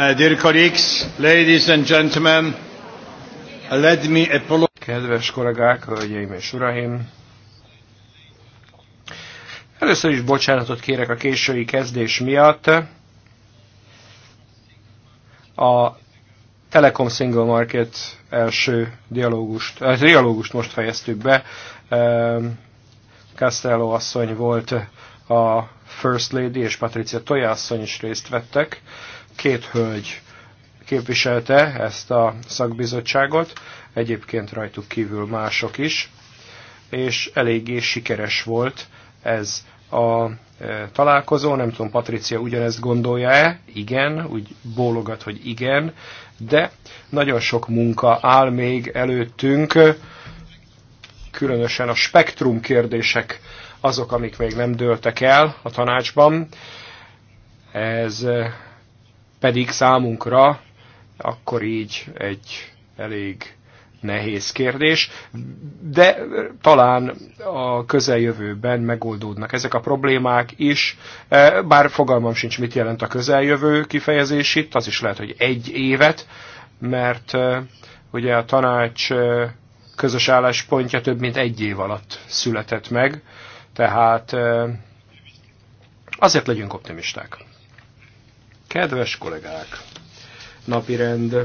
Uh, dear colleagues, ladies and gentlemen, let me apologize. Kedves kollégák, hölgyeim és uraim! Először is bocsánatot kérek a késői kezdés miatt. A Telekom Single Market első dialógust, a eh, dialógust most fejeztük be. Ehm, Castello asszony volt a First Lady, és Patricia Toja asszony is részt vettek. Két hölgy képviselte ezt a szakbizottságot, egyébként rajtuk kívül mások is, és eléggé sikeres volt ez a e, találkozó. Nem tudom, Patricia ugyanezt gondolja-e? Igen, úgy bólogat, hogy igen, de nagyon sok munka áll még előttünk, különösen a spektrum kérdések azok, amik még nem dőltek el a tanácsban. Ez e, pedig számunkra akkor így egy elég nehéz kérdés, de talán a közeljövőben megoldódnak ezek a problémák is, e, bár fogalmam sincs, mit jelent a közeljövő kifejezés itt, az is lehet, hogy egy évet, mert e, ugye a tanács e, közös álláspontja több mint egy év alatt született meg, tehát azért legyünk optimisták. Kedves kollégák, napirend.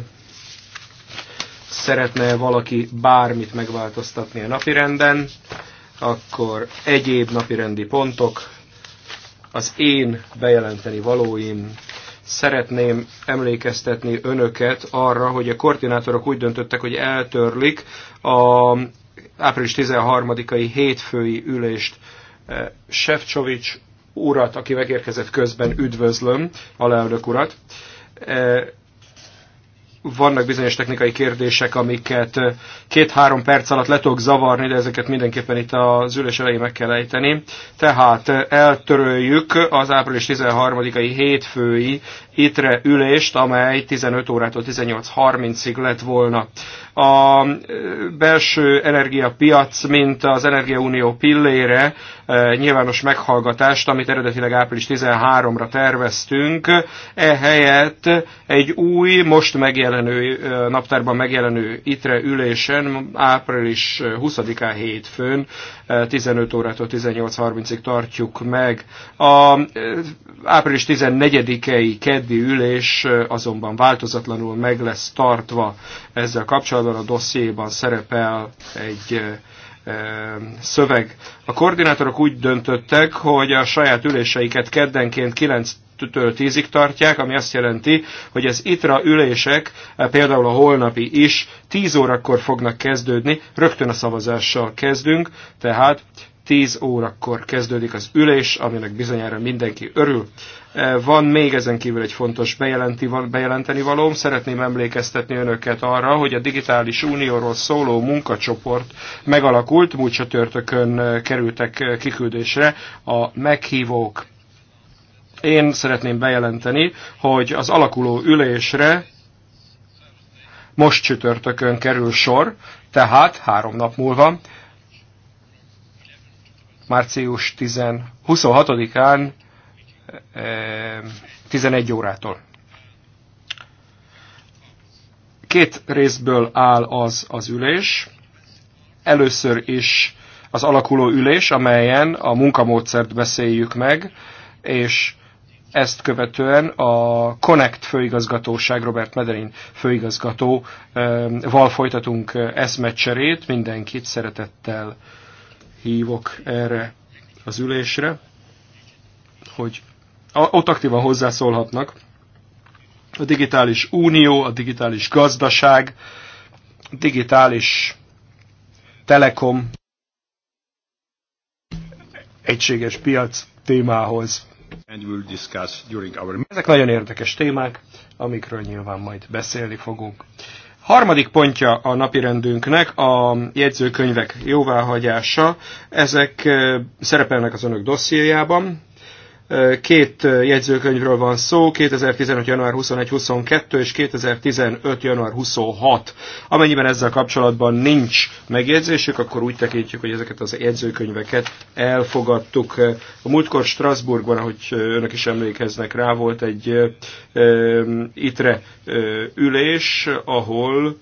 Szeretne valaki bármit megváltoztatni a napirenden, akkor egyéb napirendi pontok, az én bejelenteni valóim. Szeretném emlékeztetni önöket arra, hogy a koordinátorok úgy döntöttek, hogy eltörlik a április 13-ai hétfői ülést. Eh, Sefcsovics urat, aki megérkezett közben, üdvözlöm, alelnök urat. E, vannak bizonyos technikai kérdések, amiket két-három perc alatt le tudok zavarni, de ezeket mindenképpen itt az ülés elején meg kell ejteni. Tehát eltöröljük az április 13-ai hétfői ITRE ülést, amely 15 órától 18.30-ig lett volna a belső energiapiac, mint az Energiaunió pillére nyilvános meghallgatást, amit eredetileg április 13-ra terveztünk. Ehelyett egy új, most megjelenő, naptárban megjelenő ITRE ülésen április 20-án hétfőn 15 órától 18.30-ig tartjuk meg. A április 14-i keddi ülés azonban változatlanul meg lesz tartva ezzel kapcsolatban oldalon a dossziéban szerepel egy szöveg. A koordinátorok úgy döntöttek, hogy a saját üléseiket keddenként 9 től 10-ig tartják, ami azt jelenti, hogy az ITRA ülések, eh, például a holnapi is, 10 órakor fognak kezdődni, rögtön a szavazással kezdünk, tehát 10 órakor kezdődik az ülés, aminek bizonyára mindenki örül. E, van még ezen kívül egy fontos bejelenti, bejelenteni valóm. Szeretném emlékeztetni önöket arra, hogy a Digitális Unióról szóló munkacsoport megalakult, múlt csatörtökön e, kerültek e, kiküldésre a meghívók. Én szeretném bejelenteni, hogy az alakuló ülésre most csütörtökön kerül sor, tehát három nap múlva, március 26-án 11 eh, órától. Két részből áll az az ülés. Először is az alakuló ülés, amelyen a munkamódszert beszéljük meg, és ezt követően a Connect főigazgatóság, Robert Mederin főigazgató eh, val folytatunk eh, eszmecserét, mindenkit szeretettel hívok erre az ülésre, hogy ott aktívan hozzászólhatnak. A digitális unió, a digitális gazdaság, a digitális telekom, egységes piac témához. Ezek nagyon érdekes témák, amikről nyilván majd beszélni fogunk. Harmadik pontja a napirendünknek a jegyzőkönyvek jóváhagyása. Ezek eh, szerepelnek az önök dossziéjában. Két jegyzőkönyvről van szó, 2015. január 21-22 és 2015. január 26. Amennyiben ezzel kapcsolatban nincs megjegyzésük, akkor úgy tekintjük, hogy ezeket az jegyzőkönyveket elfogadtuk. A múltkor Strasbourgban, ahogy önök is emlékeznek rá, volt egy itre ülés, ahol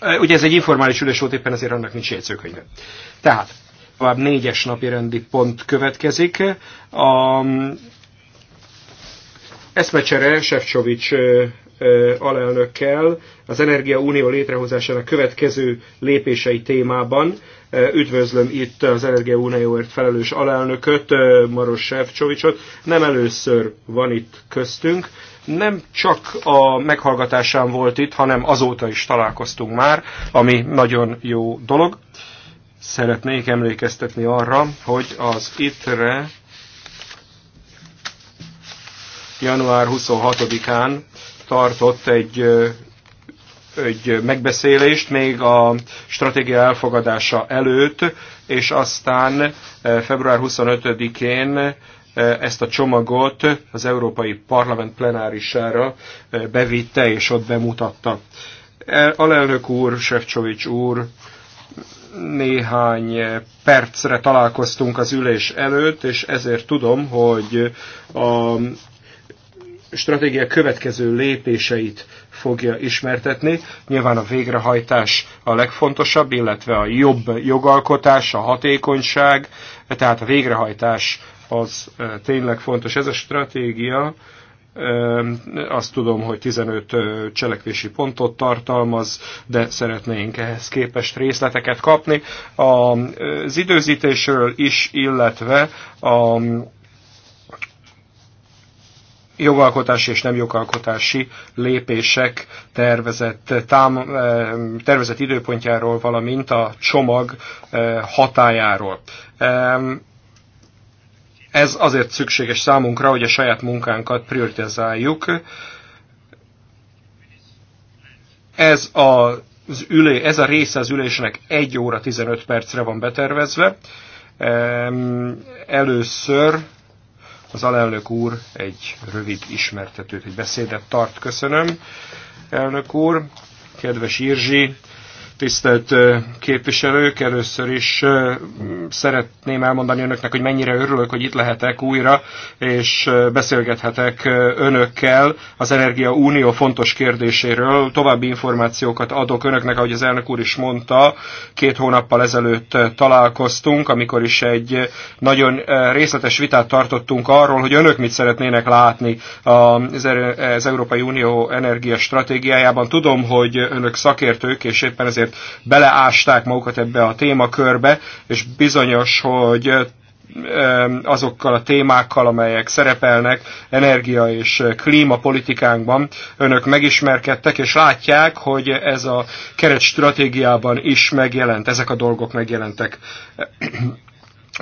Ugye ez egy informális ülés volt, éppen ezért annak nincs jegyzőkönyve. Tehát, tovább négyes napi rendi pont következik. A mm, eszmecsere Sefcsovics alelnökkel az Energia Unió létrehozásának következő lépései témában. Üdvözlöm itt az Energia Unióért felelős alelnököt, Maros Sefcsovicsot. Nem először van itt köztünk. Nem csak a meghallgatásán volt itt, hanem azóta is találkoztunk már, ami nagyon jó dolog. Szeretnék emlékeztetni arra, hogy az ITRE január 26-án tartott egy, egy megbeszélést még a stratégia elfogadása előtt, és aztán február 25-én ezt a csomagot az Európai Parlament plenárisára bevitte és ott bemutatta. E, alelnök úr, Sefcsovics úr, néhány percre találkoztunk az ülés előtt, és ezért tudom, hogy a stratégia következő lépéseit fogja ismertetni. Nyilván a végrehajtás a legfontosabb, illetve a jobb jogalkotás, a hatékonyság, tehát a végrehajtás az tényleg fontos. Ez a stratégia, azt tudom, hogy 15 cselekvési pontot tartalmaz, de szeretnénk ehhez képest részleteket kapni. Az időzítésről is, illetve a jogalkotási és nem jogalkotási lépések tervezett, tám, eh, tervezett időpontjáról, valamint a csomag eh, hatájáról. Ez azért szükséges számunkra, hogy a saját munkánkat prioritizáljuk. Ez a az ülé, ez a része az ülésnek 1 óra 15 percre van betervezve. Először az alelnök úr egy rövid ismertetőt, egy beszédet tart. Köszönöm, elnök úr, kedves Irzsi, Tisztelt képviselők, először is szeretném elmondani önöknek, hogy mennyire örülök, hogy itt lehetek újra, és beszélgethetek önökkel az Energia Unió fontos kérdéséről. További információkat adok önöknek, ahogy az elnök úr is mondta, két hónappal ezelőtt találkoztunk, amikor is egy nagyon részletes vitát tartottunk arról, hogy önök mit szeretnének látni az Európai Unió stratégiájában. Tudom, hogy önök szakértők, és éppen ezért azért beleásták magukat ebbe a témakörbe, és bizonyos, hogy azokkal a témákkal, amelyek szerepelnek energia és klímapolitikánkban. Önök megismerkedtek, és látják, hogy ez a keret stratégiában is megjelent, ezek a dolgok megjelentek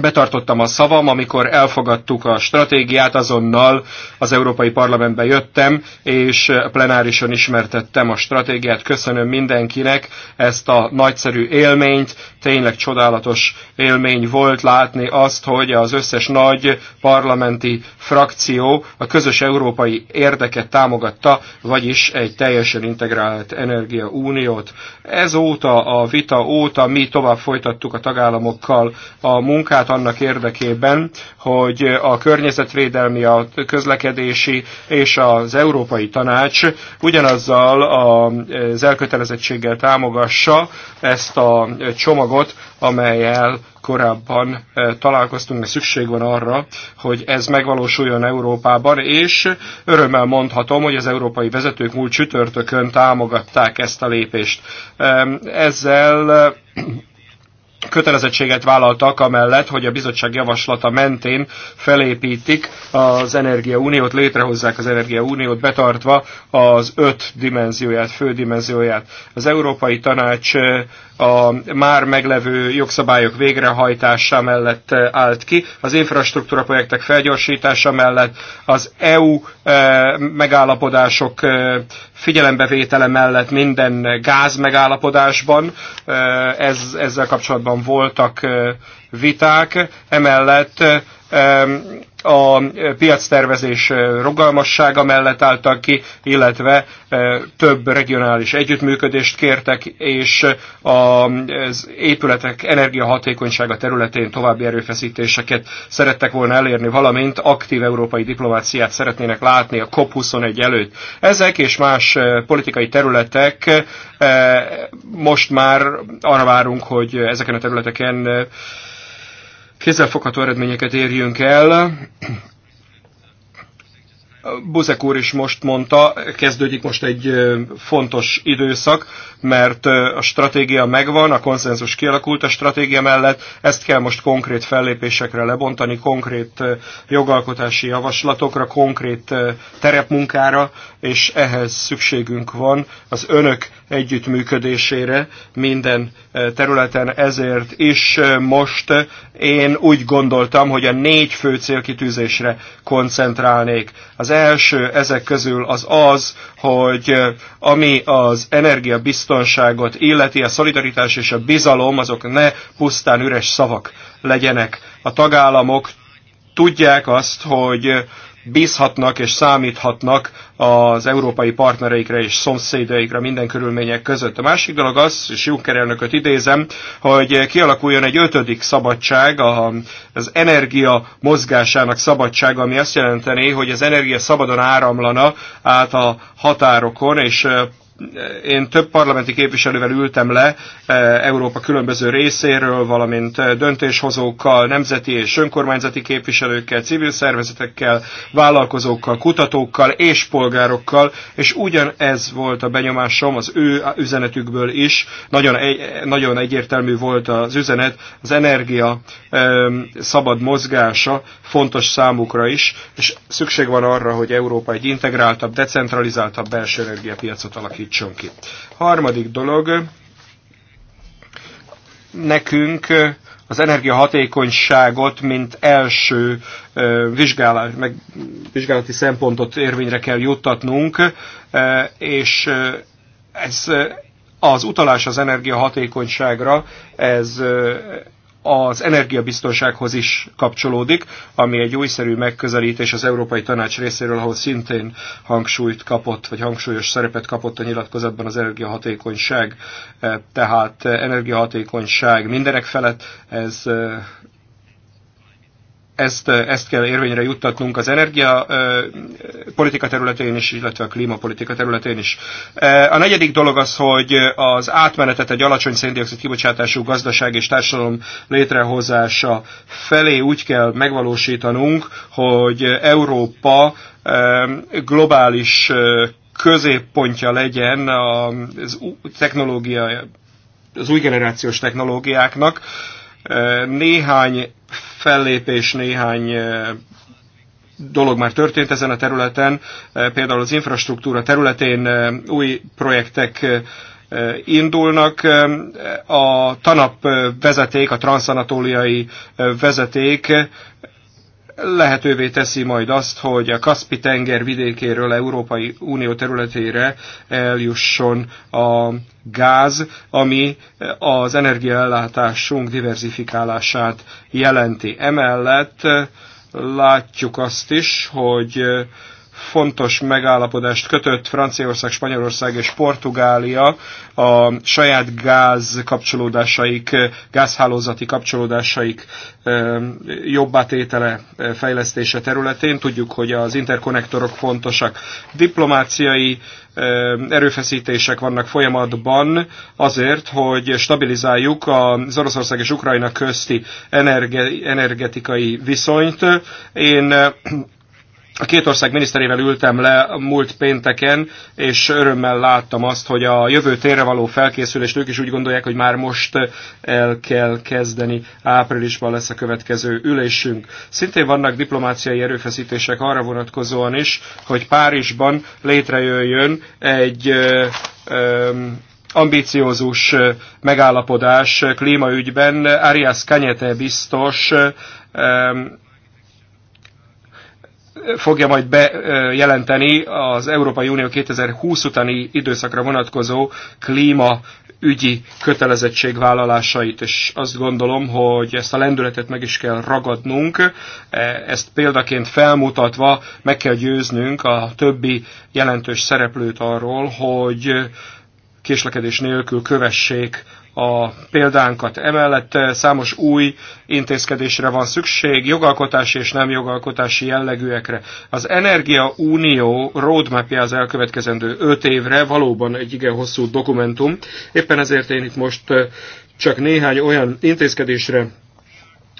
betartottam a szavam, amikor elfogadtuk a stratégiát, azonnal az Európai Parlamentbe jöttem, és plenárison ismertettem a stratégiát. Köszönöm mindenkinek ezt a nagyszerű élményt, tényleg csodálatos élmény volt látni azt, hogy az összes nagy parlamenti frakció a közös európai érdeket támogatta, vagyis egy teljesen integrált energiauniót. Ezóta, a vita óta mi tovább folytattuk a tagállamokkal a munkát, munkát annak érdekében, hogy a környezetvédelmi, a közlekedési és az Európai Tanács ugyanazzal az elkötelezettséggel támogassa ezt a csomagot, amelyel korábban e, találkoztunk, mert szükség van arra, hogy ez megvalósuljon Európában, és örömmel mondhatom, hogy az európai vezetők múlt csütörtökön támogatták ezt a lépést. Ezzel kötelezettséget vállaltak amellett, hogy a bizottság javaslata mentén felépítik az Energiauniót, létrehozzák az Energiauniót, betartva az öt dimenzióját, fő dimenzióját. Az Európai Tanács a már meglevő jogszabályok végrehajtása mellett eh, állt ki, az infrastruktúra projektek felgyorsítása mellett, az EU eh, megállapodások eh, figyelembevétele mellett minden gáz megállapodásban, ez, ezzel kapcsolatban voltak viták, emellett a piactervezés rugalmassága mellett álltak ki, illetve több regionális együttműködést kértek, és az épületek energiahatékonysága területén további erőfeszítéseket szerettek volna elérni, valamint aktív európai diplomáciát szeretnének látni a COP21 előtt. Ezek és más politikai területek most már arra várunk, hogy ezeken a területeken kézzelfogható eredményeket érjünk el. Buzek úr is most mondta, kezdődik most egy fontos időszak, mert a stratégia megvan, a konszenzus kialakult a stratégia mellett, ezt kell most konkrét fellépésekre lebontani, konkrét jogalkotási javaslatokra, konkrét terepmunkára, és ehhez szükségünk van az önök együttműködésére minden eh, területen, ezért is eh, most eh, én úgy gondoltam, hogy a négy fő célkitűzésre koncentrálnék. Az első ezek közül az az, hogy ami az energiabiztonságot illeti, a szolidaritás és a bizalom, azok ne pusztán üres szavak legyenek. A tagállamok tudják azt, hogy bízhatnak és számíthatnak az európai partnereikre és szomszédaikra minden körülmények között. A másik dolog az, és Juncker elnököt idézem, hogy kialakuljon egy ötödik szabadság, az energia mozgásának szabadsága, ami azt jelenteni, hogy az energia szabadon áramlana át a határokon, és én több parlamenti képviselővel ültem le e, Európa különböző részéről, valamint e, döntéshozókkal, nemzeti és önkormányzati képviselőkkel, civil szervezetekkel, vállalkozókkal, kutatókkal és polgárokkal, és ugyanez volt a benyomásom az ő üzenetükből is. Nagyon, egy, nagyon egyértelmű volt az üzenet, az energia e, szabad mozgása fontos számukra is, és szükség van arra, hogy Európa egy integráltabb, decentralizáltabb belső energiapiacot alakítson alakítson ki. Harmadik dolog, nekünk az energiahatékonyságot, mint első vizsgálás, meg vizsgálati szempontot érvényre kell juttatnunk, és ez az utalás az energiahatékonyságra, ez az energiabiztonsághoz is kapcsolódik, ami egy újszerű megközelítés az Európai Tanács részéről, ahol szintén hangsúlyt kapott, vagy hangsúlyos szerepet kapott a nyilatkozatban az energiahatékonyság. Tehát energiahatékonyság mindenek felett, ez ezt, ezt kell érvényre juttatnunk az energia politika területén is, illetve a klímapolitika területén is. A negyedik dolog az, hogy az átmenetet egy alacsony széndiokszid kibocsátású gazdaság és társadalom létrehozása felé úgy kell megvalósítanunk, hogy Európa globális középpontja legyen az technológia az új generációs technológiáknak, néhány fellépés, néhány dolog már történt ezen a területen, például az infrastruktúra területén új projektek indulnak. A TANAP vezeték, a transzanatóliai vezeték lehetővé teszi majd azt, hogy a Kaspi-tenger vidékéről Európai Unió területére eljusson a gáz, ami az energiaellátásunk diversifikálását jelenti. Emellett látjuk azt is, hogy fontos megállapodást kötött Franciaország, Spanyolország és Portugália a saját gáz kapcsolódásaik, gázhálózati kapcsolódásaik jobbátétele fejlesztése területén. Tudjuk, hogy az interkonnektorok fontosak. Diplomáciai erőfeszítések vannak folyamatban azért, hogy stabilizáljuk az Oroszország és Ukrajna közti energetikai viszonyt. Én a két ország miniszterével ültem le múlt pénteken, és örömmel láttam azt, hogy a jövő térre való felkészülést ők is úgy gondolják, hogy már most el kell kezdeni. Áprilisban lesz a következő ülésünk. Szintén vannak diplomáciai erőfeszítések arra vonatkozóan is, hogy Párizsban létrejöjjön egy ö, ö, ambíciózus megállapodás klímaügyben. Arias Kanyete biztos fogja majd bejelenteni az Európai Unió 2020 utáni időszakra vonatkozó klíma ügyi kötelezettségvállalásait, és azt gondolom, hogy ezt a lendületet meg is kell ragadnunk, e, ezt példaként felmutatva meg kell győznünk a többi jelentős szereplőt arról, hogy késlekedés nélkül kövessék a példánkat. Emellett eh, számos új intézkedésre van szükség, jogalkotási és nem jogalkotási jellegűekre. Az Energia Unió roadmapja az elkövetkezendő öt évre valóban egy igen hosszú dokumentum. Éppen ezért én itt most eh, csak néhány olyan intézkedésre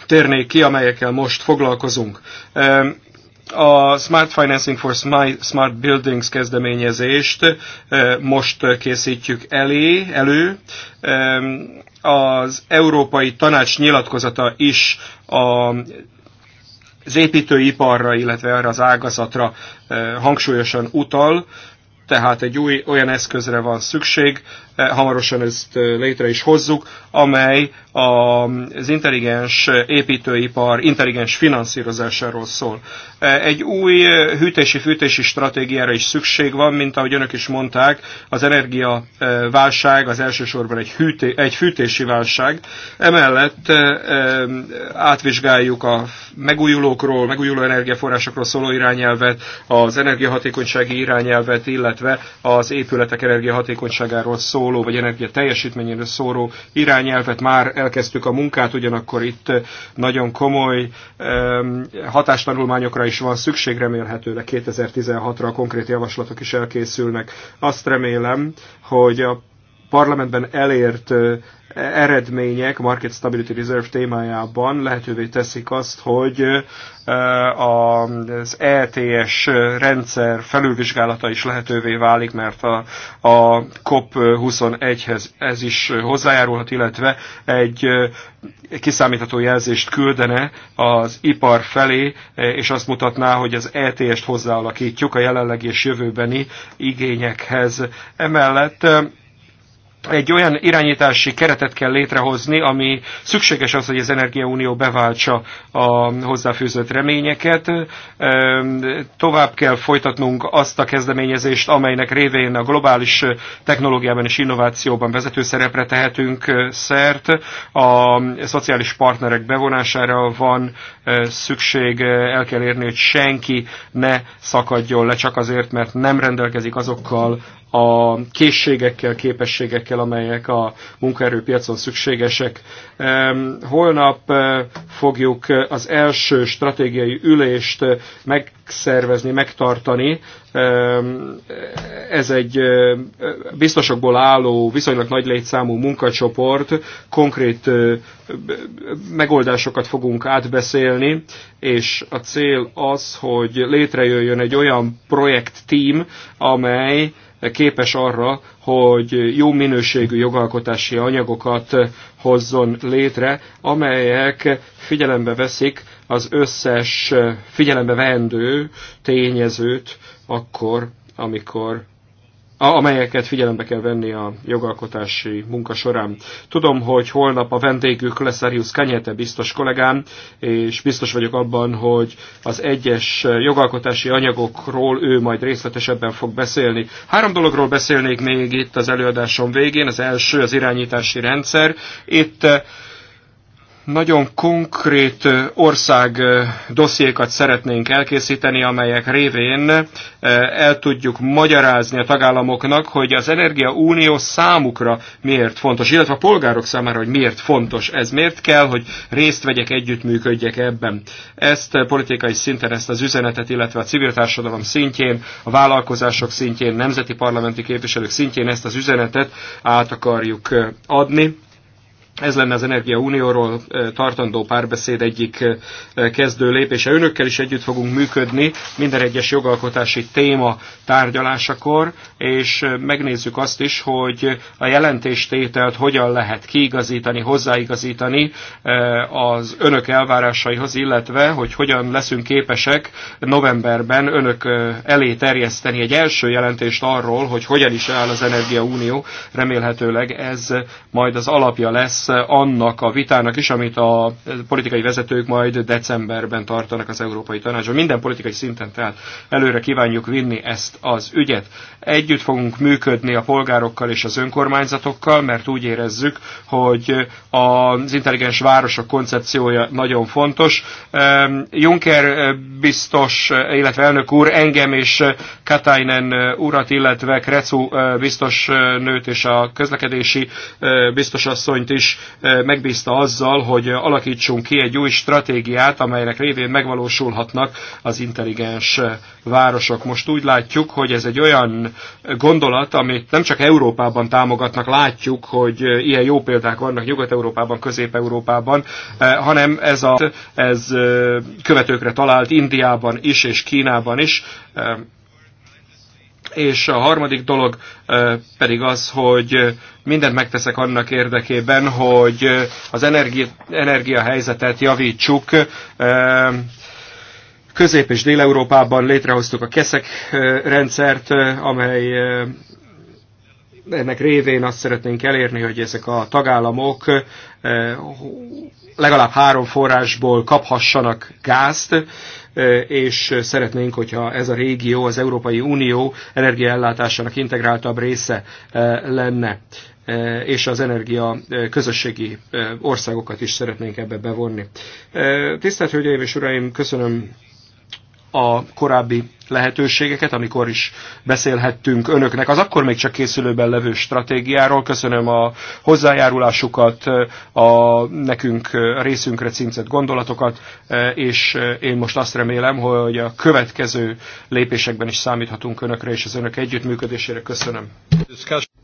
térnék ki, amelyekkel most foglalkozunk a Smart Financing for Smart Buildings kezdeményezést eh, most készítjük elé, elő. Az Európai Tanács nyilatkozata is a az építőiparra, illetve arra az ágazatra eh, hangsúlyosan utal, tehát egy új olyan eszközre van szükség, E, hamarosan ezt e, létre is hozzuk, amely az intelligens építőipar intelligens finanszírozásáról szól. E, egy új hűtési-fűtési stratégiára is szükség van, mint ahogy önök is mondták, az energiaválság az elsősorban egy, hűté, egy fűtési válság. Emellett átvizsgáljuk a megújulókról, megújuló energiaforrásokról szóló irányelvet, az energiahatékonysági irányelvet, illetve az épületek energiahatékonyságáról szól szóló, vagy energia teljesítményére szóró irányelvet már elkezdtük a munkát, ugyanakkor itt eh, nagyon komoly hatástanulmányokra is van szükség, remélhetőleg 2016-ra a konkrét javaslatok is elkészülnek. Azt remélem, hogy a parlamentben elért eredmények Market Stability Reserve témájában lehetővé teszik azt, hogy az ETS rendszer felülvizsgálata is lehetővé válik, mert a, a COP21-hez ez is hozzájárulhat, illetve egy kiszámítható jelzést küldene az ipar felé, és azt mutatná, hogy az ETS-t hozzáalakítjuk a jelenlegi és jövőbeni igényekhez. Emellett egy olyan irányítási keretet kell létrehozni, ami szükséges az, hogy az Energiaunió beváltsa a hozzáfűzött reményeket. Tovább kell folytatnunk azt a kezdeményezést, amelynek révén a globális technológiában és innovációban vezető szerepre tehetünk szert. A szociális partnerek bevonására van szükség, el kell érni, hogy senki ne szakadjon le csak azért, mert nem rendelkezik azokkal a készségekkel, képességekkel, amelyek a munkaerőpiacon szükségesek. Holnap eh, fogjuk eh, az első stratégiai ülést eh, megszervezni, megtartani. Ez egy biztosokból álló, viszonylag nagy létszámú munkacsoport. Konkrét megoldásokat fogunk átbeszélni, és a cél az, hogy létrejöjjön egy olyan projektteam, amely képes arra, hogy jó minőségű jogalkotási anyagokat hozzon létre, amelyek figyelembe veszik az összes figyelembe vendő tényezőt akkor, amikor amelyeket figyelembe kell venni a jogalkotási munka során. Tudom, hogy holnap a vendégük lesz Arius Kanyete biztos kollégám, és biztos vagyok abban, hogy az egyes jogalkotási anyagokról ő majd részletesebben fog beszélni. Három dologról beszélnék még itt az előadásom végén. Az első az irányítási rendszer. Itt nagyon konkrét ország dossziékat szeretnénk elkészíteni, amelyek révén el tudjuk magyarázni a tagállamoknak, hogy az Energia Unió számukra miért fontos, illetve a polgárok számára, hogy miért fontos ez, miért kell, hogy részt vegyek, együttműködjek ebben. Ezt politikai szinten, ezt az üzenetet, illetve a civil társadalom szintjén, a vállalkozások szintjén, nemzeti parlamenti képviselők szintjén ezt az üzenetet át akarjuk adni ez lenne az Energia Unióról tartandó párbeszéd egyik kezdő lépése. Önökkel is együtt fogunk működni minden egyes jogalkotási téma tárgyalásakor, és megnézzük azt is, hogy a jelentéstételt hogyan lehet kiigazítani, hozzáigazítani az önök elvárásaihoz, illetve hogy hogyan leszünk képesek novemberben önök elé terjeszteni egy első jelentést arról, hogy hogyan is áll az Energia Unió. Remélhetőleg ez majd az alapja lesz lesz annak a vitának is, amit a politikai vezetők majd decemberben tartanak az Európai Tanácsban. Minden politikai szinten tehát előre kívánjuk vinni ezt az ügyet. Együtt fogunk működni a polgárokkal és az önkormányzatokkal, mert úgy érezzük, hogy az intelligens városok koncepciója nagyon fontos. Ehm, Juncker biztos, illetve elnök úr engem és Katainen urat, illetve Krecu eh, biztos eh, nőt és a közlekedési eh, biztosasszonyt is megbízta azzal, hogy alakítsunk ki egy új stratégiát, amelynek révén megvalósulhatnak az intelligens városok. Most úgy látjuk, hogy ez egy olyan gondolat, amit nem csak Európában támogatnak, látjuk, hogy ilyen jó példák vannak Nyugat-Európában, Közép-Európában, hanem ez, a, ez követőkre talált Indiában is és Kínában is. És a harmadik dolog pedig az, hogy mindent megteszek annak érdekében, hogy az energi, energiahelyzetet javítsuk. Közép- és Dél-Európában létrehoztuk a keszek rendszert, amely ennek révén azt szeretnénk elérni, hogy ezek a tagállamok legalább három forrásból kaphassanak gázt, és szeretnénk, hogyha ez a régió az Európai Unió energiaellátásának integráltabb része lenne és az energia közösségi országokat is szeretnénk ebbe bevonni. Tisztelt Hölgyeim és Uraim, köszönöm a korábbi lehetőségeket, amikor is beszélhettünk önöknek az akkor még csak készülőben levő stratégiáról. Köszönöm a hozzájárulásukat, a nekünk részünkre cincett gondolatokat, és én most azt remélem, hogy a következő lépésekben is számíthatunk önökre és az önök együttműködésére. Köszönöm.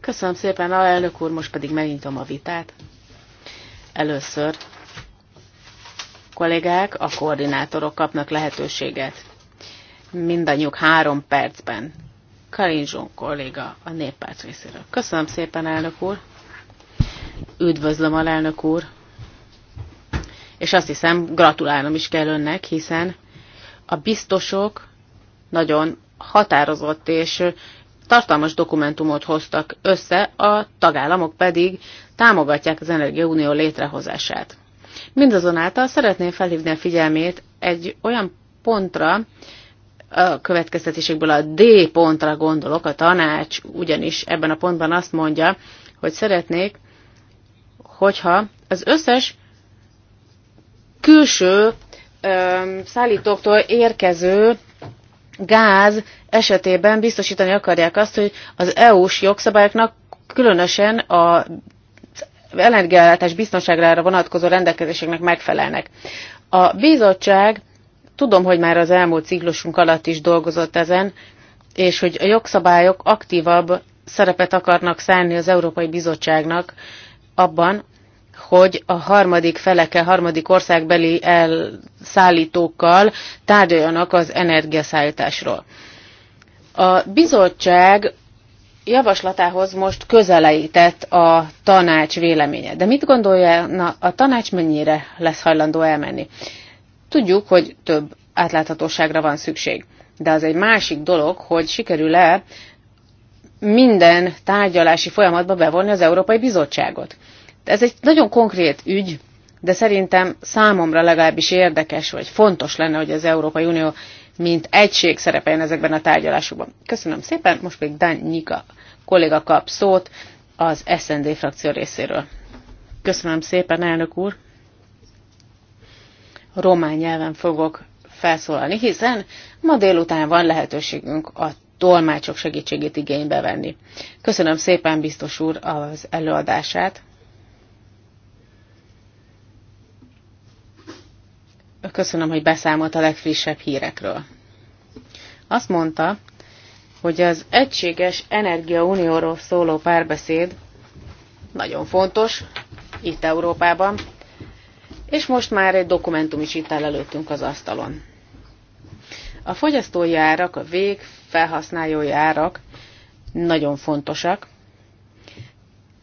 Köszönöm szépen, elnök úr, most pedig megnyitom a vitát. Először kollégák, a koordinátorok kapnak lehetőséget mindannyiuk három percben. Zsón kolléga a néppárt részéről. Köszönöm szépen, elnök úr. Üdvözlöm, elnök úr. És azt hiszem, gratulálnom is kell önnek, hiszen a biztosok nagyon határozott és tartalmas dokumentumot hoztak össze, a tagállamok pedig támogatják az Energiaunió létrehozását. Mindazonáltal szeretném felhívni a figyelmét egy olyan pontra, a következtetésekből a D pontra gondolok, a tanács ugyanis ebben a pontban azt mondja, hogy szeretnék, hogyha az összes külső szállítóktól érkező gáz esetében biztosítani akarják azt, hogy az EU-s jogszabályoknak különösen a energiállátás biztonságára vonatkozó rendelkezéseknek megfelelnek. A bizottság Tudom, hogy már az elmúlt ciklusunk alatt is dolgozott ezen, és hogy a jogszabályok aktívabb szerepet akarnak szállni az Európai Bizottságnak abban, hogy a harmadik felekkel, harmadik országbeli elszállítókkal tárgyaljanak az energiaszállításról. A bizottság javaslatához most közeleített a tanács véleménye. De mit gondolja na, a tanács mennyire lesz hajlandó elmenni? Tudjuk, hogy több átláthatóságra van szükség. De az egy másik dolog, hogy sikerül-e minden tárgyalási folyamatba bevonni az Európai Bizottságot. Ez egy nagyon konkrét ügy, de szerintem számomra legalábbis érdekes, vagy fontos lenne, hogy az Európai Unió mint egység szerepeljen ezekben a tárgyalásokban. Köszönöm szépen, most pedig Dan Nyika kolléga kap szót az SND frakció részéről. Köszönöm szépen, elnök úr! román nyelven fogok felszólalni, hiszen ma délután van lehetőségünk a tolmácsok segítségét igénybe venni. Köszönöm szépen, biztos úr, az előadását. Köszönöm, hogy beszámolt a legfrissebb hírekről. Azt mondta, hogy az egységes energiaunióról szóló párbeszéd nagyon fontos itt Európában, és most már egy dokumentum is itt áll előttünk az asztalon. A fogyasztói árak, a vég felhasználói árak nagyon fontosak,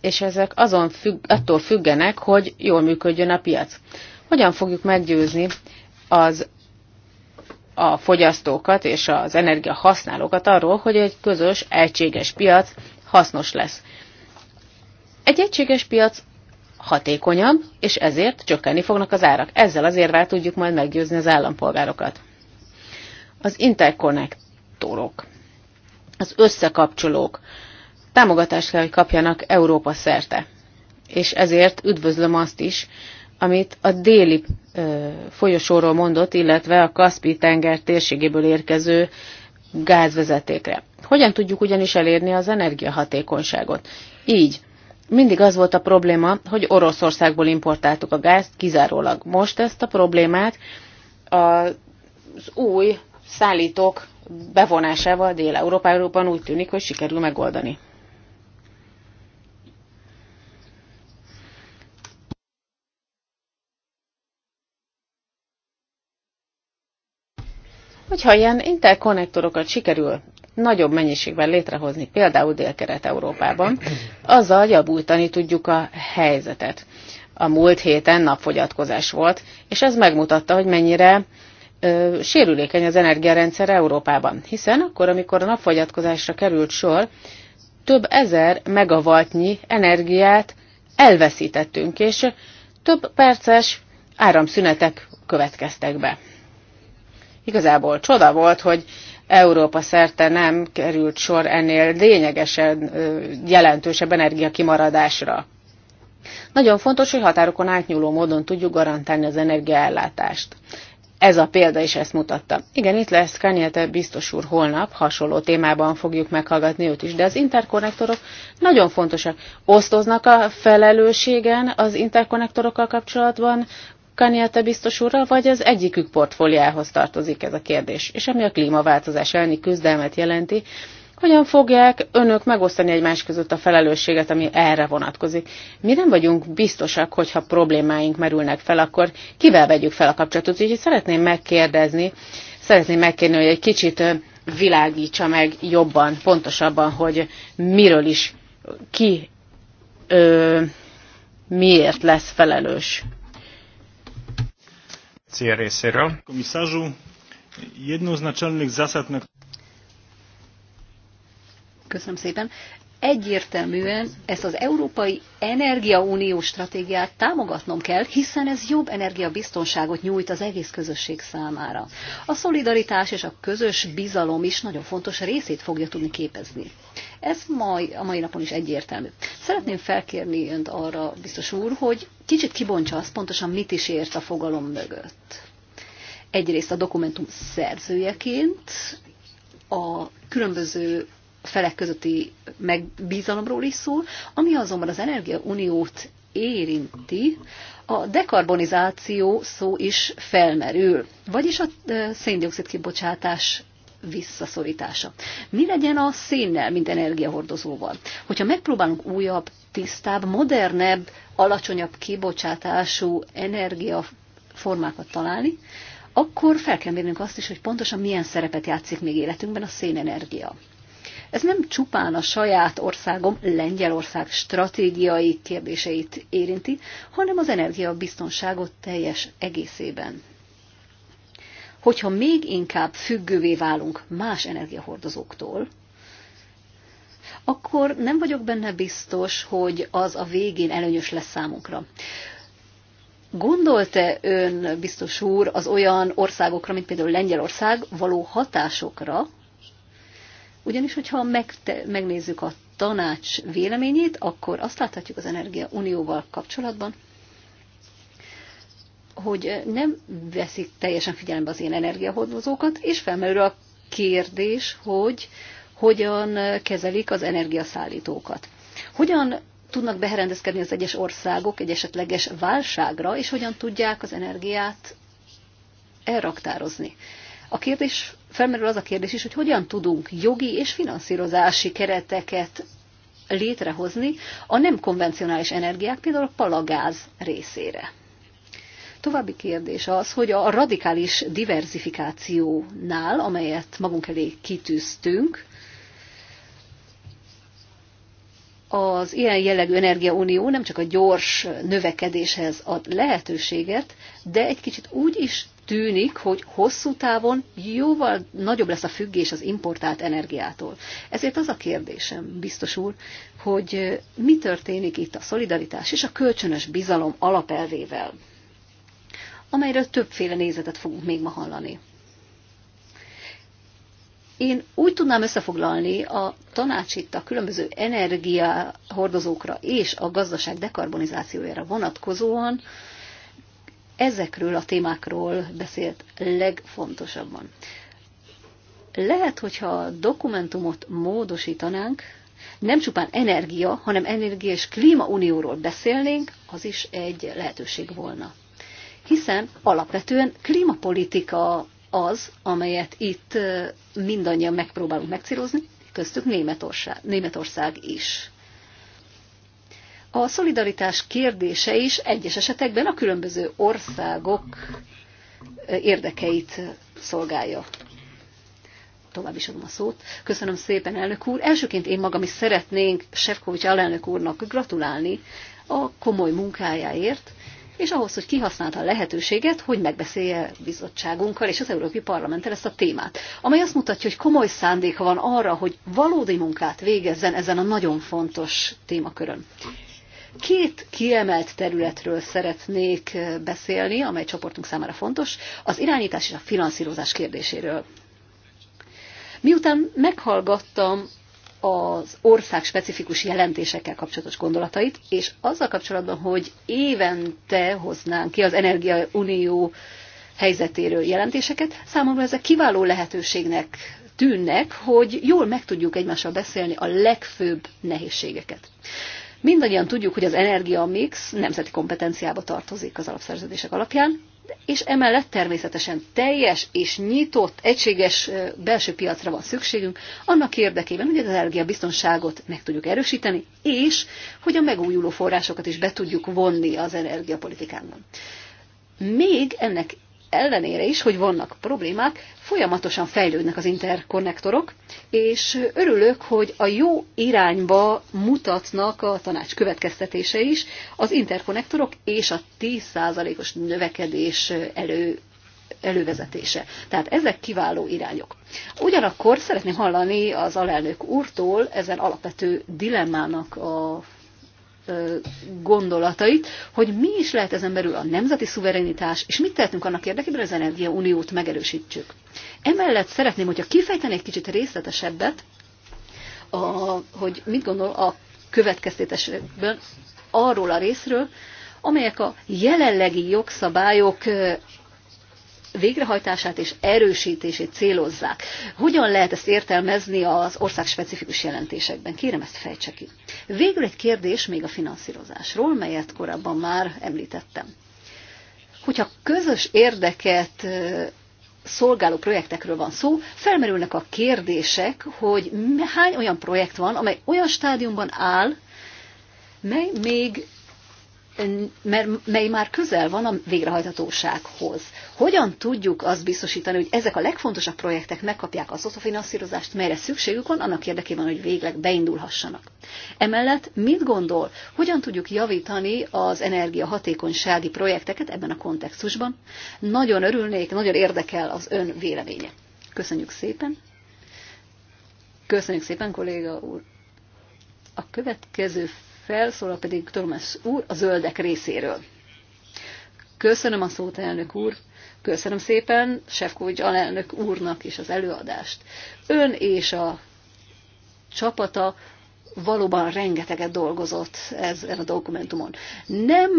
és ezek azon függ, attól függenek, hogy jól működjön a piac. Hogyan fogjuk meggyőzni az a fogyasztókat és az energiahasználókat arról, hogy egy közös, egységes piac hasznos lesz. Egy egységes piac hatékonyabb, és ezért csökkenni fognak az árak. Ezzel az érvel tudjuk majd meggyőzni az állampolgárokat. Az interkonnektorok, az összekapcsolók támogatást kell, hogy kapjanak Európa szerte. És ezért üdvözlöm azt is, amit a déli ö, folyosóról mondott, illetve a Kaspi-tenger térségéből érkező gázvezetékre. Hogyan tudjuk ugyanis elérni az energiahatékonyságot? Így mindig az volt a probléma, hogy Oroszországból importáltuk a gázt kizárólag. Most ezt a problémát az új szállítók bevonásával Dél-Európában úgy tűnik, hogy sikerül megoldani. Hogyha ilyen interkonnektorokat sikerül nagyobb mennyiségben létrehozni, például Dél-Kelet-Európában, azzal javultani tudjuk a helyzetet. A múlt héten napfogyatkozás volt, és ez megmutatta, hogy mennyire ö, sérülékeny az energiarendszer Európában, hiszen akkor, amikor a napfogyatkozásra került sor, több ezer megavatnyi energiát elveszítettünk, és több perces áramszünetek következtek be. Igazából csoda volt, hogy Európa szerte nem került sor ennél lényegesen jelentősebb energiakimaradásra. Nagyon fontos, hogy határokon átnyúló módon tudjuk garantálni az energiaellátást. Ez a példa is ezt mutatta. Igen, itt lesz Kanyete biztos úr holnap, hasonló témában fogjuk meghallgatni őt is, de az interkonnektorok nagyon fontosak. Osztoznak a felelősségen az interkonnektorokkal kapcsolatban, Kanyata biztos úrral, vagy az egyikük portfóliához tartozik ez a kérdés, és ami a klímaváltozás elleni küzdelmet jelenti, hogyan fogják önök megosztani egymás között a felelősséget, ami erre vonatkozik? Mi nem vagyunk biztosak, hogyha problémáink merülnek fel, akkor kivel vegyük fel a kapcsolatot? Úgyhogy szeretném megkérdezni, szeretném megkérni, hogy egy kicsit világítsa meg jobban, pontosabban, hogy miről is ki ö, miért lesz felelős cél részéről. Komisszázsú, jednoznacsalnék zászatnak... Köszönöm szépen. Egyértelműen ezt az Európai Energiaunió stratégiát támogatnom kell, hiszen ez jobb energiabiztonságot nyújt az egész közösség számára. A szolidaritás és a közös bizalom is nagyon fontos részét fogja tudni képezni. Ez mai, a mai napon is egyértelmű. Szeretném felkérni önt arra, biztos úr, hogy kicsit kibontsa azt pontosan, mit is ért a fogalom mögött. Egyrészt a dokumentum szerzőjeként, a különböző felek közötti megbízalomról is szól, ami azonban az energiauniót érinti, a dekarbonizáció szó is felmerül, vagyis a széndiokszid kibocsátás visszaszorítása. Mi legyen a szénnel, mint energiahordozóval? Hogyha megpróbálunk újabb, tisztább, modernebb, alacsonyabb kibocsátású energiaformákat találni, akkor fel kell mérnünk azt is, hogy pontosan milyen szerepet játszik még életünkben a szénenergia. Ez nem csupán a saját országom, Lengyelország stratégiai kérdéseit érinti, hanem az energiabiztonságot teljes egészében hogyha még inkább függővé válunk más energiahordozóktól, akkor nem vagyok benne biztos, hogy az a végén előnyös lesz számunkra. Gondolte ön, biztos úr, az olyan országokra, mint például Lengyelország, való hatásokra? Ugyanis, hogyha megte- megnézzük a tanács véleményét, akkor azt láthatjuk az Energia Unióval kapcsolatban, hogy eh, nem veszik teljesen figyelembe az én energiahordozókat, és felmerül a kérdés, hogy hogyan eh, kezelik az energiaszállítókat. Hogyan tudnak beherendezkedni az egyes országok egy esetleges válságra, és hogyan tudják az energiát elraktározni. A kérdés, felmerül az a kérdés is, hogy hogyan tudunk jogi és finanszírozási kereteket létrehozni a nem konvencionális energiák, például a palagáz részére. További kérdés az, hogy a radikális diversifikációnál, amelyet magunk elé kitűztünk, az ilyen jellegű energiaunió nem csak a gyors növekedéshez ad lehetőséget, de egy kicsit úgy is tűnik, hogy hosszú távon jóval nagyobb lesz a függés az importált energiától. Ezért az a kérdésem, biztos úr, hogy mi történik itt a szolidaritás és a kölcsönös bizalom alapelvével amelyről többféle nézetet fogunk még ma hallani. Én úgy tudnám összefoglalni a tanács itt a különböző energiahordozókra és a gazdaság dekarbonizációjára vonatkozóan, ezekről a témákról beszélt legfontosabban. Lehet, hogyha a dokumentumot módosítanánk, nem csupán energia, hanem energia és klímaunióról beszélnénk, az is egy lehetőség volna hiszen alapvetően klímapolitika az, amelyet itt mindannyian megpróbálunk megcírozni, köztük Németország, Németország is. A szolidaritás kérdése is egyes esetekben a különböző országok érdekeit szolgálja. Tovább is adom a szót. Köszönöm szépen, elnök úr. Elsőként én magam is szeretnénk Sefkovics alelnök úrnak gratulálni a komoly munkájáért, és ahhoz, hogy kihasználta a lehetőséget, hogy megbeszélje bizottságunkkal és az Európai Parlamenttel ezt a témát, amely azt mutatja, hogy komoly szándéka van arra, hogy valódi munkát végezzen ezen a nagyon fontos témakörön. Két kiemelt területről szeretnék beszélni, amely csoportunk számára fontos, az irányítás és a finanszírozás kérdéséről. Miután meghallgattam az ország specifikus jelentésekkel kapcsolatos gondolatait, és azzal kapcsolatban, hogy évente hoznánk ki az Energia Unió helyzetéről jelentéseket, számomra ezek kiváló lehetőségnek tűnnek, hogy jól meg tudjuk egymással beszélni a legfőbb nehézségeket. Mindannyian tudjuk, hogy az energia mix nemzeti kompetenciába tartozik az alapszerződések alapján, és emellett természetesen teljes és nyitott, egységes belső piacra van szükségünk, annak érdekében, hogy az energiabiztonságot meg tudjuk erősíteni, és hogy a megújuló forrásokat is be tudjuk vonni az energiapolitikánban. Még ennek ellenére is, hogy vannak problémák, folyamatosan fejlődnek az interkonnektorok, és örülök, hogy a jó irányba mutatnak a tanács következtetése is az interkonnektorok és a 10%-os növekedés elő elővezetése. Tehát ezek kiváló irányok. Ugyanakkor szeretném hallani az alelnök úrtól ezen alapvető dilemmának a gondolatait, hogy mi is lehet ezen belül a nemzeti szuverenitás, és mit tehetünk annak érdekében, hogy az energiauniót megerősítsük. Emellett szeretném, hogyha egy kicsit részletesebbet, a, hogy mit gondol a következtetésben arról a részről, amelyek a jelenlegi jogszabályok végrehajtását és erősítését célozzák. Hogyan lehet ezt értelmezni az ország specifikus jelentésekben? Kérem, ezt fejtse ki. Végül egy kérdés még a finanszírozásról, melyet korábban már említettem. Hogyha közös érdeket szolgáló projektekről van szó, felmerülnek a kérdések, hogy hány olyan projekt van, amely olyan stádiumban áll, mely még mert, mely már közel van a végrehajtatósághoz. Hogyan tudjuk azt biztosítani, hogy ezek a legfontosabb projektek megkapják azt a finanszírozást, melyre szükségük van, annak érdekében, hogy végleg beindulhassanak. Emellett mit gondol, hogyan tudjuk javítani az energiahatékonysági projekteket ebben a kontextusban? Nagyon örülnék, nagyon érdekel az ön véleménye. Köszönjük szépen. Köszönjük szépen, kolléga úr. A következő fel, szólal pedig Tormes úr a zöldek részéről. Köszönöm a szót, elnök úr! Köszönöm szépen Sefkovics alelnök úrnak is az előadást. Ön és a csapata valóban rengeteget dolgozott ezen a dokumentumon. Nem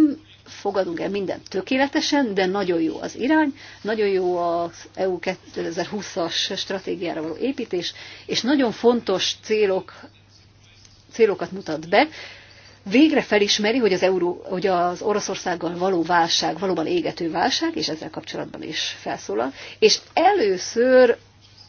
fogadunk el mindent tökéletesen, de nagyon jó az irány, nagyon jó az EU 2020-as stratégiára való építés, és nagyon fontos célok, célokat mutat be, végre felismeri, hogy az, Euró, hogy az Oroszországgal való válság valóban égető válság, és ezzel kapcsolatban is felszólal, és először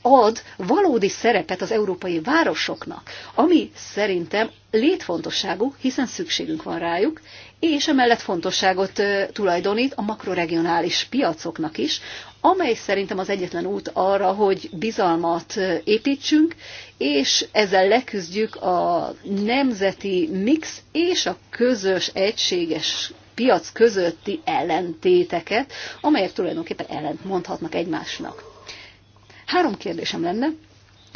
ad valódi szerepet az európai városoknak, ami szerintem létfontosságú, hiszen szükségünk van rájuk, és emellett fontosságot tulajdonít a makroregionális piacoknak is, amely szerintem az egyetlen út arra, hogy bizalmat építsünk, és ezzel leküzdjük a nemzeti mix és a közös egységes piac közötti ellentéteket, amelyek tulajdonképpen ellent mondhatnak egymásnak. Három kérdésem lenne.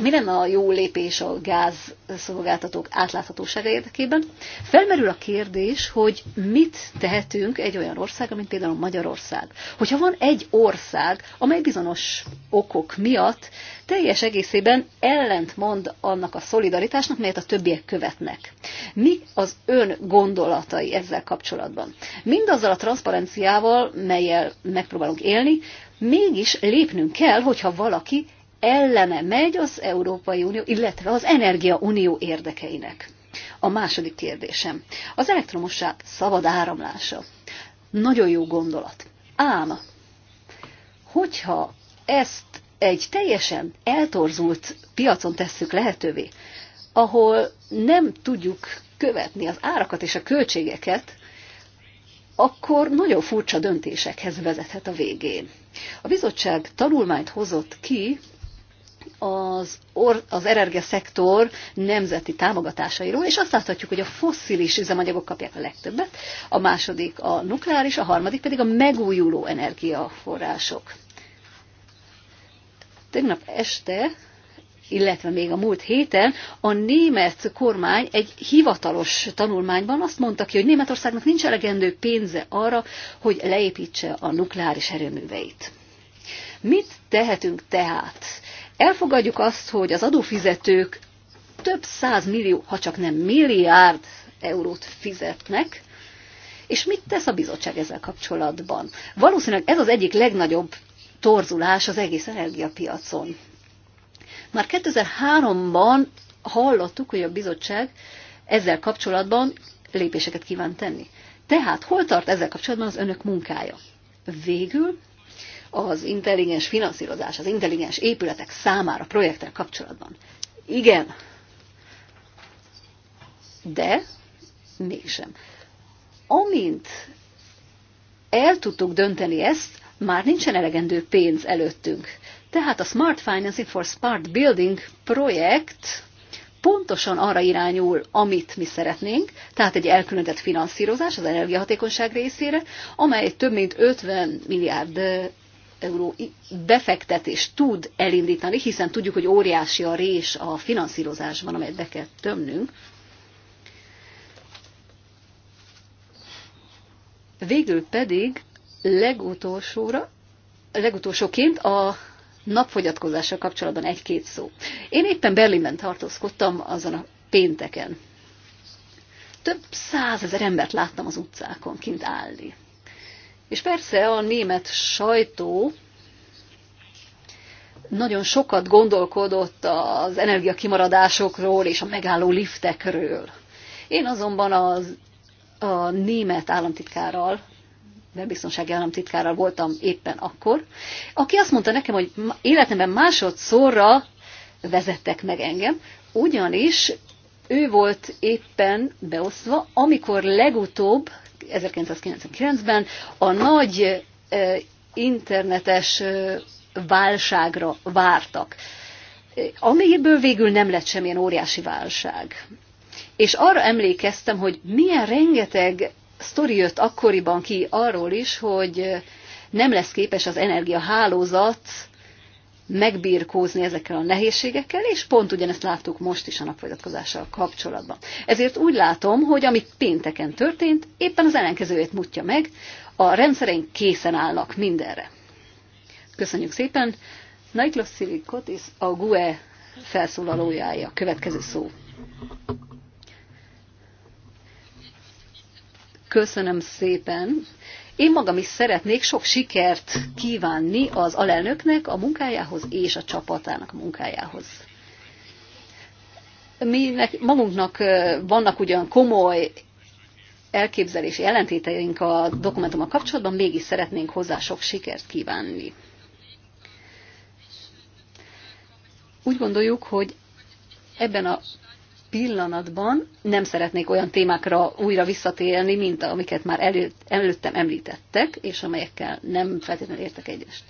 Mi lenne a jó lépés a gázszolgáltatók átláthatósága érdekében? Felmerül a kérdés, hogy mit tehetünk egy olyan ország, mint például Magyarország. Hogyha van egy ország, amely bizonyos okok miatt teljes egészében ellentmond annak a szolidaritásnak, melyet a többiek követnek. Mi az ön gondolatai ezzel kapcsolatban? Mindazzal a transzparenciával, melyel megpróbálunk élni, mégis lépnünk kell, hogyha valaki ellene megy az Európai Unió, illetve az Energia Unió érdekeinek. A második kérdésem. Az elektromosság szabad áramlása. Nagyon jó gondolat. Ám, hogyha ezt egy teljesen eltorzult piacon tesszük lehetővé, ahol nem tudjuk követni az árakat és a költségeket, akkor nagyon furcsa döntésekhez vezethet a végén. A bizottság tanulmányt hozott ki az, or, az szektor nemzeti támogatásairól, és azt láthatjuk, hogy a fosszilis üzemanyagok kapják a legtöbbet, a második a nukleáris, a harmadik pedig a megújuló energiaforrások. Tegnap este illetve még a múlt héten a német kormány egy hivatalos tanulmányban azt mondta ki, hogy Németországnak nincs elegendő pénze arra, hogy leépítse a nukleáris erőműveit. Mit tehetünk tehát? Elfogadjuk azt, hogy az adófizetők több száz millió, ha csak nem milliárd eurót fizetnek, és mit tesz a bizottság ezzel kapcsolatban? Valószínűleg ez az egyik legnagyobb torzulás az egész energiapiacon. Már 2003-ban hallottuk, hogy a bizottság ezzel kapcsolatban lépéseket kíván tenni. Tehát hol tart ezzel kapcsolatban az önök munkája? Végül az intelligens finanszírozás, az intelligens épületek számára projektek kapcsolatban. Igen, de mégsem. Amint el tudtuk dönteni ezt, már nincsen elegendő pénz előttünk. Tehát a Smart Financing for Smart Building projekt pontosan arra irányul, amit mi szeretnénk, tehát egy elkülönített finanszírozás az energiahatékonyság részére, amely több mint 50 milliárd euró befektetést tud elindítani, hiszen tudjuk, hogy óriási a rés a finanszírozásban, amelyet be kell tömnünk. Végül pedig legutolsóra, legutolsóként a napfogyatkozással kapcsolatban egy-két szó. Én éppen Berlinben tartózkodtam azon a pénteken. Több százezer embert láttam az utcákon kint állni. És persze a német sajtó nagyon sokat gondolkodott az energiakimaradásokról és a megálló liftekről. Én azonban az, a német államtitkárral belbiztonsági államtitkára voltam éppen akkor, aki azt mondta nekem, hogy életemben másodszorra vezettek meg engem, ugyanis ő volt éppen beosztva, amikor legutóbb, 1999-ben a nagy internetes válságra vártak, amiből végül nem lett semmilyen óriási válság. És arra emlékeztem, hogy milyen rengeteg sztori jött akkoriban ki arról is, hogy nem lesz képes az energiahálózat megbírkózni ezekkel a nehézségekkel, és pont ugyanezt láttuk most is a napfogyatkozással kapcsolatban. Ezért úgy látom, hogy ami pénteken történt, éppen az ellenkezőjét mutja meg, a rendszereink készen állnak mindenre. Köszönjük szépen! Naiklos és a GUE felszólalójája. Következő szó. Köszönöm szépen. Én magam is szeretnék sok sikert kívánni az alelnöknek a munkájához és a csapatának a munkájához. Mi magunknak vannak ugyan komoly elképzelési ellentéteink a dokumentummal kapcsolatban, mégis szeretnénk hozzá sok sikert kívánni. Úgy gondoljuk, hogy ebben a pillanatban nem szeretnék olyan témákra újra visszatérni, mint amiket már előtt, előttem említettek, és amelyekkel nem feltétlenül értek egyest.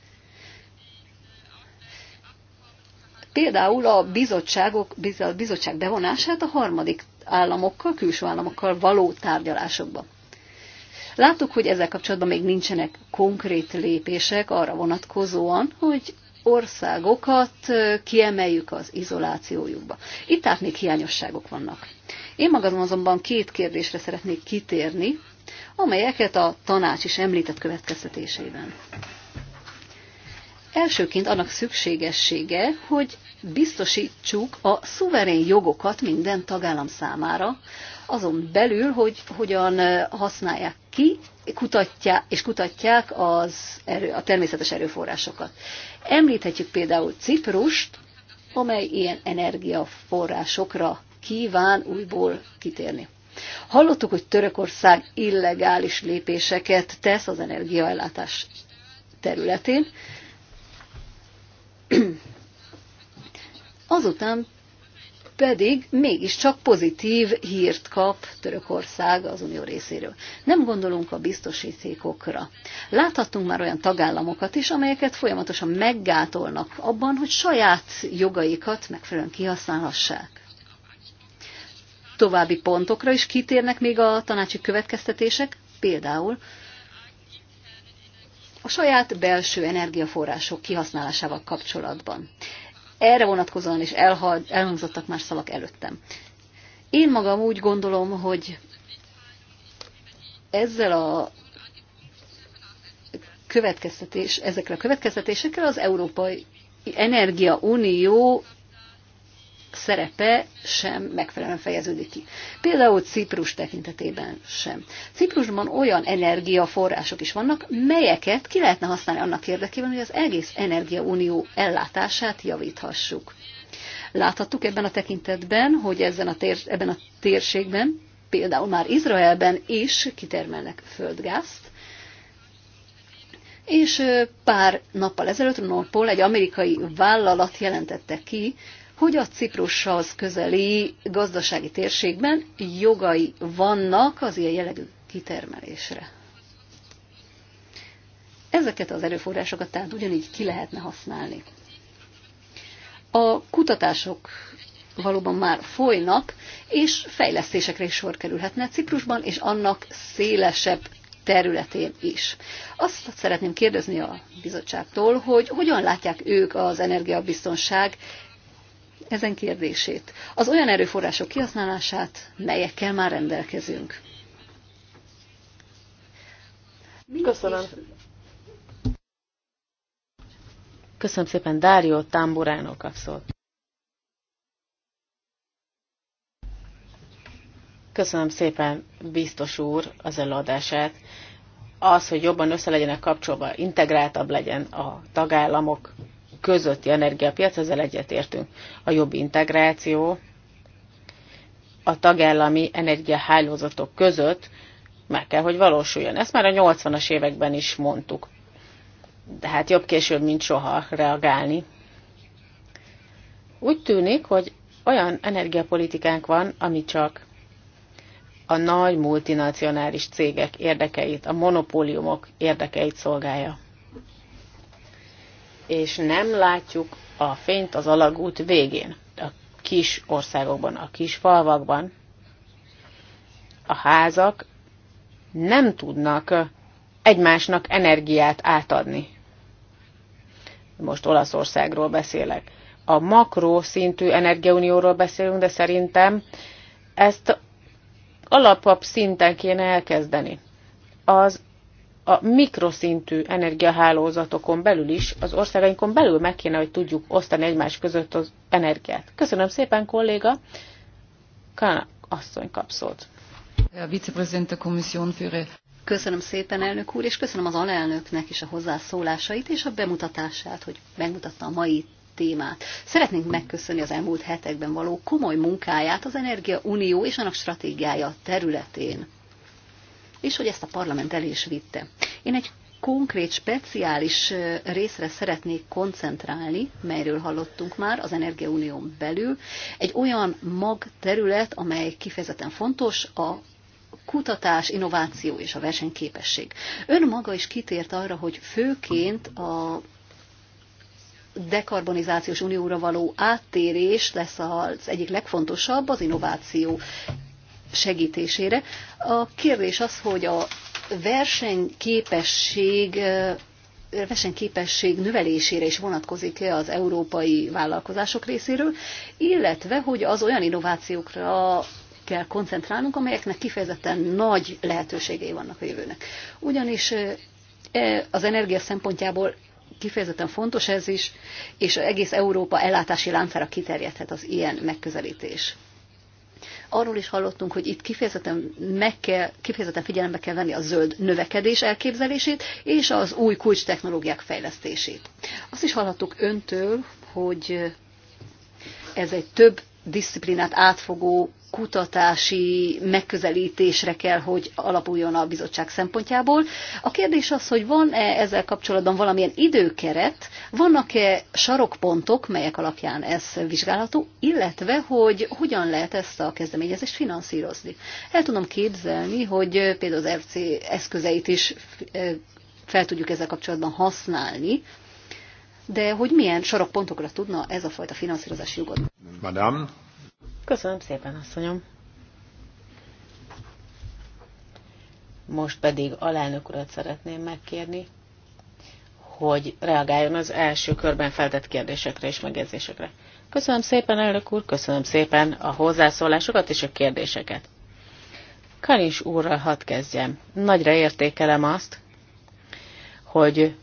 Például a bizottságok, bizottság bevonását a harmadik államokkal, külső államokkal való tárgyalásokba. Láttuk, hogy ezzel kapcsolatban még nincsenek konkrét lépések arra vonatkozóan, hogy országokat kiemeljük az izolációjukba. Itt tehát még hiányosságok vannak. Én magam azonban két kérdésre szeretnék kitérni, amelyeket a tanács is említett következtetésében. Elsőként annak szükségessége, hogy biztosítsuk a szuverén jogokat minden tagállam számára, azon belül, hogy hogyan használják ki kutatják, és kutatják az erő, a természetes erőforrásokat. Említhetjük például Ciprust, amely ilyen energiaforrásokra kíván újból kitérni. Hallottuk, hogy Törökország illegális lépéseket tesz az energiaellátás területén. Azután pedig mégiscsak pozitív hírt kap Törökország az unió részéről. Nem gondolunk a biztosítékokra. Láthattunk már olyan tagállamokat is, amelyeket folyamatosan meggátolnak abban, hogy saját jogaikat megfelelően kihasználhassák. További pontokra is kitérnek még a tanácsi következtetések, például a saját belső energiaforrások kihasználásával kapcsolatban erre vonatkozóan is elhag, elhangzottak más szavak előttem. Én magam úgy gondolom, hogy ezzel a következtetés, ezekre a következtetésekkel az Európai Energia Unió szerepe sem megfelelően fejeződik ki. Például Ciprus tekintetében sem. Ciprusban olyan energiaforrások is vannak, melyeket ki lehetne használni annak érdekében, hogy az egész energiaunió ellátását javíthassuk. Láthattuk ebben a tekintetben, hogy ezen a tér, ebben a térségben, például már Izraelben is kitermelnek földgázt, és pár nappal ezelőtt Norpol egy amerikai vállalat jelentette ki, hogy a Ciprushoz közeli gazdasági térségben jogai vannak az ilyen jellegű kitermelésre. Ezeket az erőforrásokat tehát ugyanígy ki lehetne használni. A kutatások valóban már folynak, és fejlesztésekre is sor kerülhetne Ciprusban, és annak szélesebb területén is. Azt szeretném kérdezni a bizottságtól, hogy hogyan látják ők az energiabiztonság ezen kérdését, az olyan erőforrások kihasználását, melyekkel már rendelkezünk. Köszönöm. Köszönöm szépen, Dário Tamburano kapszol. Köszönöm szépen, biztos úr, az előadását. Az, hogy jobban össze legyenek kapcsolva, integráltabb legyen a tagállamok közötti energiapiac, ezzel egyetértünk. A jobb integráció a tagállami energiahálózatok között meg kell, hogy valósuljon. Ezt már a 80-as években is mondtuk. De hát jobb később, mint soha reagálni. Úgy tűnik, hogy olyan energiapolitikánk van, ami csak a nagy multinacionális cégek érdekeit, a monopóliumok érdekeit szolgálja és nem látjuk a fényt az alagút végén, a kis országokban, a kis falvakban. A házak nem tudnak egymásnak energiát átadni. Most Olaszországról beszélek. A makró szintű energiaunióról beszélünk, de szerintem ezt alapabb szinten kéne elkezdeni. Az a mikroszintű energiahálózatokon belül is, az országainkon belül meg kéne, hogy tudjuk osztani egymás között az energiát. Köszönöm szépen, kolléga. Kana asszony kap szót. Köszönöm szépen, elnök úr, és köszönöm az alelnöknek is a hozzászólásait és a bemutatását, hogy megmutatta a mai témát. Szeretnénk megköszönni az elmúlt hetekben való komoly munkáját az Energia Unió és annak stratégiája területén és hogy ezt a parlament el is vitte. Én egy konkrét, speciális részre szeretnék koncentrálni, melyről hallottunk már az Energiaunión belül. Egy olyan magterület, amely kifejezetten fontos, a kutatás, innováció és a versenyképesség. Ön maga is kitért arra, hogy főként a dekarbonizációs unióra való áttérés lesz az egyik legfontosabb az innováció segítésére. A kérdés az, hogy a versenyképesség versenyképesség növelésére is vonatkozik-e az európai vállalkozások részéről, illetve hogy az olyan innovációkra kell koncentrálnunk, amelyeknek kifejezetten nagy lehetőségei vannak a jövőnek. Ugyanis e, az energia szempontjából kifejezetten fontos ez is, és egész Európa ellátási láncára kiterjedhet az ilyen megközelítés arról is hallottunk, hogy itt kifejezetten, meg kell, kifejezetten figyelembe kell venni a zöld növekedés elképzelését és az új kulcs technológiák fejlesztését. Azt is hallhattuk öntől, hogy ez egy több disziplinát átfogó kutatási megközelítésre kell, hogy alapuljon a bizottság szempontjából. A kérdés az, hogy van-e ezzel kapcsolatban valamilyen időkeret, vannak-e sarokpontok, melyek alapján ez vizsgálható, illetve hogy hogyan lehet ezt a kezdeményezést finanszírozni. El tudom képzelni, hogy például az RC eszközeit is eh, fel tudjuk ezzel kapcsolatban használni, de hogy milyen sarokpontokra tudna ez a fajta finanszírozás jogot. Madame. Köszönöm szépen, asszonyom. Most pedig alelnök urat szeretném megkérni, hogy reagáljon az első körben feltett kérdésekre és megjegyzésekre. Köszönöm szépen, elnök úr, köszönöm szépen a hozzászólásokat és a kérdéseket. Kanis úrral hadd kezdjem. Nagyra értékelem azt, hogy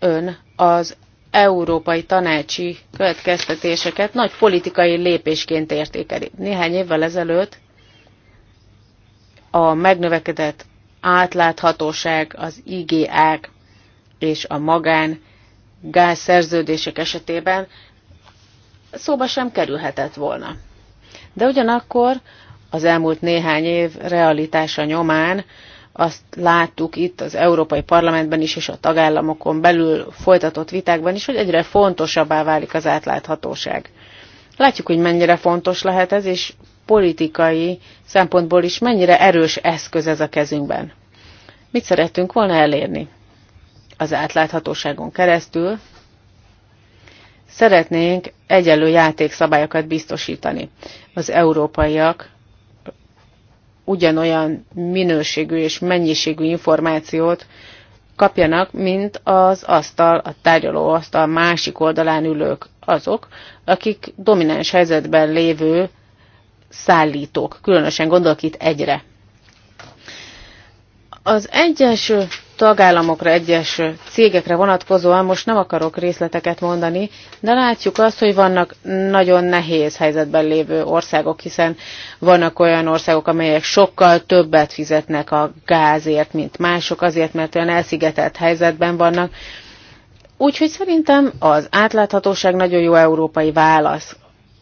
ön az európai tanácsi következtetéseket nagy politikai lépésként értékeli. Néhány évvel ezelőtt a megnövekedett átláthatóság, az IGA-k és a magán gázszerződések esetében szóba sem kerülhetett volna. De ugyanakkor az elmúlt néhány év realitása nyomán azt láttuk itt az Európai Parlamentben is, és a tagállamokon belül folytatott vitákban is, hogy egyre fontosabbá válik az átláthatóság. Látjuk, hogy mennyire fontos lehet ez, és politikai szempontból is mennyire erős eszköz ez a kezünkben. Mit szerettünk volna elérni? Az átláthatóságon keresztül szeretnénk egyenlő játékszabályokat biztosítani. Az európaiak ugyanolyan minőségű és mennyiségű információt kapjanak, mint az asztal, a asztal, másik oldalán ülők azok, akik domináns helyzetben lévő szállítók. Különösen gondolok itt egyre. Az egyes tagállamokra, egyes cégekre vonatkozóan most nem akarok részleteket mondani, de látjuk azt, hogy vannak nagyon nehéz helyzetben lévő országok, hiszen vannak olyan országok, amelyek sokkal többet fizetnek a gázért, mint mások, azért, mert olyan elszigetelt helyzetben vannak. Úgyhogy szerintem az átláthatóság nagyon jó európai válasz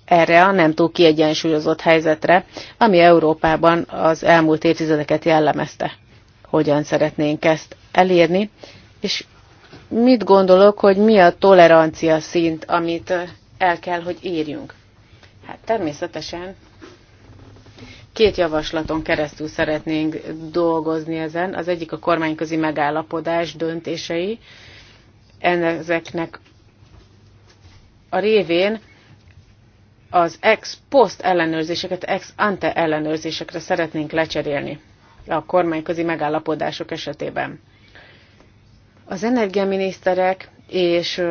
erre a nem túl kiegyensúlyozott helyzetre, ami Európában az elmúlt évtizedeket jellemezte hogyan szeretnénk ezt elérni, és mit gondolok, hogy mi a tolerancia szint, amit el kell, hogy érjünk? Hát természetesen két javaslaton keresztül szeretnénk dolgozni ezen. Az egyik a kormányközi megállapodás döntései. Ezeknek a révén az ex post ellenőrzéseket ex ante ellenőrzésekre szeretnénk lecserélni a kormányközi megállapodások esetében. Az energiaminiszterek és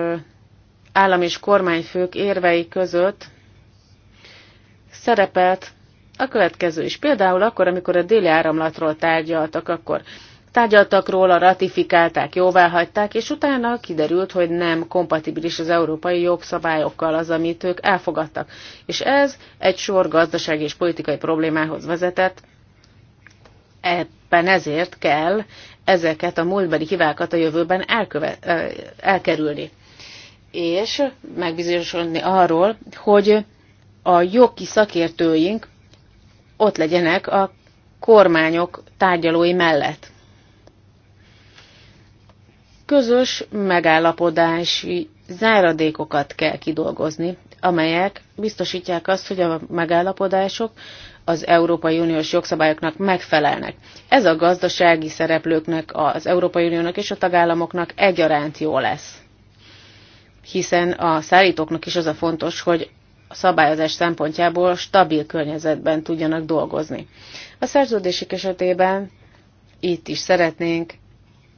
állam és kormányfők érvei között szerepelt a következő is. Például akkor, amikor a déli áramlatról tárgyaltak, akkor tárgyaltak róla, ratifikálták, hagyták, és utána kiderült, hogy nem kompatibilis az európai jogszabályokkal az, amit ők elfogadtak. És ez egy sor gazdasági és politikai problémához vezetett, ebben ezért kell ezeket a múltbeli hibákat a jövőben elköve, elkerülni. És megbizonyosodni arról, hogy a jogi szakértőink ott legyenek a kormányok tárgyalói mellett. Közös megállapodási záradékokat kell kidolgozni, amelyek biztosítják azt, hogy a megállapodások az Európai Uniós jogszabályoknak megfelelnek. Ez a gazdasági szereplőknek, az Európai Uniónak és a tagállamoknak egyaránt jó lesz. Hiszen a szállítóknak is az a fontos, hogy a szabályozás szempontjából stabil környezetben tudjanak dolgozni. A szerződések esetében itt is szeretnénk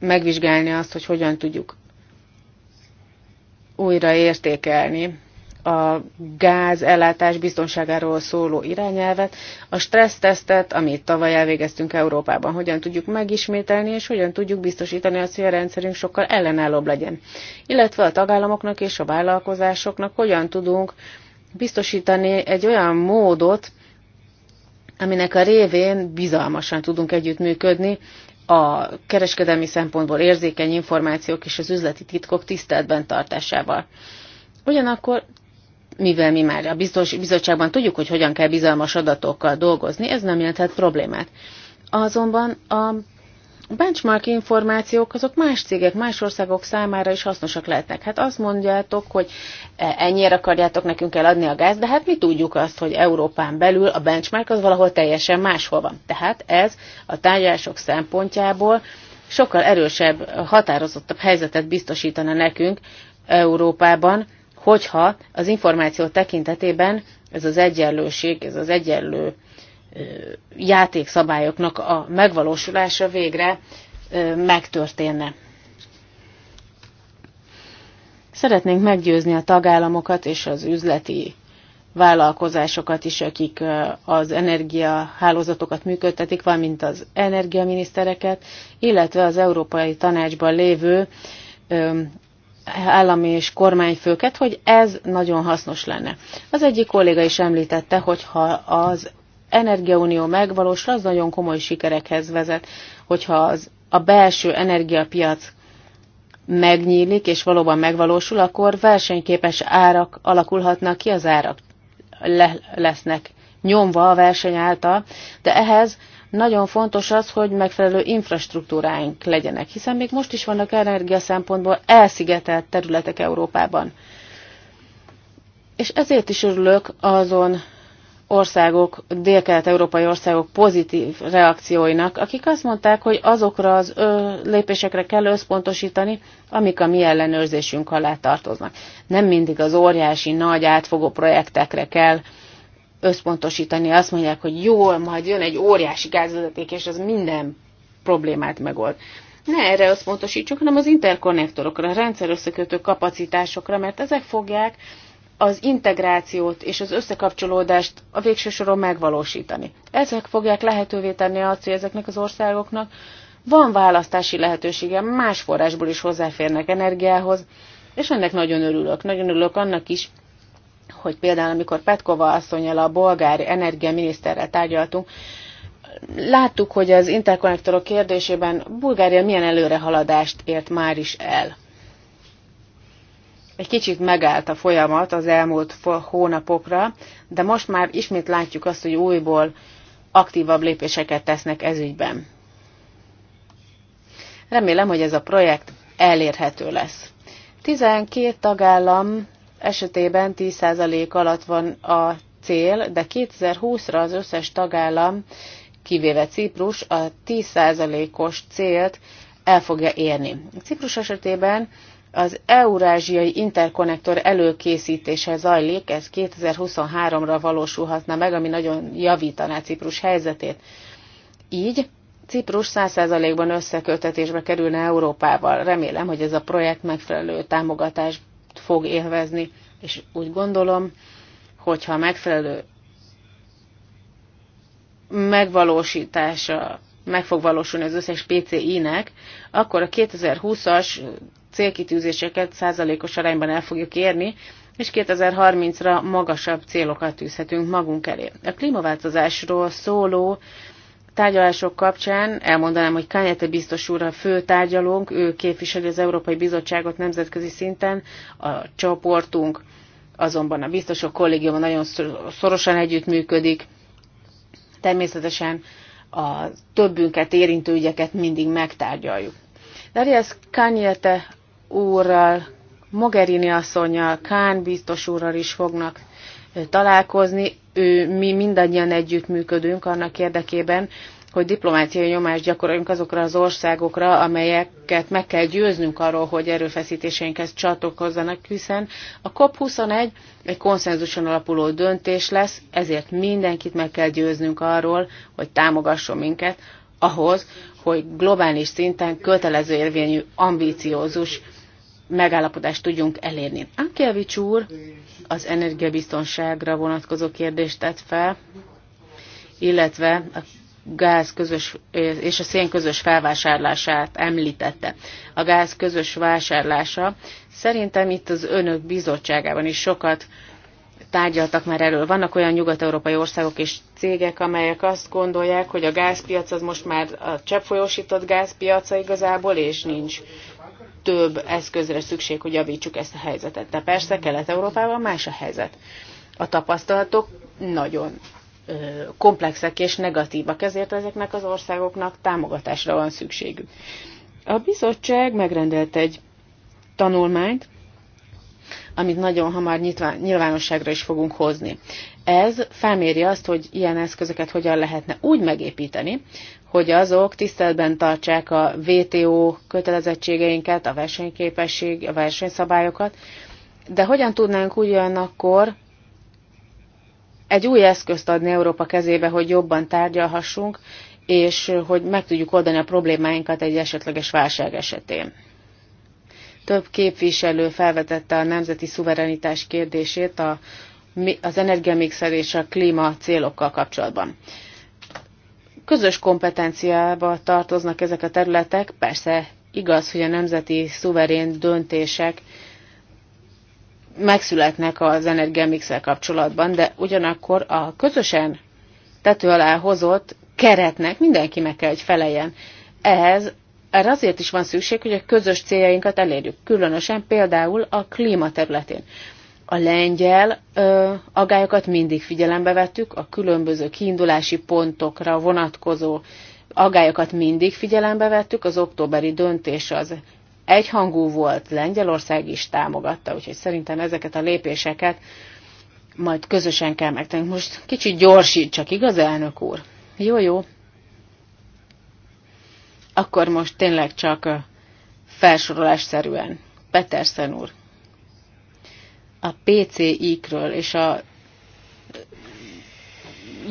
megvizsgálni azt, hogy hogyan tudjuk újra a gáz ellátás biztonságáról szóló irányelvet, a stressztesztet, amit tavaly elvégeztünk Európában, hogyan tudjuk megismételni, és hogyan tudjuk biztosítani, hogy a rendszerünk sokkal ellenállóbb legyen. Illetve a tagállamoknak és a vállalkozásoknak hogyan tudunk biztosítani egy olyan módot, aminek a révén bizalmasan tudunk együttműködni, a kereskedelmi szempontból érzékeny információk és az üzleti titkok tiszteletben tartásával. Ugyanakkor mivel mi már a biztos, bizottságban tudjuk, hogy hogyan kell bizalmas adatokkal dolgozni, ez nem jelenthet problémát. Azonban a benchmark információk azok más cégek, más országok számára is hasznosak lehetnek. Hát azt mondjátok, hogy e, ennyire akarjátok nekünk eladni a gáz, de hát mi tudjuk azt, hogy Európán belül a benchmark az valahol teljesen máshol van. Tehát ez a tárgyalások szempontjából sokkal erősebb, határozottabb helyzetet biztosítana nekünk Európában, hogyha az információ tekintetében ez az egyenlőség, ez az egyenlő játékszabályoknak a megvalósulása végre megtörténne. Szeretnénk meggyőzni a tagállamokat és az üzleti vállalkozásokat is, akik az energiahálózatokat működtetik, valamint az energiaminisztereket, illetve az Európai Tanácsban lévő állami és kormányfőket, hogy ez nagyon hasznos lenne. Az egyik kolléga is említette, hogy ha az energiaunió megvalósul, az nagyon komoly sikerekhez vezet, hogyha az, a belső energiapiac megnyílik és valóban megvalósul, akkor versenyképes árak alakulhatnak ki, az árak le, lesznek nyomva a verseny által, de ehhez nagyon fontos az, hogy megfelelő infrastruktúráink legyenek, hiszen még most is vannak energia szempontból elszigetelt területek Európában. És ezért is örülök azon országok, dél-kelet-európai országok pozitív reakcióinak, akik azt mondták, hogy azokra az ö, lépésekre kell összpontosítani, amik a mi ellenőrzésünk alá tartoznak. Nem mindig az óriási, nagy, átfogó projektekre kell összpontosítani. Azt mondják, hogy jól, majd jön egy óriási gázvezeték, és az minden problémát megold. Ne erre összpontosítsuk, hanem az interkonnektorokra, a rendszer összekötő kapacitásokra, mert ezek fogják az integrációt és az összekapcsolódást a végső soron megvalósítani. Ezek fogják lehetővé tenni azt, hogy ezeknek az országoknak van választási lehetősége, más forrásból is hozzáférnek energiához, és ennek nagyon örülök. Nagyon örülök annak is, hogy például amikor Petkova asszonyjal a bolgári energiaminiszterrel tárgyaltunk, láttuk, hogy az interkonnektorok kérdésében Bulgária milyen előrehaladást ért már is el. Egy kicsit megállt a folyamat az elmúlt hónapokra, de most már ismét látjuk azt, hogy újból aktívabb lépéseket tesznek ezügyben. Remélem, hogy ez a projekt elérhető lesz. 12 tagállam esetében 10% alatt van a cél, de 2020-ra az összes tagállam, kivéve Ciprus, a 10%-os célt el fogja érni. Ciprus esetében az Eurázsiai Interkonnektor előkészítése zajlik, ez 2023-ra valósulhatna meg, ami nagyon javítaná Ciprus helyzetét. Így Ciprus 100%-ban összekötetésbe kerülne Európával. Remélem, hogy ez a projekt megfelelő támogatást fog élvezni, és úgy gondolom, hogyha megfelelő megvalósítása meg fog valósulni az összes PCI-nek, akkor a 2020-as célkitűzéseket százalékos arányban el fogjuk érni, és 2030-ra magasabb célokat tűzhetünk magunk elé. A klímaváltozásról szóló tárgyalások kapcsán elmondanám, hogy Kányete biztos úr a fő tárgyalónk, ő képviseli az Európai Bizottságot nemzetközi szinten, a csoportunk azonban a biztosok kollégiuma nagyon szorosan együttműködik. Természetesen a többünket érintő ügyeket mindig megtárgyaljuk. Darius Kányete úrral, Mogherini asszonynal, Kán biztos úrral is fognak találkozni ő, mi mindannyian együttműködünk annak érdekében, hogy diplomáciai nyomást gyakoroljunk azokra az országokra, amelyeket meg kell győznünk arról, hogy erőfeszítéseinkhez csatlakozzanak, hiszen a COP21 egy konszenzuson alapuló döntés lesz, ezért mindenkit meg kell győznünk arról, hogy támogasson minket ahhoz, hogy globális szinten kötelező érvényű, ambíciózus megállapodást tudjunk elérni. Ankelvics úr az energiabiztonságra vonatkozó kérdést tett fel, illetve a gáz közös és a szén közös felvásárlását említette. A gáz közös vásárlása szerintem itt az önök bizottságában is sokat tárgyaltak már erről. Vannak olyan nyugat-európai országok és cégek, amelyek azt gondolják, hogy a gázpiac az most már a cseppfolyósított gázpiaca igazából, és nincs több eszközre szükség, hogy javítsuk ezt a helyzetet. De persze Kelet-Európában más a helyzet. A tapasztalatok nagyon komplexek és negatívak, ezért ezeknek az országoknak támogatásra van szükségük. A bizottság megrendelt egy tanulmányt, amit nagyon hamar nyitván, nyilvánosságra is fogunk hozni. Ez felméri azt, hogy ilyen eszközöket hogyan lehetne úgy megépíteni, hogy azok tiszteletben tartsák a WTO kötelezettségeinket, a versenyképesség, a versenyszabályokat, de hogyan tudnánk ugyanakkor egy új eszközt adni Európa kezébe, hogy jobban tárgyalhassunk, és hogy meg tudjuk oldani a problémáinkat egy esetleges válság esetén. Több képviselő felvetette a nemzeti szuverenitás kérdését a, az energiamixer és a klíma célokkal kapcsolatban közös kompetenciába tartoznak ezek a területek. Persze igaz, hogy a nemzeti szuverén döntések megszületnek az energiamixel kapcsolatban, de ugyanakkor a közösen tető alá hozott keretnek mindenki meg kell, hogy feleljen. Ehhez erre azért is van szükség, hogy a közös céljainkat elérjük, különösen például a klíma területén. A lengyel ö, agályokat mindig figyelembe vettük, a különböző kiindulási pontokra vonatkozó agályokat mindig figyelembe vettük, az októberi döntés az egyhangú volt, Lengyelország is támogatta, úgyhogy szerintem ezeket a lépéseket majd közösen kell megtenni. Most kicsit gyorsít csak, igaz, elnök úr? Jó, jó. Akkor most tényleg csak felsorolásszerűen. Petersen úr a PCI-kről és a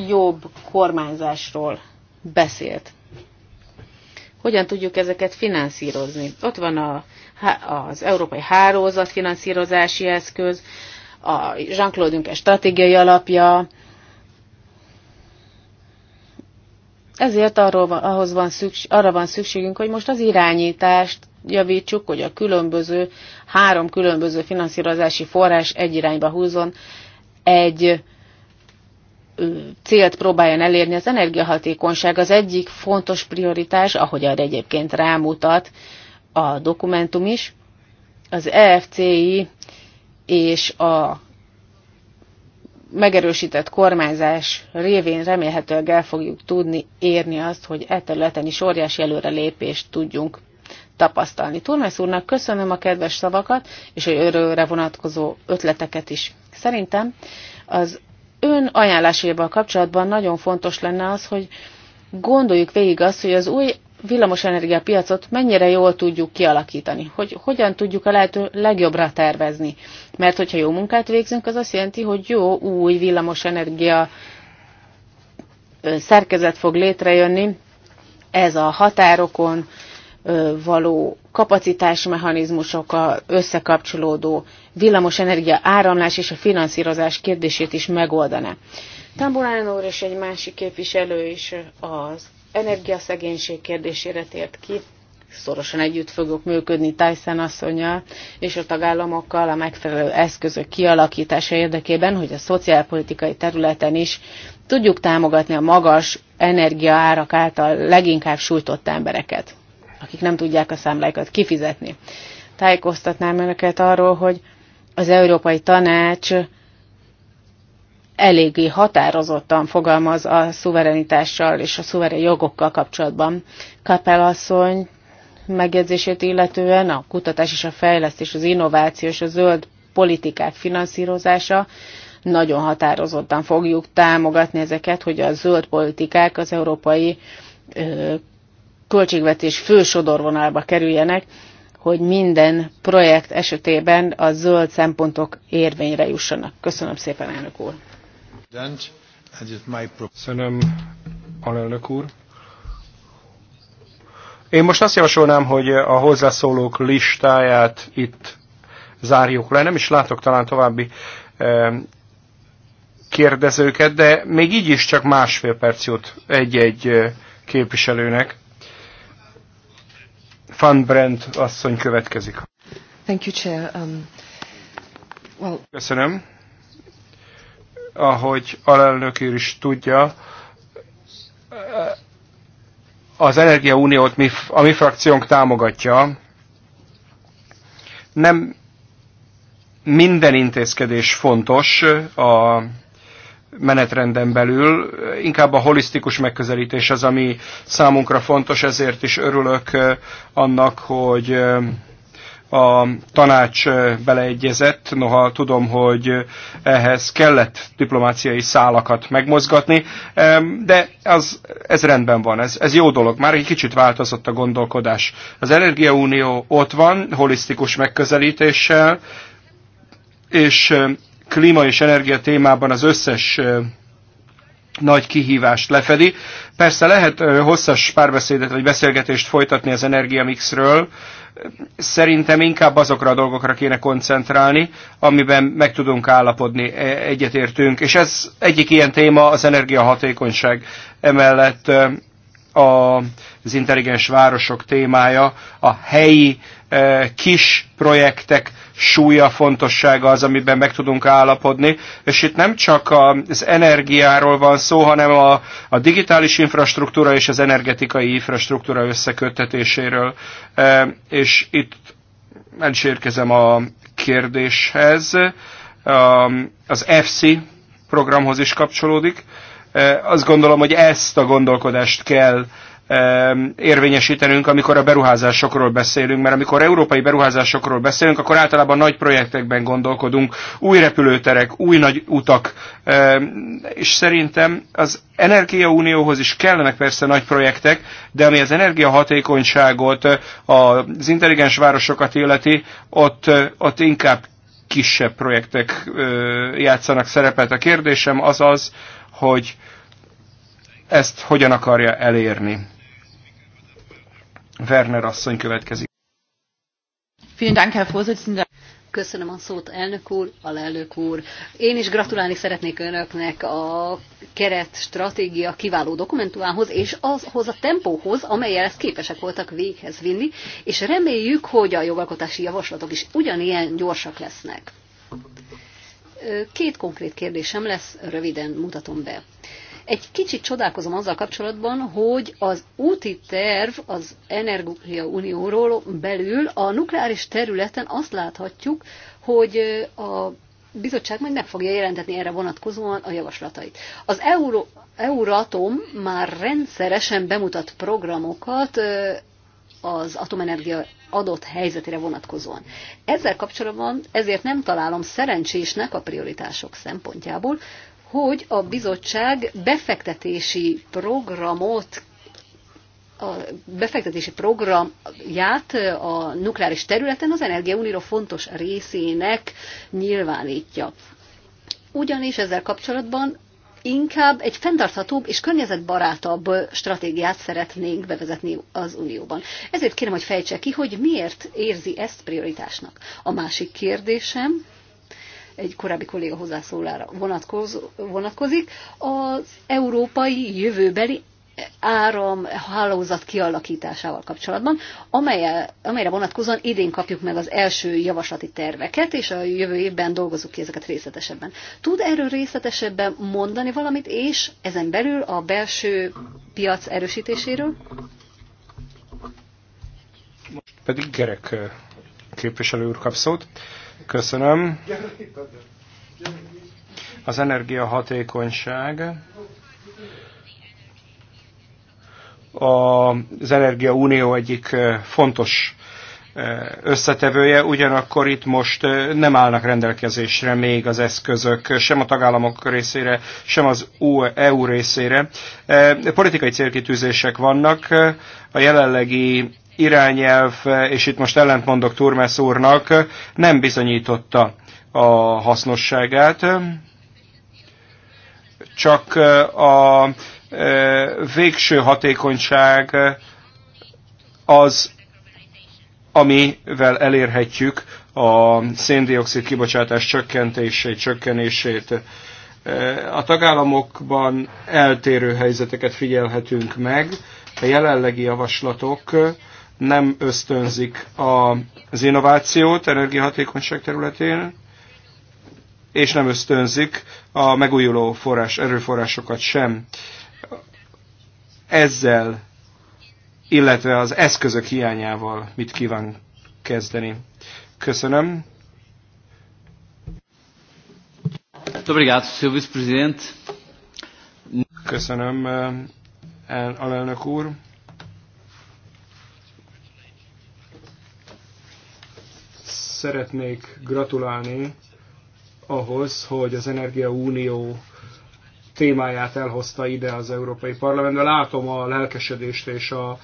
jobb kormányzásról beszélt. Hogyan tudjuk ezeket finanszírozni? Ott van a, az Európai Hálózat finanszírozási eszköz, a Jean-Claude Juncker stratégiai alapja, Ezért arról van, ahhoz van szükség, arra van szükségünk, hogy most az irányítást javítsuk, hogy a különböző, három különböző finanszírozási forrás egy irányba húzon, egy célt próbáljon elérni. Az energiahatékonyság az egyik fontos prioritás, ahogy arra egyébként rámutat a dokumentum is. Az EFCI és a megerősített kormányzás révén remélhetőleg el fogjuk tudni érni azt, hogy e területen is óriási előrelépést tudjunk tapasztalni. Turmes úrnak köszönöm a kedves szavakat és a örőre vonatkozó ötleteket is. Szerintem az ön ajánlásaival kapcsolatban nagyon fontos lenne az, hogy gondoljuk végig azt, hogy az új villamosenergia piacot mennyire jól tudjuk kialakítani, hogy hogyan tudjuk a lehető legjobbra tervezni. Mert hogyha jó munkát végzünk, az azt jelenti, hogy jó új villamosenergia szerkezet fog létrejönni, ez a határokon, való a összekapcsolódó villamosenergia áramlás és a finanszírozás kérdését is megoldaná. Tamburán úr és egy másik képviselő is az energiaszegénység kérdésére tért ki. Szorosan együtt fogok működni Tyson asszonyjal és a tagállamokkal a megfelelő eszközök kialakítása érdekében, hogy a szociálpolitikai területen is tudjuk támogatni a magas energiaárak által leginkább sújtott embereket akik nem tudják a számláikat kifizetni. Tájékoztatnám önöket arról, hogy az Európai Tanács eléggé határozottan fogalmaz a szuverenitással és a szuverén jogokkal kapcsolatban. Kapel asszony megjegyzését illetően a kutatás és a fejlesztés, az innováció és a zöld politikák finanszírozása, nagyon határozottan fogjuk támogatni ezeket, hogy a zöld politikák az európai költségvetés fő sodorvonalba kerüljenek, hogy minden projekt esetében a zöld szempontok érvényre jussanak. Köszönöm szépen, elnök úr! Köszönöm, alelnök úr! Én most azt javasolnám, hogy a hozzászólók listáját itt zárjuk le. Nem is látok talán további eh, kérdezőket, de még így is csak másfél perc jut egy-egy eh, képviselőnek. Van Brent asszony következik. Thank you, Chair. Um, well... Köszönöm. Ahogy alelnök úr is tudja, az Energiauniót mi, a mi frakciónk támogatja. Nem minden intézkedés fontos a menetrenden belül. Inkább a holisztikus megközelítés az, ami számunkra fontos, ezért is örülök annak, hogy a tanács beleegyezett, noha tudom, hogy ehhez kellett diplomáciai szálakat megmozgatni, de az, ez rendben van, ez, ez jó dolog, már egy kicsit változott a gondolkodás. Az Energiaunió ott van, holisztikus megközelítéssel, és klíma és energia témában az összes nagy kihívást lefedi. Persze lehet hosszas párbeszédet vagy beszélgetést folytatni az energiamixről, szerintem inkább azokra a dolgokra kéne koncentrálni, amiben meg tudunk állapodni, e, egyetértünk. És ez egyik ilyen téma az energiahatékonyság. Emellett az intelligens városok témája, a helyi kis projektek súlya, fontossága az, amiben meg tudunk állapodni. És itt nem csak az energiáról van szó, hanem a, a digitális infrastruktúra és az energetikai infrastruktúra összeköttetéséről. És itt el is érkezem a kérdéshez. Az FC programhoz is kapcsolódik. Azt gondolom, hogy ezt a gondolkodást kell érvényesítenünk, amikor a beruházásokról beszélünk, mert amikor európai beruházásokról beszélünk, akkor általában nagy projektekben gondolkodunk, új repülőterek, új nagy utak, és szerintem az energiaunióhoz is kellenek persze nagy projektek, de ami az energiahatékonyságot, az intelligens városokat illeti, ott, ott inkább kisebb projektek játszanak szerepet. A kérdésem az az, hogy ezt hogyan akarja elérni. Werner asszony következik. Vielen Dank, Herr Vorsitzender. Köszönöm a szót, elnök úr, alelnök úr. Én is gratulálni szeretnék önöknek a keret stratégia kiváló dokumentumához, és azhoz a tempóhoz, amelyel ezt képesek voltak véghez vinni, és reméljük, hogy a jogalkotási javaslatok is ugyanilyen gyorsak lesznek. Két konkrét kérdésem lesz, röviden mutatom be egy kicsit csodálkozom azzal kapcsolatban, hogy az úti terv az Energia Unióról belül a nukleáris területen azt láthatjuk, hogy a bizottság majd meg fogja jelentetni erre vonatkozóan a javaslatait. Az Euro, Euratom már rendszeresen bemutat programokat az atomenergia adott helyzetére vonatkozóan. Ezzel kapcsolatban ezért nem találom szerencsésnek a prioritások szempontjából, hogy a bizottság befektetési programot a befektetési programját a nukleáris területen az Energiaunió fontos részének nyilvánítja. Ugyanis ezzel kapcsolatban inkább egy fenntarthatóbb és környezetbarátabb stratégiát szeretnénk bevezetni az Unióban. Ezért kérem, hogy fejtse ki, hogy miért érzi ezt prioritásnak. A másik kérdésem, egy korábbi kolléga hozzászólára vonatkoz, vonatkozik, az európai jövőbeli hálózat kialakításával kapcsolatban, amelye, amelyre vonatkozóan idén kapjuk meg az első javaslati terveket, és a jövő évben dolgozunk ki ezeket részletesebben. Tud erről részletesebben mondani valamit, és ezen belül a belső piac erősítéséről? Most pedig Gerek eh, képviselő úr kap szót. Köszönöm. Az energiahatékonyság. Az Energia Unió egyik fontos összetevője, ugyanakkor itt most nem állnak rendelkezésre még az eszközök, sem a tagállamok részére, sem az EU e részére. Politikai célkitűzések vannak, a jelenlegi irányelv, és itt most ellentmondok Turmes úrnak, nem bizonyította a hasznosságát, csak a végső hatékonyság az, amivel elérhetjük a széndiokszid kibocsátás csökkentését, csökkenését. A tagállamokban eltérő helyzeteket figyelhetünk meg. A jelenlegi javaslatok nem ösztönzik az innovációt energiahatékonyság területén, és nem ösztönzik a megújuló forrás, erőforrásokat sem. Ezzel, illetve az eszközök hiányával mit kíván kezdeni. Köszönöm. Köszönöm, alelnök úr. szeretnék gratulálni ahhoz, hogy az Energia Unió témáját elhozta ide az Európai Parlamentbe. Látom a lelkesedést és a,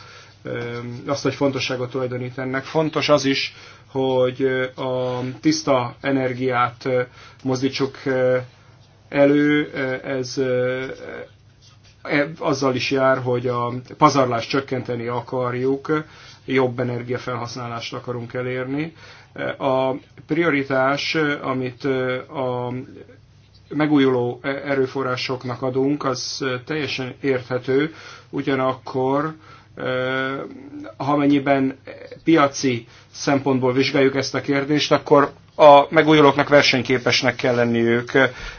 azt, hogy fontosságot tulajdonít ennek. Fontos az is, hogy a tiszta energiát mozdítsuk elő, ez e, azzal is jár, hogy a pazarlást csökkenteni akarjuk jobb energiafelhasználást akarunk elérni. A prioritás, amit a megújuló erőforrásoknak adunk, az teljesen érthető, ugyanakkor ha mennyiben piaci szempontból vizsgáljuk ezt a kérdést, akkor a megújulóknak versenyképesnek kell lenniük.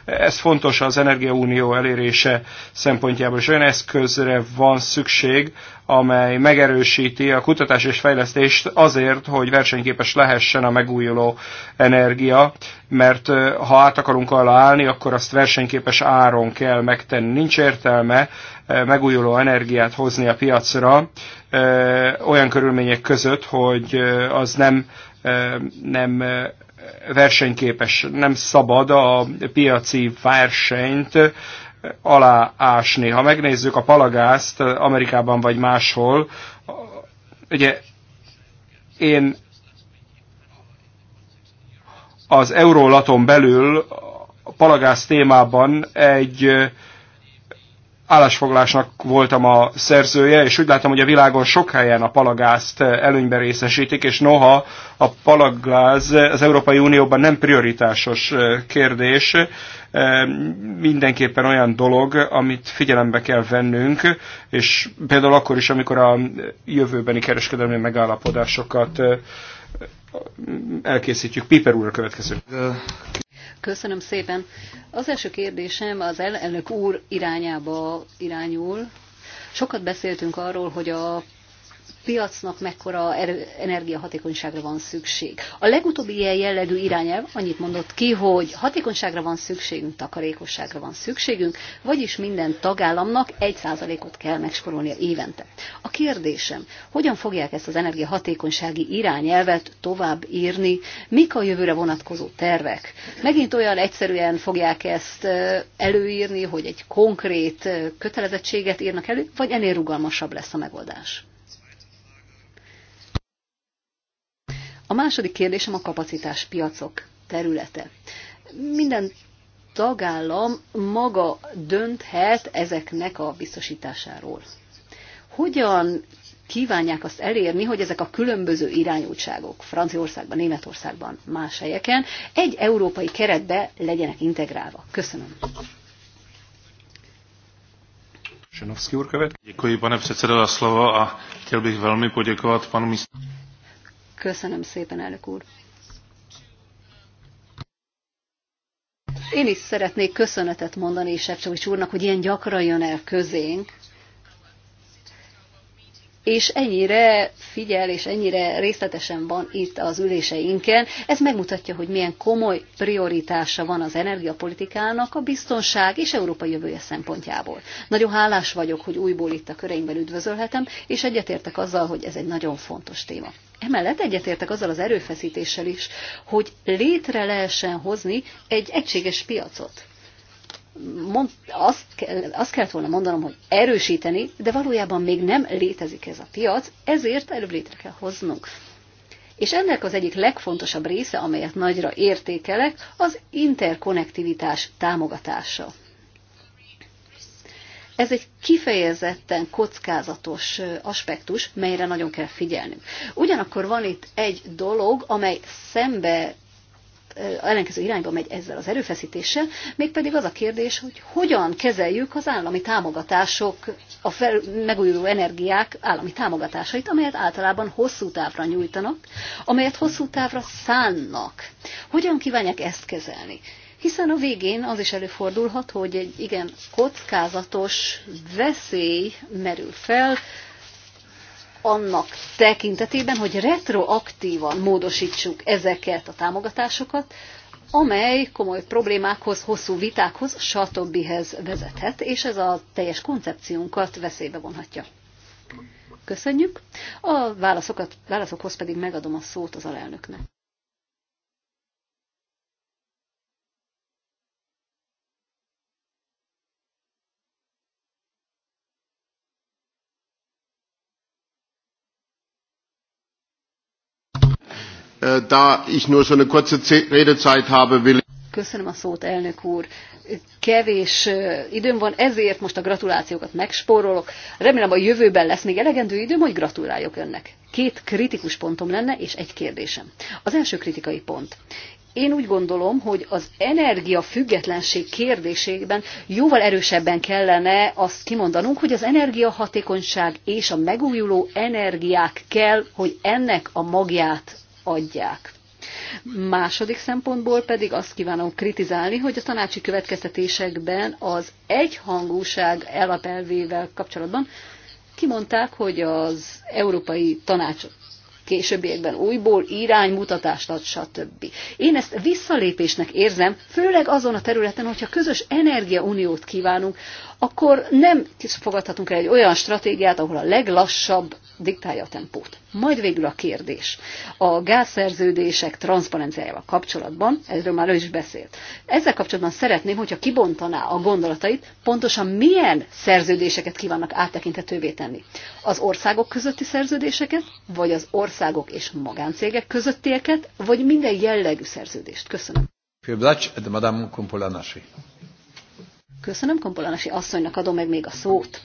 Ez fontos az energiaunió elérése szempontjából, és olyan eszközre van szükség, amely megerősíti a kutatás és fejlesztést azért, hogy versenyképes lehessen a megújuló energia, mert ha át akarunk alá állni, akkor azt versenyképes áron kell megtenni. Nincs értelme megújuló energiát hozni a piacra olyan körülmények között, hogy az nem nem versenyképes. Nem szabad a piaci versenyt aláásni. Ha megnézzük a palagázt Amerikában vagy máshol, ugye én az Eurólaton belül a palagász témában egy állásfoglásnak voltam a szerzője, és úgy látom, hogy a világon sok helyen a palagázt előnybe részesítik, és noha a palagáz az Európai Unióban nem prioritásos kérdés, mindenképpen olyan dolog, amit figyelembe kell vennünk, és például akkor is, amikor a jövőbeni kereskedelmi megállapodásokat elkészítjük. Piper úr a következő. Köszönöm szépen. Az első kérdésem az elnök úr irányába irányul. Sokat beszéltünk arról, hogy a piacnak mekkora erő, energiahatékonyságra van szükség. A legutóbbi ilyen jellegű irányelv annyit mondott ki, hogy hatékonyságra van szükségünk, takarékosságra van szükségünk, vagyis minden tagállamnak 1%-ot kell megsporolnia évente. A kérdésem, hogyan fogják ezt az energiahatékonysági irányelvet tovább írni, mik a jövőre vonatkozó tervek? Megint olyan egyszerűen fogják ezt előírni, hogy egy konkrét kötelezettséget írnak elő, vagy ennél rugalmasabb lesz a megoldás? A második kérdésem a kapacitás piacok területe. Minden tagállam maga dönthet ezeknek a biztosításáról. Hogyan kívánják azt elérni, hogy ezek a különböző irányultságok Franciaországban, Németországban, más helyeken egy európai keretbe legyenek integrálva. Köszönöm. Šanovský úr Děkuji, pane předsedo, za slovo a chtěl bych velmi poděkovat panu místu. Köszönöm szépen, elnök úr. Én is szeretnék köszönetet mondani Sepcsovics úrnak, hogy ilyen gyakran jön el közénk, és ennyire figyel, és ennyire részletesen van itt az üléseinken. Ez megmutatja, hogy milyen komoly prioritása van az energiapolitikának a biztonság és Európa jövője szempontjából. Nagyon hálás vagyok, hogy újból itt a köreinkben üdvözölhetem, és egyetértek azzal, hogy ez egy nagyon fontos téma. Emellett egyetértek azzal az erőfeszítéssel is, hogy létre lehessen hozni egy egységes piacot. Mond, azt, kell, azt kellett volna mondanom, hogy erősíteni, de valójában még nem létezik ez a piac, ezért előbb létre kell hoznunk. És ennek az egyik legfontosabb része, amelyet nagyra értékelek, az interkonnektivitás támogatása. Ez egy kifejezetten kockázatos aspektus, melyre nagyon kell figyelnünk. Ugyanakkor van itt egy dolog, amely szembe ellenkező irányba megy ezzel az erőfeszítéssel, mégpedig az a kérdés, hogy hogyan kezeljük az állami támogatások, a fel, megújuló energiák állami támogatásait, amelyet általában hosszú távra nyújtanak, amelyet hosszú távra szánnak. Hogyan kívánják ezt kezelni? hiszen a végén az is előfordulhat, hogy egy igen kockázatos veszély merül fel, annak tekintetében, hogy retroaktívan módosítsuk ezeket a támogatásokat, amely komoly problémákhoz, hosszú vitákhoz, stb. vezethet, és ez a teljes koncepciónkat veszélybe vonhatja. Köszönjük. A válaszokat, válaszokhoz pedig megadom a szót az alelnöknek. Äh, da ich nur so eine kurze Redezeit habe, will Köszönöm a szót, elnök úr. Kevés äh, időm van, ezért most a gratulációkat megspórolok. Remélem a jövőben lesz még elegendő időm, hogy gratuláljak önnek. Két kritikus pontom lenne, és egy kérdésem. Az első kritikai pont. Én úgy gondolom, hogy az energia függetlenség kérdésében jóval erősebben kellene azt kimondanunk, hogy az energiahatékonyság és a megújuló energiák kell, hogy ennek a magját adják. Második szempontból pedig azt kívánom kritizálni, hogy a tanácsi következtetésekben az egyhangúság elapelvével kapcsolatban kimondták, hogy az Európai Tanács későbbiekben újból iránymutatást ad, stb. Én ezt visszalépésnek érzem, főleg azon a területen, hogyha közös energiauniót kívánunk, akkor nem fogadhatunk el egy olyan stratégiát, ahol a leglassabb diktálja a tempót. Majd végül a kérdés. A gázszerződések transzparenciájával kapcsolatban, erről már ő is beszélt. Ezzel kapcsolatban szeretném, hogyha kibontaná a gondolatait, pontosan milyen szerződéseket kívánnak áttekintetővé tenni. Az országok közötti szerződéseket, vagy az országok és magáncégek közöttieket, vagy minden jellegű szerződést. Köszönöm. Köszönöm, Kompolanasi asszonynak adom meg még a szót.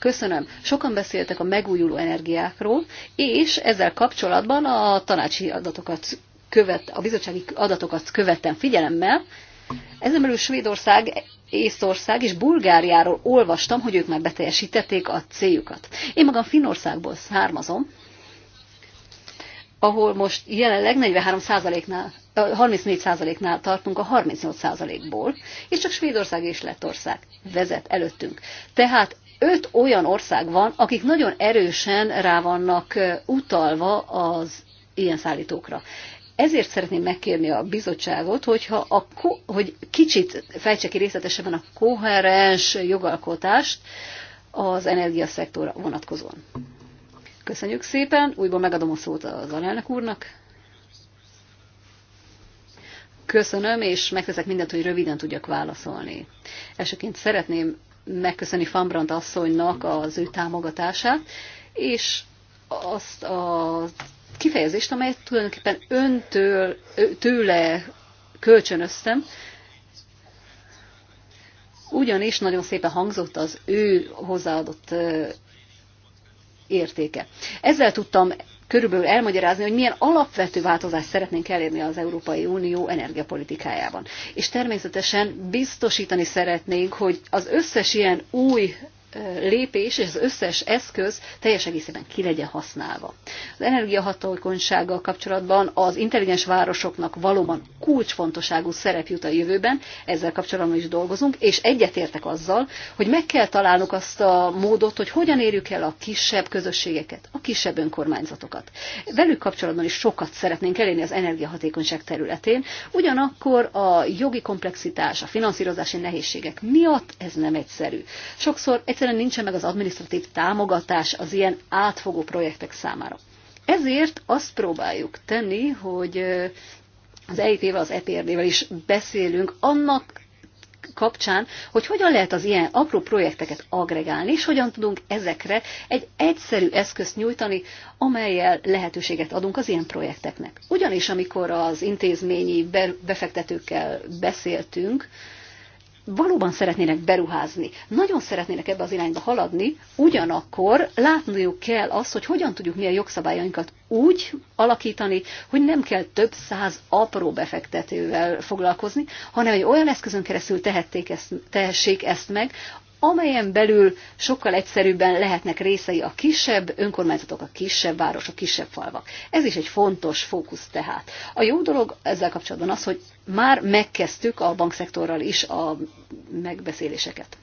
Köszönöm. Sokan beszéltek a megújuló energiákról, és ezzel kapcsolatban a tanácsi adatokat követ, a bizottsági adatokat követtem figyelemmel. Ezen belül Svédország, Észország és Bulgáriáról olvastam, hogy ők már beteljesítették a céljukat. Én magam Finnországból származom, ahol most jelenleg 43%-nál, 34%-nál tartunk a 38%-ból, és csak Svédország és Lettország vezet előttünk. Tehát öt olyan ország van, akik nagyon erősen rá vannak utalva az ilyen szállítókra. Ezért szeretném megkérni a bizottságot, hogyha a hogy kicsit fejtse ki részletesebben a koherens jogalkotást az energiaszektorra vonatkozóan. Köszönjük szépen, újból megadom a szót az alelnök úrnak. Köszönöm, és megteszek mindent, hogy röviden tudjak válaszolni. Elsőként szeretném megköszöni Fambrand asszonynak az ő támogatását, és azt a kifejezést, amelyet tulajdonképpen öntől, tőle kölcsönöztem, ugyanis nagyon szépen hangzott az ő hozzáadott értéke. Ezzel tudtam körülbelül elmagyarázni, hogy milyen alapvető változást szeretnénk elérni az Európai Unió energiapolitikájában. És természetesen biztosítani szeretnénk, hogy az összes ilyen új lépés és az összes eszköz teljes egészében ki legyen használva. Az energiahatókonysággal kapcsolatban az intelligens városoknak valóban kulcsfontosságú szerep jut a jövőben, ezzel kapcsolatban is dolgozunk, és egyetértek azzal, hogy meg kell találnunk azt a módot, hogy hogyan érjük el a kisebb közösségeket, a kisebb önkormányzatokat. Velük kapcsolatban is sokat szeretnénk elérni az energiahatékonyság területén, ugyanakkor a jogi komplexitás, a finanszírozási nehézségek miatt ez nem egyszerű. Sokszor egy egyszerűen nincsen meg az administratív támogatás az ilyen átfogó projektek számára. Ezért azt próbáljuk tenni, hogy az EIT-vel, az EPRD-vel is beszélünk annak kapcsán, hogy hogyan lehet az ilyen apró projekteket agregálni, és hogyan tudunk ezekre egy egyszerű eszközt nyújtani, amelyel lehetőséget adunk az ilyen projekteknek. Ugyanis amikor az intézményi befektetőkkel beszéltünk, valóban szeretnének beruházni, nagyon szeretnének ebbe az irányba haladni, ugyanakkor látniuk kell azt, hogy hogyan tudjuk mi a jogszabályainkat úgy alakítani, hogy nem kell több száz apró befektetővel foglalkozni, hanem egy olyan eszközön keresztül tehették ezt, tehessék ezt meg, amelyen belül sokkal egyszerűbben lehetnek részei a kisebb önkormányzatok, a kisebb városok, a kisebb falvak. Ez is egy fontos fókusz tehát. A jó dolog ezzel kapcsolatban az, hogy már megkezdtük a bankszektorral is a megbeszéléseket.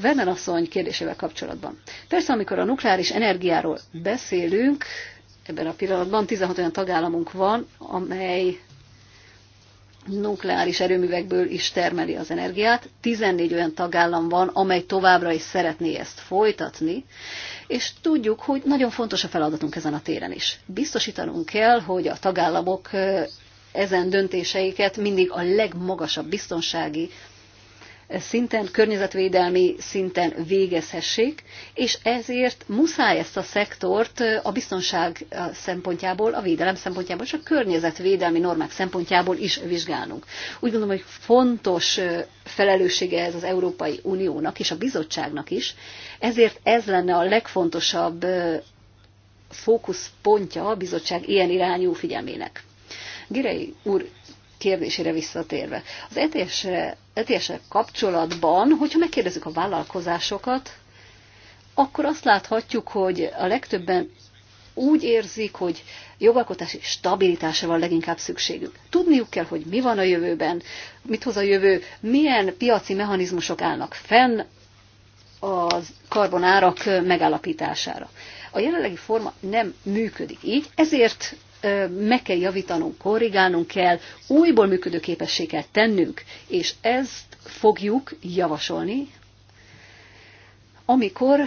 Verner asszony kérdésével kapcsolatban. Persze, amikor a nukleáris energiáról beszélünk, ebben a pillanatban 16 olyan tagállamunk van, amely nukleáris erőművekből is termeli az energiát. 14 olyan tagállam van, amely továbbra is szeretné ezt folytatni, és tudjuk, hogy nagyon fontos a feladatunk ezen a téren is. Biztosítanunk kell, hogy a tagállamok ezen döntéseiket mindig a legmagasabb biztonsági szinten, környezetvédelmi szinten végezhessék, és ezért muszáj ezt a szektort a biztonság szempontjából, a védelem szempontjából és a környezetvédelmi normák szempontjából is vizsgálnunk. Úgy gondolom, hogy fontos felelőssége ez az Európai Uniónak és a bizottságnak is, ezért ez lenne a legfontosabb fókuszpontja a bizottság ilyen irányú figyelmének. Girei úr kérdésére visszatérve. Az ets e kapcsolatban, hogyha megkérdezzük a vállalkozásokat, akkor azt láthatjuk, hogy a legtöbben úgy érzik, hogy jogalkotási stabilitásra van leginkább szükségük. Tudniuk kell, hogy mi van a jövőben, mit hoz a jövő, milyen piaci mechanizmusok állnak fenn a karbonárak megállapítására. A jelenlegi forma nem működik így, ezért meg kell javítanunk, korrigálnunk kell, újból működőképessé kell tennünk, és ezt fogjuk javasolni, amikor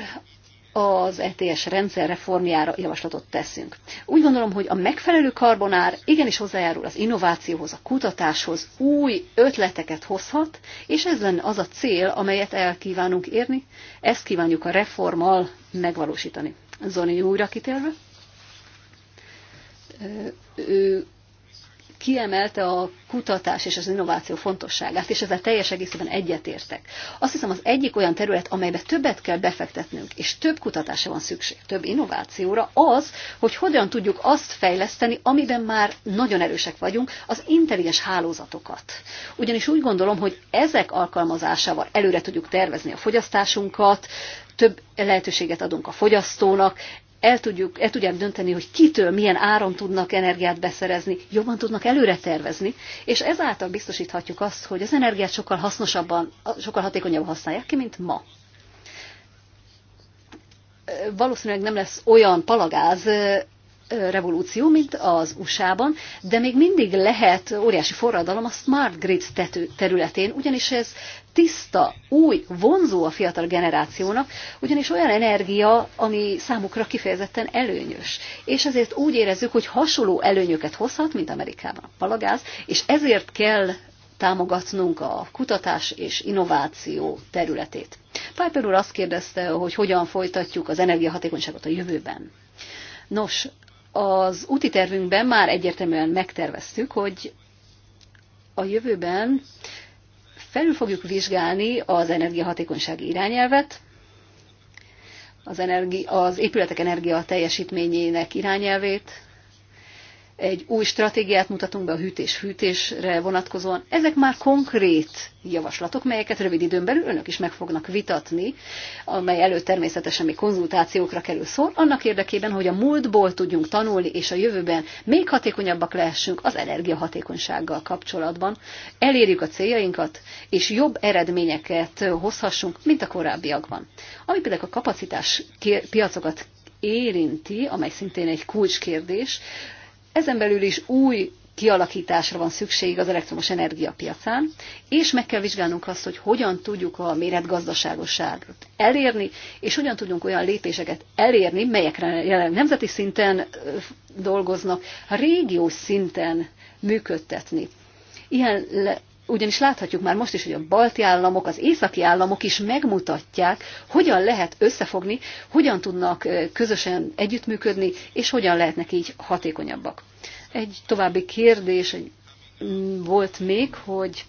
az ETS rendszer reformjára javaslatot teszünk. Úgy gondolom, hogy a megfelelő karbonár igenis hozzájárul az innovációhoz, a kutatáshoz, új ötleteket hozhat, és ez lenne az a cél, amelyet el kívánunk érni, ezt kívánjuk a reformmal megvalósítani. Zoni újra kitérve ő kiemelte a kutatás és az innováció fontosságát, és ezzel teljes egészében egyetértek. Azt hiszem, az egyik olyan terület, amelybe többet kell befektetnünk, és több kutatásra van szükség, több innovációra, az, hogy hogyan tudjuk azt fejleszteni, amiben már nagyon erősek vagyunk, az intelligens hálózatokat. Ugyanis úgy gondolom, hogy ezek alkalmazásával előre tudjuk tervezni a fogyasztásunkat, több lehetőséget adunk a fogyasztónak, el, tudjuk, el tudják dönteni, hogy kitől milyen áron tudnak energiát beszerezni, jobban tudnak előre tervezni, és ezáltal biztosíthatjuk azt, hogy az energiát sokkal hasznosabban, sokkal hatékonyabban használják ki, mint ma valószínűleg nem lesz olyan palagáz, revolúció, mint az USA-ban, de még mindig lehet óriási forradalom a smart grid területén, ugyanis ez tiszta, új, vonzó a fiatal generációnak, ugyanis olyan energia, ami számukra kifejezetten előnyös. És ezért úgy érezzük, hogy hasonló előnyöket hozhat, mint Amerikában a palagáz, és ezért kell támogatnunk a kutatás és innováció területét. Piper úr azt kérdezte, hogy hogyan folytatjuk az energiahatékonyságot a jövőben. Nos, az úti tervünkben már egyértelműen megterveztük, hogy a jövőben felül fogjuk vizsgálni az energiahatékonysági irányelvet, az, energi, az épületek energia teljesítményének irányelvét, egy új stratégiát mutatunk be a hűtés-hűtésre vonatkozóan. Ezek már konkrét javaslatok, melyeket rövid időn belül önök is meg fognak vitatni, amely előtt természetesen még konzultációkra kerül szor, annak érdekében, hogy a múltból tudjunk tanulni, és a jövőben még hatékonyabbak lehessünk az energiahatékonysággal kapcsolatban, elérjük a céljainkat, és jobb eredményeket hozhassunk, mint a korábbiakban. Ami például a kapacitás piacokat érinti, amely szintén egy kulcskérdés. Ezen belül is új kialakításra van szükség az elektromos energiapiacán, és meg kell vizsgálnunk azt, hogy hogyan tudjuk a méretgazdaságosságot elérni, és hogyan tudunk olyan lépéseket elérni, melyekre jelen nemzeti szinten dolgoznak, régiós szinten működtetni. Ilyen ugyanis láthatjuk már most is, hogy a balti államok, az északi államok is megmutatják, hogyan lehet összefogni, hogyan tudnak közösen együttműködni, és hogyan lehetnek így hatékonyabbak. Egy további kérdés mm, volt még, hogy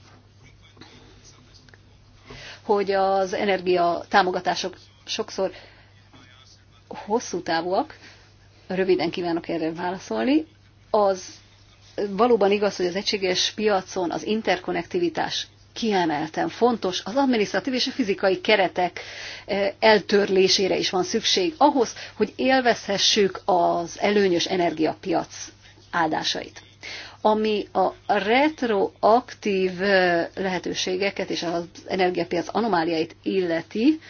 hogy az energia támogatások sokszor hosszú távúak, röviden kívánok erre válaszolni, az valóban igaz, hogy az egységes piacon az interkonnektivitás kiemelten fontos, az administratív és a fizikai keretek eh, eltörlésére is van szükség ahhoz, hogy élvezhessük az előnyös energiapiac áldásait. Ami a retroaktív eh, lehetőségeket és az energiapiac anomáliáit illeti,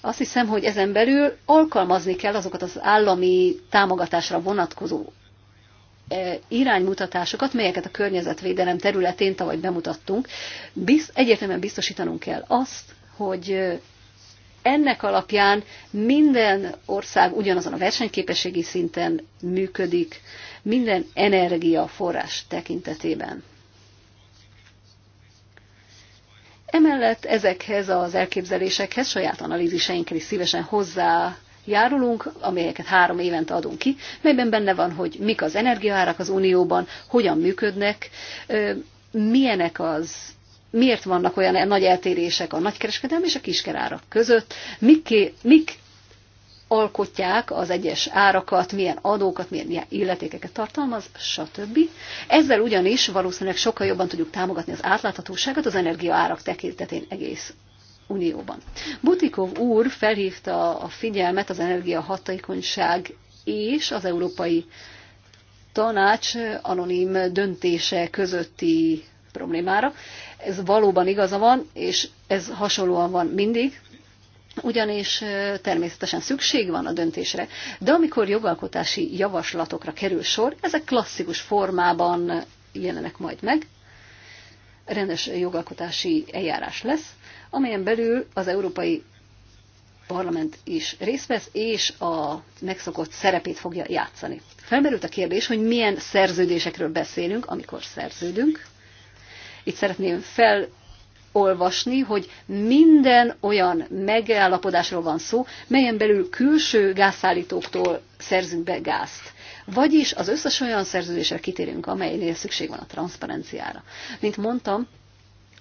azt hiszem, hogy ezen belül alkalmazni kell azokat az állami támogatásra vonatkozó iránymutatásokat, melyeket a környezetvédelem területén tavaly bemutattunk, biz, egyértelműen biztosítanunk kell azt, hogy ennek alapján minden ország ugyanazon a versenyképességi szinten működik, minden energiaforrás tekintetében. Emellett ezekhez az elképzelésekhez saját analíziseinkkel is szívesen hozzá járulunk, amelyeket három évente adunk ki, melyben benne van, hogy mik az energiaárak az Unióban, hogyan működnek, milyenek az miért vannak olyan nagy eltérések a nagykereskedelmi és a kiskerárak között, mik, mik alkotják az egyes árakat, milyen adókat, milyen illetékeket tartalmaz, stb. Ezzel ugyanis valószínűleg sokkal jobban tudjuk támogatni az átláthatóságot az energiaárak tekintetén egész Unióban. Butikov úr felhívta a figyelmet az energiahatékonyság és az Európai Tanács anonim döntése közötti problémára. Ez valóban igaza van, és ez hasonlóan van mindig, ugyanis természetesen szükség van a döntésre, de amikor jogalkotási javaslatokra kerül sor, ezek klasszikus formában jelenek majd meg, rendes jogalkotási eljárás lesz, amelyen belül az Európai Parlament is részt vesz, és a megszokott szerepét fogja játszani. Felmerült a kérdés, hogy milyen szerződésekről beszélünk, amikor szerződünk. Itt szeretném fel olvasni, hogy minden olyan megállapodásról van szó, melyen belül külső gázszállítóktól szerzünk be gázt. Vagyis az összes olyan szerződésre kitérünk, amelynél szükség van a transzparenciára. Mint mondtam,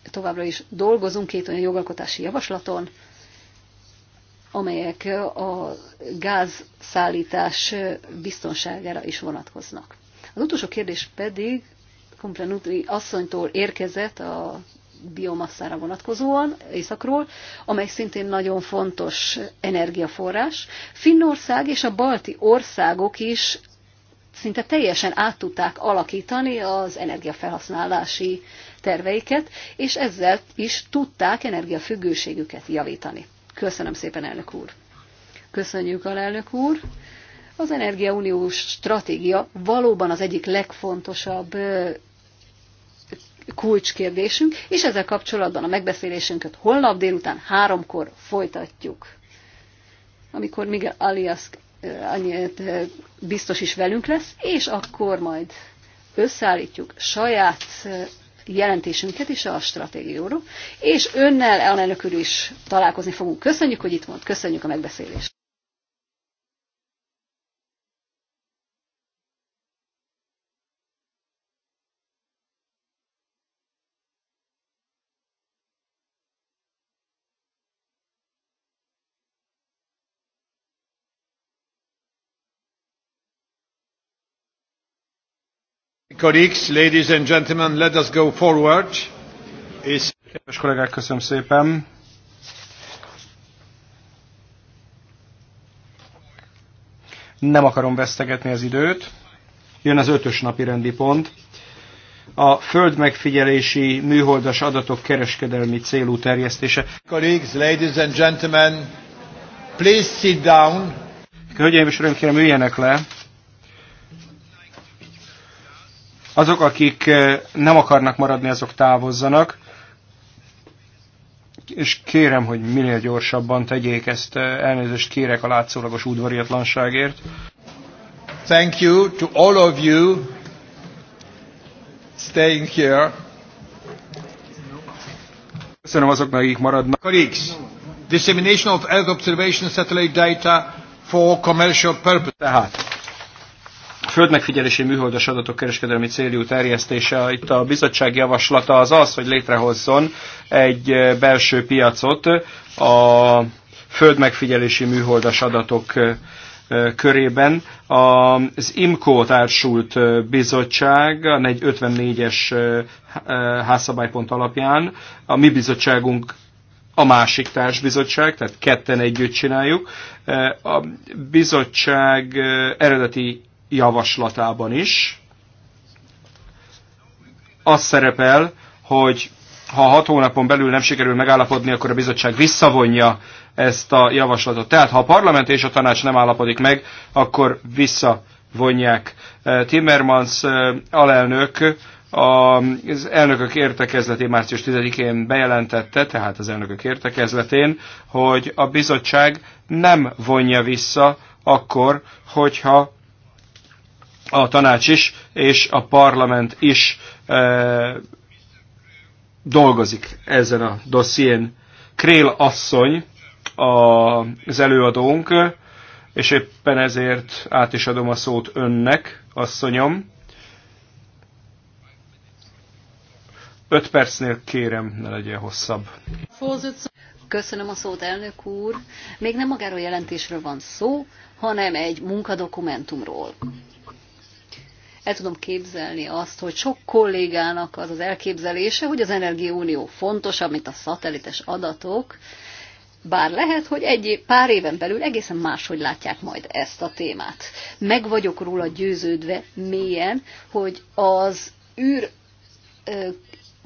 továbbra is dolgozunk két olyan jogalkotási javaslaton, amelyek a gázszállítás biztonságára is vonatkoznak. Az utolsó kérdés pedig Komplenutri asszonytól érkezett a biomasszára vonatkozóan északról, amely szintén nagyon fontos energiaforrás. Finnország és a balti országok is szinte teljesen át tudták alakítani az energiafelhasználási terveiket, és ezzel is tudták energiafüggőségüket javítani. Köszönöm szépen, elnök úr! Köszönjük, alelnök úr! Az Energiauniós stratégia valóban az egyik legfontosabb kulcskérdésünk, és ezzel kapcsolatban a megbeszélésünket holnap délután háromkor folytatjuk. Amikor Miguel Alias annyit biztos is velünk lesz, és akkor majd összeállítjuk saját jelentésünket is a stratégióról, és önnel, elnök úr is találkozni fogunk. Köszönjük, hogy itt volt, köszönjük a megbeszélést. Colleagues, ladies and gentlemen, let us go forward. És... Kedves kollégák, köszönöm szépen. Nem akarom vesztegetni az időt. Jön az ötös napi rendi pont. A földmegfigyelési műholdas adatok kereskedelmi célú terjesztése. Colleagues, ladies and gentlemen, please sit down. Hölgyeim és uraim, kérem, üljenek le. Azok, akik eh, nem akarnak maradni, azok távozzanak, és kérem, hogy minél gyorsabban tegyék ezt, eh, elnézést kérek a látszólagos udvariatlanságért. Thank you to all of you staying here. Köszönöm azoknak, akik maradnak. Colleagues, dissemination of Earth observation satellite data for commercial purposes. Tehát, földmegfigyelési műholdas adatok kereskedelmi célú terjesztése, itt a bizottság javaslata az az, hogy létrehozzon egy belső piacot a földmegfigyelési műholdas adatok körében. Az IMCO társult bizottság, a 54-es házszabálypont alapján, a mi bizottságunk a másik társbizottság, tehát ketten együtt csináljuk. A bizottság eredeti javaslatában is. Az szerepel, hogy ha hat hónapon belül nem sikerül megállapodni, akkor a bizottság visszavonja ezt a javaslatot. Tehát ha a parlament és a tanács nem állapodik meg, akkor visszavonják. Eh, Timmermans eh, alelnök az elnökök értekezletén március 10-én bejelentette, tehát az elnökök értekezletén, hogy a bizottság nem vonja vissza akkor, hogyha a tanács is, és a parlament is e, dolgozik ezen a dosszién. Krél asszony a, az előadónk, és éppen ezért át is adom a szót önnek, asszonyom. Öt percnél kérem, ne legyen hosszabb. Köszönöm a szót, elnök úr. Még nem magáról jelentésről van szó, hanem egy munkadokumentumról el tudom képzelni azt, hogy sok kollégának az az elképzelése, hogy az energiaunió fontosabb, mint a szatelites adatok, bár lehet, hogy egy pár éven belül egészen máshogy látják majd ezt a témát. Meg vagyok róla győződve mélyen, hogy az űr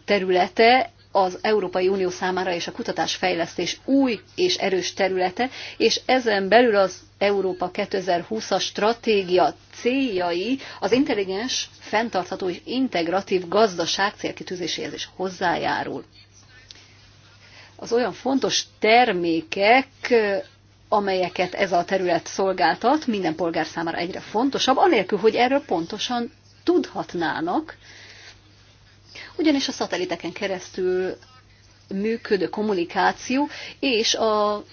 területe az Európai Unió számára és a kutatásfejlesztés új és erős területe, és ezen belül az Európa 2020-as stratégia céljai az intelligens, fenntartható és integratív gazdaság célkitűzéséhez is hozzájárul. Az olyan fontos termékek, amelyeket ez a terület szolgáltat, minden polgár számára egyre fontosabb, anélkül, hogy erről pontosan tudhatnának, ugyanis a szatelliteken keresztül működő kommunikáció és a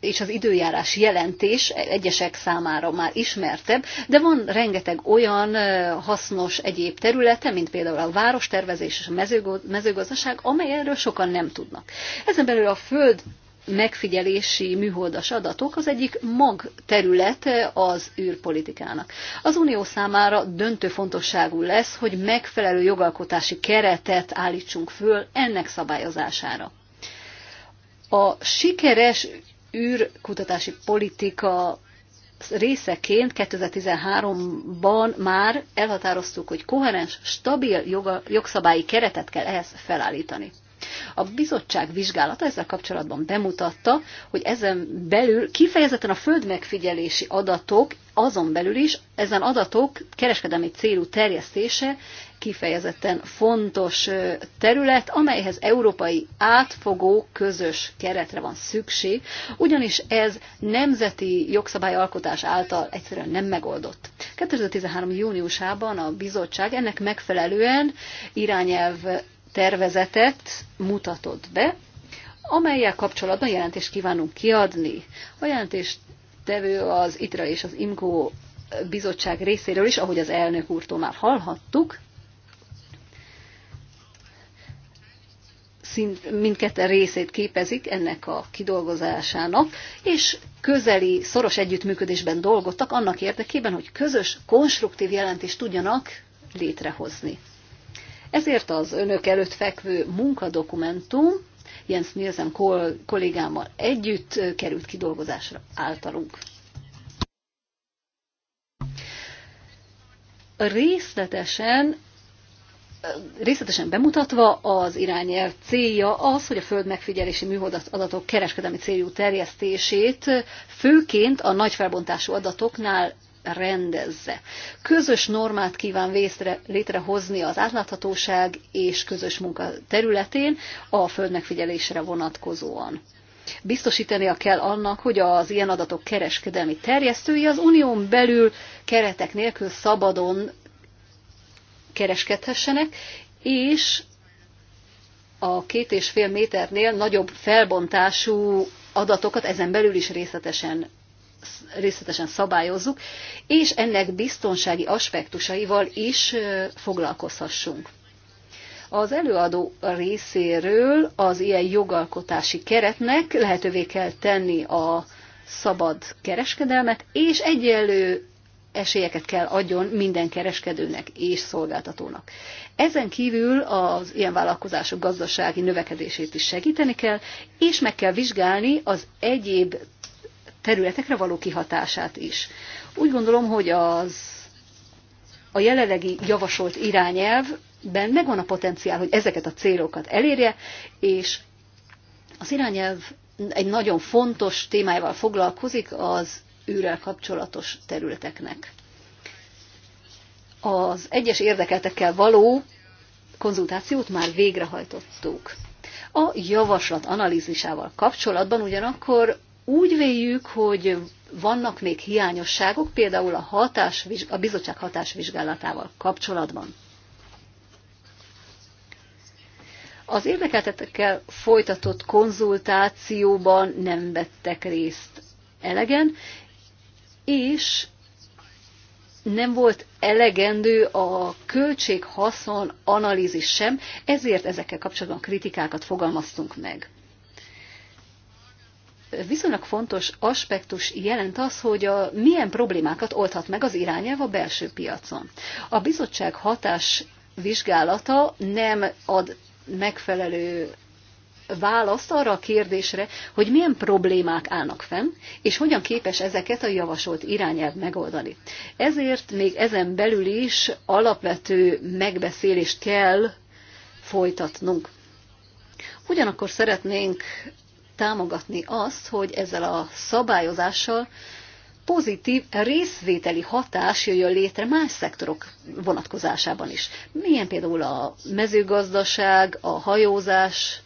és az időjárás jelentés egyesek számára már ismertebb, de van rengeteg olyan hasznos egyéb területe, mint például a várostervezés és a mezőgazdaság, amelyről sokan nem tudnak. Ezen belül a föld megfigyelési műholdas adatok az egyik mag területe az űrpolitikának. Az Unió számára döntő fontosságú lesz, hogy megfelelő jogalkotási keretet állítsunk föl ennek szabályozására. A sikeres űrkutatási politika részeként 2013-ban már elhatároztuk, hogy koherens, stabil joga, jogszabályi keretet kell ehhez felállítani. A bizottság vizsgálata ezzel kapcsolatban bemutatta, hogy ezen belül kifejezetten a földmegfigyelési adatok, azon belül is ezen adatok kereskedelmi célú terjesztése kifejezetten fontos terület, amelyhez európai átfogó közös keretre van szükség, ugyanis ez nemzeti jogszabályalkotás által egyszerűen nem megoldott. 2013. júniusában a bizottság ennek megfelelően irányelv tervezetet mutatott be, amelyel kapcsolatban jelentést kívánunk kiadni. A tevő az ITRA és az IMCO bizottság részéről is, ahogy az elnök úrtól már hallhattuk, szint, mindketten részét képezik ennek a kidolgozásának, és közeli, szoros együttműködésben dolgoztak annak érdekében, hogy közös, konstruktív jelentést tudjanak létrehozni. Ezért az önök előtt fekvő munkadokumentum Jens Nielsen kollégámmal együtt került kidolgozásra általunk. Részletesen részletesen bemutatva az irányelv célja az, hogy a föld megfigyelési műholdat adatok kereskedelmi céljú terjesztését főként a nagy felbontású adatoknál rendezze. Közös normát kíván vészre, létrehozni az átláthatóság és közös munka területén a földmegfigyelésre vonatkozóan. Biztosítania kell annak, hogy az ilyen adatok kereskedelmi terjesztői az unión belül keretek nélkül szabadon kereskedhessenek, és a két és fél méternél nagyobb felbontású adatokat ezen belül is részletesen részletesen szabályozzuk, és ennek biztonsági aspektusaival is foglalkozhassunk. Az előadó részéről az ilyen jogalkotási keretnek lehetővé kell tenni a szabad kereskedelmet, és egyenlő esélyeket kell adjon minden kereskedőnek és szolgáltatónak. Ezen kívül az ilyen vállalkozások gazdasági növekedését is segíteni kell, és meg kell vizsgálni az egyéb területekre való kihatását is. Úgy gondolom, hogy az a jelenlegi javasolt irányelvben megvan a potenciál, hogy ezeket a célokat elérje, és az irányelv egy nagyon fontos témájával foglalkozik az űrrel kapcsolatos területeknek. Az egyes érdekeltekkel való konzultációt már végrehajtottuk. A javaslat analízisával kapcsolatban ugyanakkor úgy véljük, hogy vannak még hiányosságok, például a, hatás, a bizottság hatásvizsgálatával kapcsolatban. Az érdekeltetekkel folytatott konzultációban nem vettek részt elegen, és nem volt elegendő a költség-haszon analízis sem, ezért ezekkel kapcsolatban kritikákat fogalmaztunk meg viszonylag fontos aspektus jelent az, hogy a, milyen problémákat oldhat meg az irányelv a belső piacon. A bizottság hatás vizsgálata nem ad megfelelő választ arra a kérdésre, hogy milyen problémák állnak fenn, és hogyan képes ezeket a javasolt irányelv megoldani. Ezért még ezen belül is alapvető megbeszélést kell folytatnunk. Ugyanakkor szeretnénk támogatni azt, hogy ezzel a szabályozással pozitív részvételi hatás jöjjön létre más szektorok vonatkozásában is. Milyen például a mezőgazdaság, a hajózás,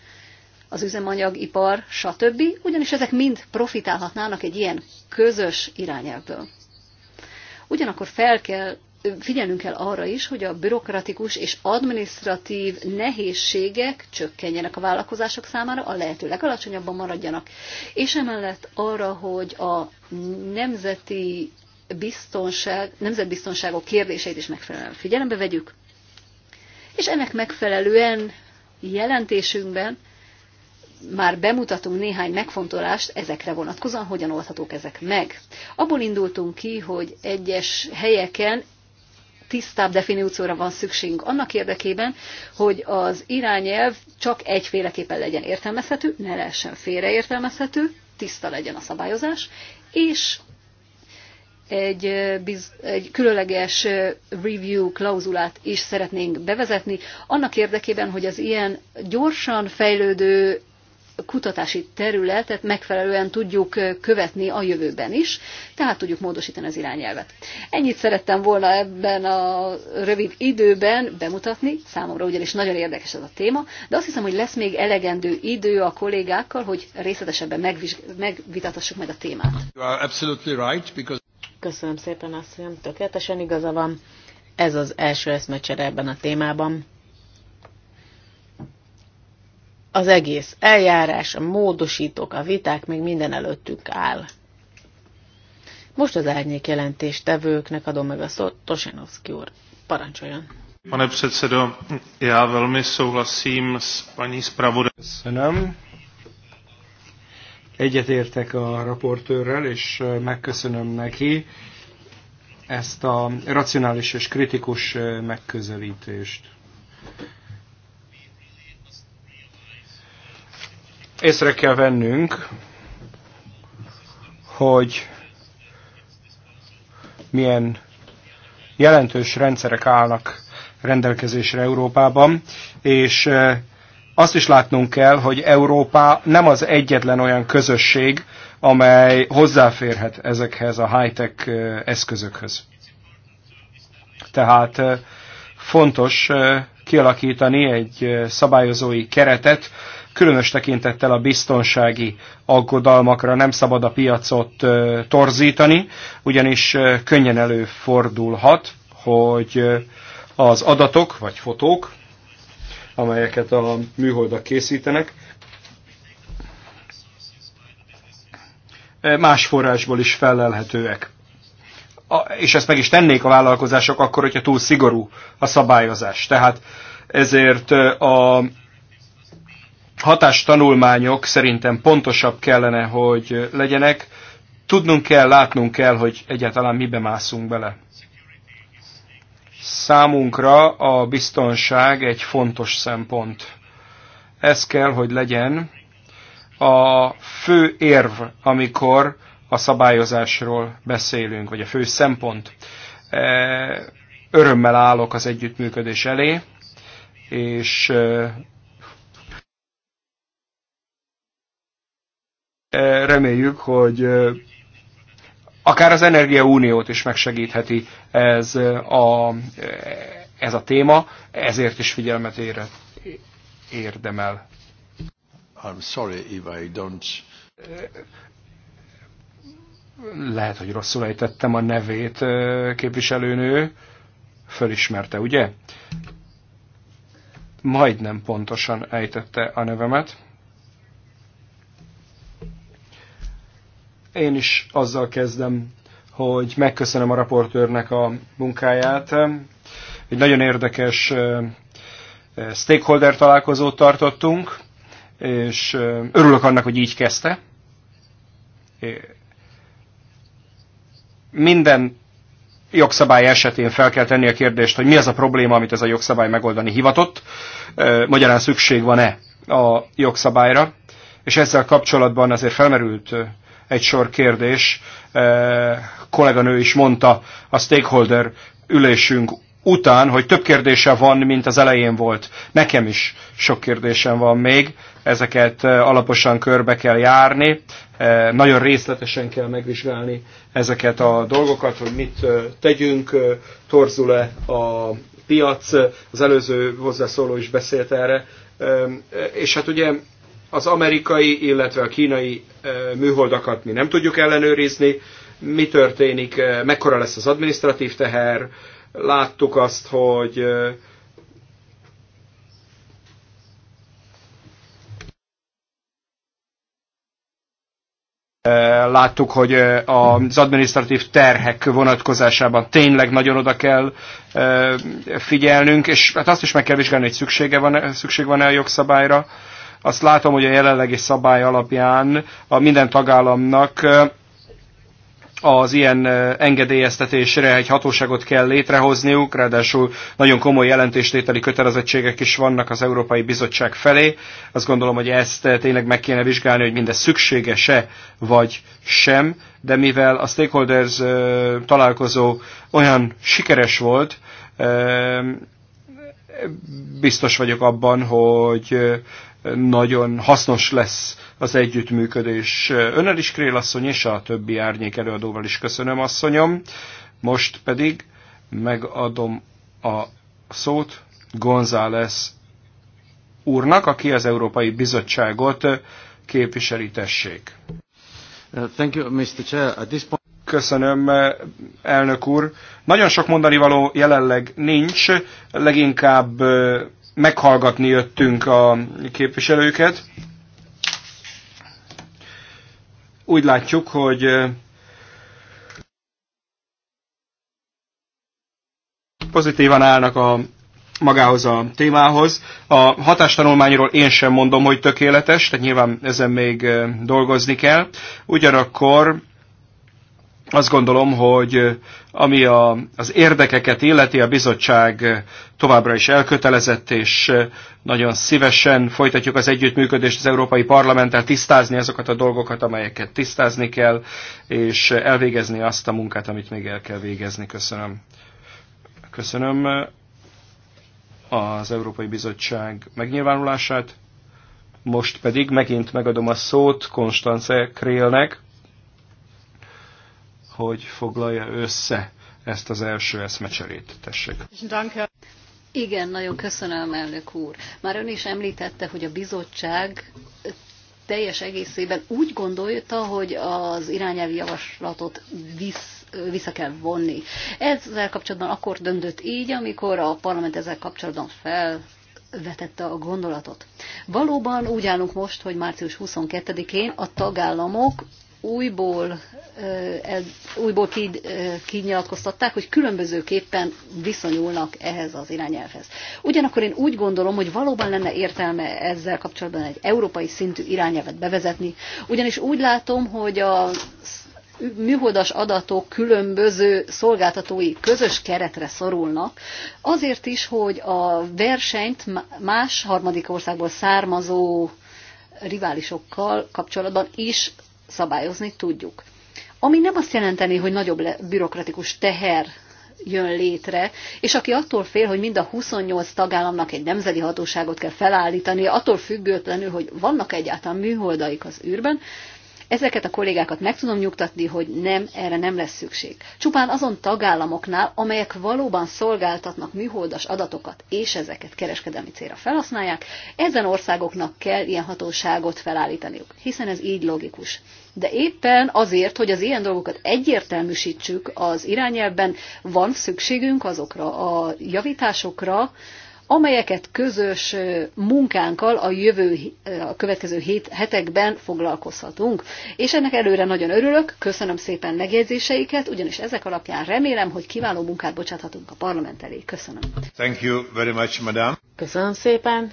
az üzemanyagipar, stb., ugyanis ezek mind profitálhatnának egy ilyen közös irányelvből. Ugyanakkor fel kell figyelnünk kell arra is, hogy a bürokratikus és administratív nehézségek csökkenjenek a vállalkozások számára, a lehető legalacsonyabban maradjanak. És emellett arra, hogy a nemzeti biztonság, nemzetbiztonságok kérdéseit is megfelelően figyelembe vegyük. És ennek megfelelően jelentésünkben már bemutatunk néhány megfontolást ezekre vonatkozóan, hogyan oldhatók ezek meg. Abból indultunk ki, hogy egyes helyeken tisztább definícióra van szükségünk annak érdekében, hogy az irányelv csak egyféleképpen legyen értelmezhető, ne lehessen félreértelmezhető, tiszta legyen a szabályozás, és egy, biz, egy különleges review klauzulát is szeretnénk bevezetni, annak érdekében, hogy az ilyen gyorsan fejlődő kutatási területet megfelelően tudjuk követni a jövőben is, tehát tudjuk módosítani az irányelvet. Ennyit szerettem volna ebben a rövid időben bemutatni, számomra ugyanis nagyon érdekes ez a téma, de azt hiszem, hogy lesz még elegendő idő a kollégákkal, hogy részletesebben megvitatassuk meg a témát. Right, because... Köszönöm szépen, azt hiszem, tökéletesen igaza van. Ez az első eszmecsere ebben a témában az egész eljárás, a módosítók, a viták még minden előttünk áll. Most az árnyék tevőknek adom meg a szót, Tosenovszki úr. Parancsoljon! Pane předsedo, já velmi souhlasím s paní zpravodajkou. Egyetértek a raportőrrel, és megköszönöm neki ezt a racionális és kritikus megközelítést. észre kell vennünk, hogy milyen jelentős rendszerek állnak rendelkezésre Európában, és azt is látnunk kell, hogy Európa nem az egyetlen olyan közösség, amely hozzáférhet ezekhez a high-tech eszközökhöz. Tehát fontos kialakítani egy szabályozói keretet, különös tekintettel a biztonsági aggodalmakra nem szabad a piacot torzítani, ugyanis könnyen előfordulhat, hogy az adatok vagy fotók, amelyeket a műholdak készítenek, más forrásból is A, És ezt meg is tennék a vállalkozások akkor, hogyha túl szigorú a szabályozás. Tehát ezért a hatástanulmányok szerintem pontosabb kellene, hogy legyenek. Tudnunk kell, látnunk kell, hogy egyáltalán mibe mászunk bele. Számunkra a biztonság egy fontos szempont. Ez kell, hogy legyen a fő érv, amikor a szabályozásról beszélünk, vagy a fő szempont. E, örömmel állok az együttműködés elé, és e, Reméljük, hogy akár az energiauniót is megsegítheti ez a, ez a téma, ezért is figyelmet ére, érdemel. I'm sorry if I don't... Lehet, hogy rosszul ejtettem a nevét, képviselőnő. Fölismerte, ugye? Majdnem pontosan ejtette a nevemet. Én is azzal kezdem, hogy megköszönöm a raportőrnek a munkáját. Egy nagyon érdekes stakeholder találkozót tartottunk, és örülök annak, hogy így kezdte. Minden jogszabály esetén fel kell tenni a kérdést, hogy mi az a probléma, amit ez a jogszabály megoldani hivatott, magyarán szükség van-e a jogszabályra, és ezzel kapcsolatban azért felmerült egy sor kérdés. E, kolléganő is mondta a stakeholder ülésünk után, hogy több kérdése van, mint az elején volt. Nekem is sok kérdésem van még, ezeket e, alaposan körbe kell járni, e, nagyon részletesen kell megvizsgálni ezeket a dolgokat, hogy mit tegyünk, torzul-e a piac, az előző hozzászóló is beszélt erre, és hát ugye az amerikai, illetve a kínai műholdakat mi nem tudjuk ellenőrizni, mi történik, mekkora lesz az administratív teher, láttuk azt, hogy láttuk, hogy az administratív terhek vonatkozásában tényleg nagyon oda kell figyelnünk, és hát azt is meg kell vizsgálni, hogy szüksége van, szükség van-e a jogszabályra. Azt látom, hogy a jelenlegi szabály alapján a minden tagállamnak az ilyen engedélyeztetésre egy hatóságot kell létrehozniuk, ráadásul nagyon komoly jelentéstételi kötelezettségek is vannak az Európai Bizottság felé. Azt gondolom, hogy ezt tényleg meg kéne vizsgálni, hogy mindez szükséges-e vagy sem, de mivel a stakeholders találkozó olyan sikeres volt, biztos vagyok abban, hogy nagyon hasznos lesz az együttműködés. Önnel is, Krélasszony, és a többi árnyék előadóval is köszönöm, asszonyom. Most pedig megadom a szót González úrnak, aki az Európai Bizottságot képviseli, tessék. Uh, thank you, Mr. Chair. At this point... Köszönöm, uh, elnök úr. Nagyon sok mondani való jelenleg nincs, leginkább uh, meghallgatni jöttünk a képviselőket. Úgy látjuk, hogy eh, pozitívan állnak a magához a témához. A hatástanulmányról én sem mondom, hogy tökéletes, tehát nyilván ezen még eh, dolgozni kell. Ugyanakkor azt gondolom, hogy ami a, az érdekeket illeti, a bizottság továbbra is elkötelezett, és nagyon szívesen folytatjuk az együttműködést az Európai Parlamenttel, tisztázni azokat a dolgokat, amelyeket tisztázni kell, és elvégezni azt a munkát, amit még el kell végezni. Köszönöm. Köszönöm az Európai Bizottság megnyilvánulását. Most pedig megint megadom a szót Konstance Krélnek hogy foglalja össze ezt az első eszmecserét. Tessék. Igen, nagyon köszönöm, elnök úr. Már ön is említette, hogy a bizottság teljes egészében úgy gondolta, hogy az irányelvi javaslatot visz, vissza kell vonni. Ezzel kapcsolatban akkor döntött így, amikor a parlament ezzel kapcsolatban fel vetette a gondolatot. Valóban úgy állunk most, hogy március 22-én a tagállamok újból, újból kinyilatkoztatták, hogy különbözőképpen viszonyulnak ehhez az irányelvhez. Ugyanakkor én úgy gondolom, hogy valóban lenne értelme ezzel kapcsolatban egy európai szintű irányelvet bevezetni, ugyanis úgy látom, hogy a műholdas adatok különböző szolgáltatói közös keretre szorulnak, azért is, hogy a versenyt más harmadik országból származó riválisokkal kapcsolatban is szabályozni tudjuk. Ami nem azt jelenteni, hogy nagyobb bürokratikus teher jön létre, és aki attól fél, hogy mind a 28 tagállamnak egy nemzeti hatóságot kell felállítani, attól függetlenül, hogy vannak egyáltalán műholdaik az űrben, Ezeket a kollégákat meg tudom nyugtatni, hogy nem, erre nem lesz szükség. Csupán azon tagállamoknál, amelyek valóban szolgáltatnak műholdas adatokat, és ezeket kereskedelmi célra felhasználják, ezen országoknak kell ilyen hatóságot felállítaniuk, hiszen ez így logikus. De éppen azért, hogy az ilyen dolgokat egyértelműsítsük az irányelben, van szükségünk azokra a javításokra, amelyeket közös munkánkkal a jövő, a következő hét, hetekben foglalkozhatunk. És ennek előre nagyon örülök, köszönöm szépen megjegyzéseiket, ugyanis ezek alapján remélem, hogy kiváló munkát bocsáthatunk a parlament elé. Köszönöm. Thank you very much, madam. Köszönöm szépen,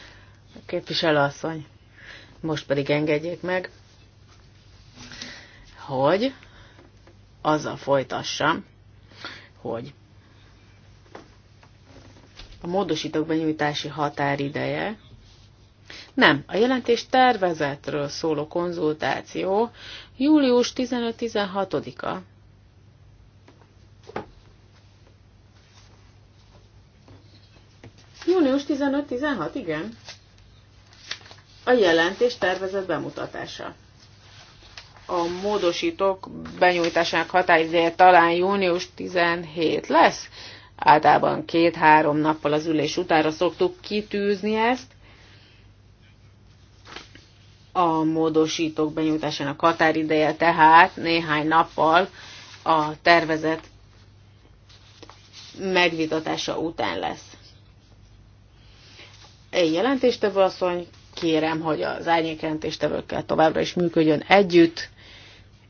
képviselőasszony. Most pedig engedjék meg, hogy azzal folytassam, hogy a módosítók benyújtási határideje. Nem, a jelentés tervezetről szóló konzultáció július 15-16-a. Június 15-16, igen. A jelentés tervezet bemutatása a módosítók benyújtásának határideje talán június 17 lesz. Általában két-három nappal az ülés utára szoktuk kitűzni ezt. A módosítók benyújtásának határideje tehát néhány nappal a tervezet megvitatása után lesz. Egy jelentéstevő asszony, kérem, hogy az árnyékjelentéstevőkkel továbbra is működjön együtt,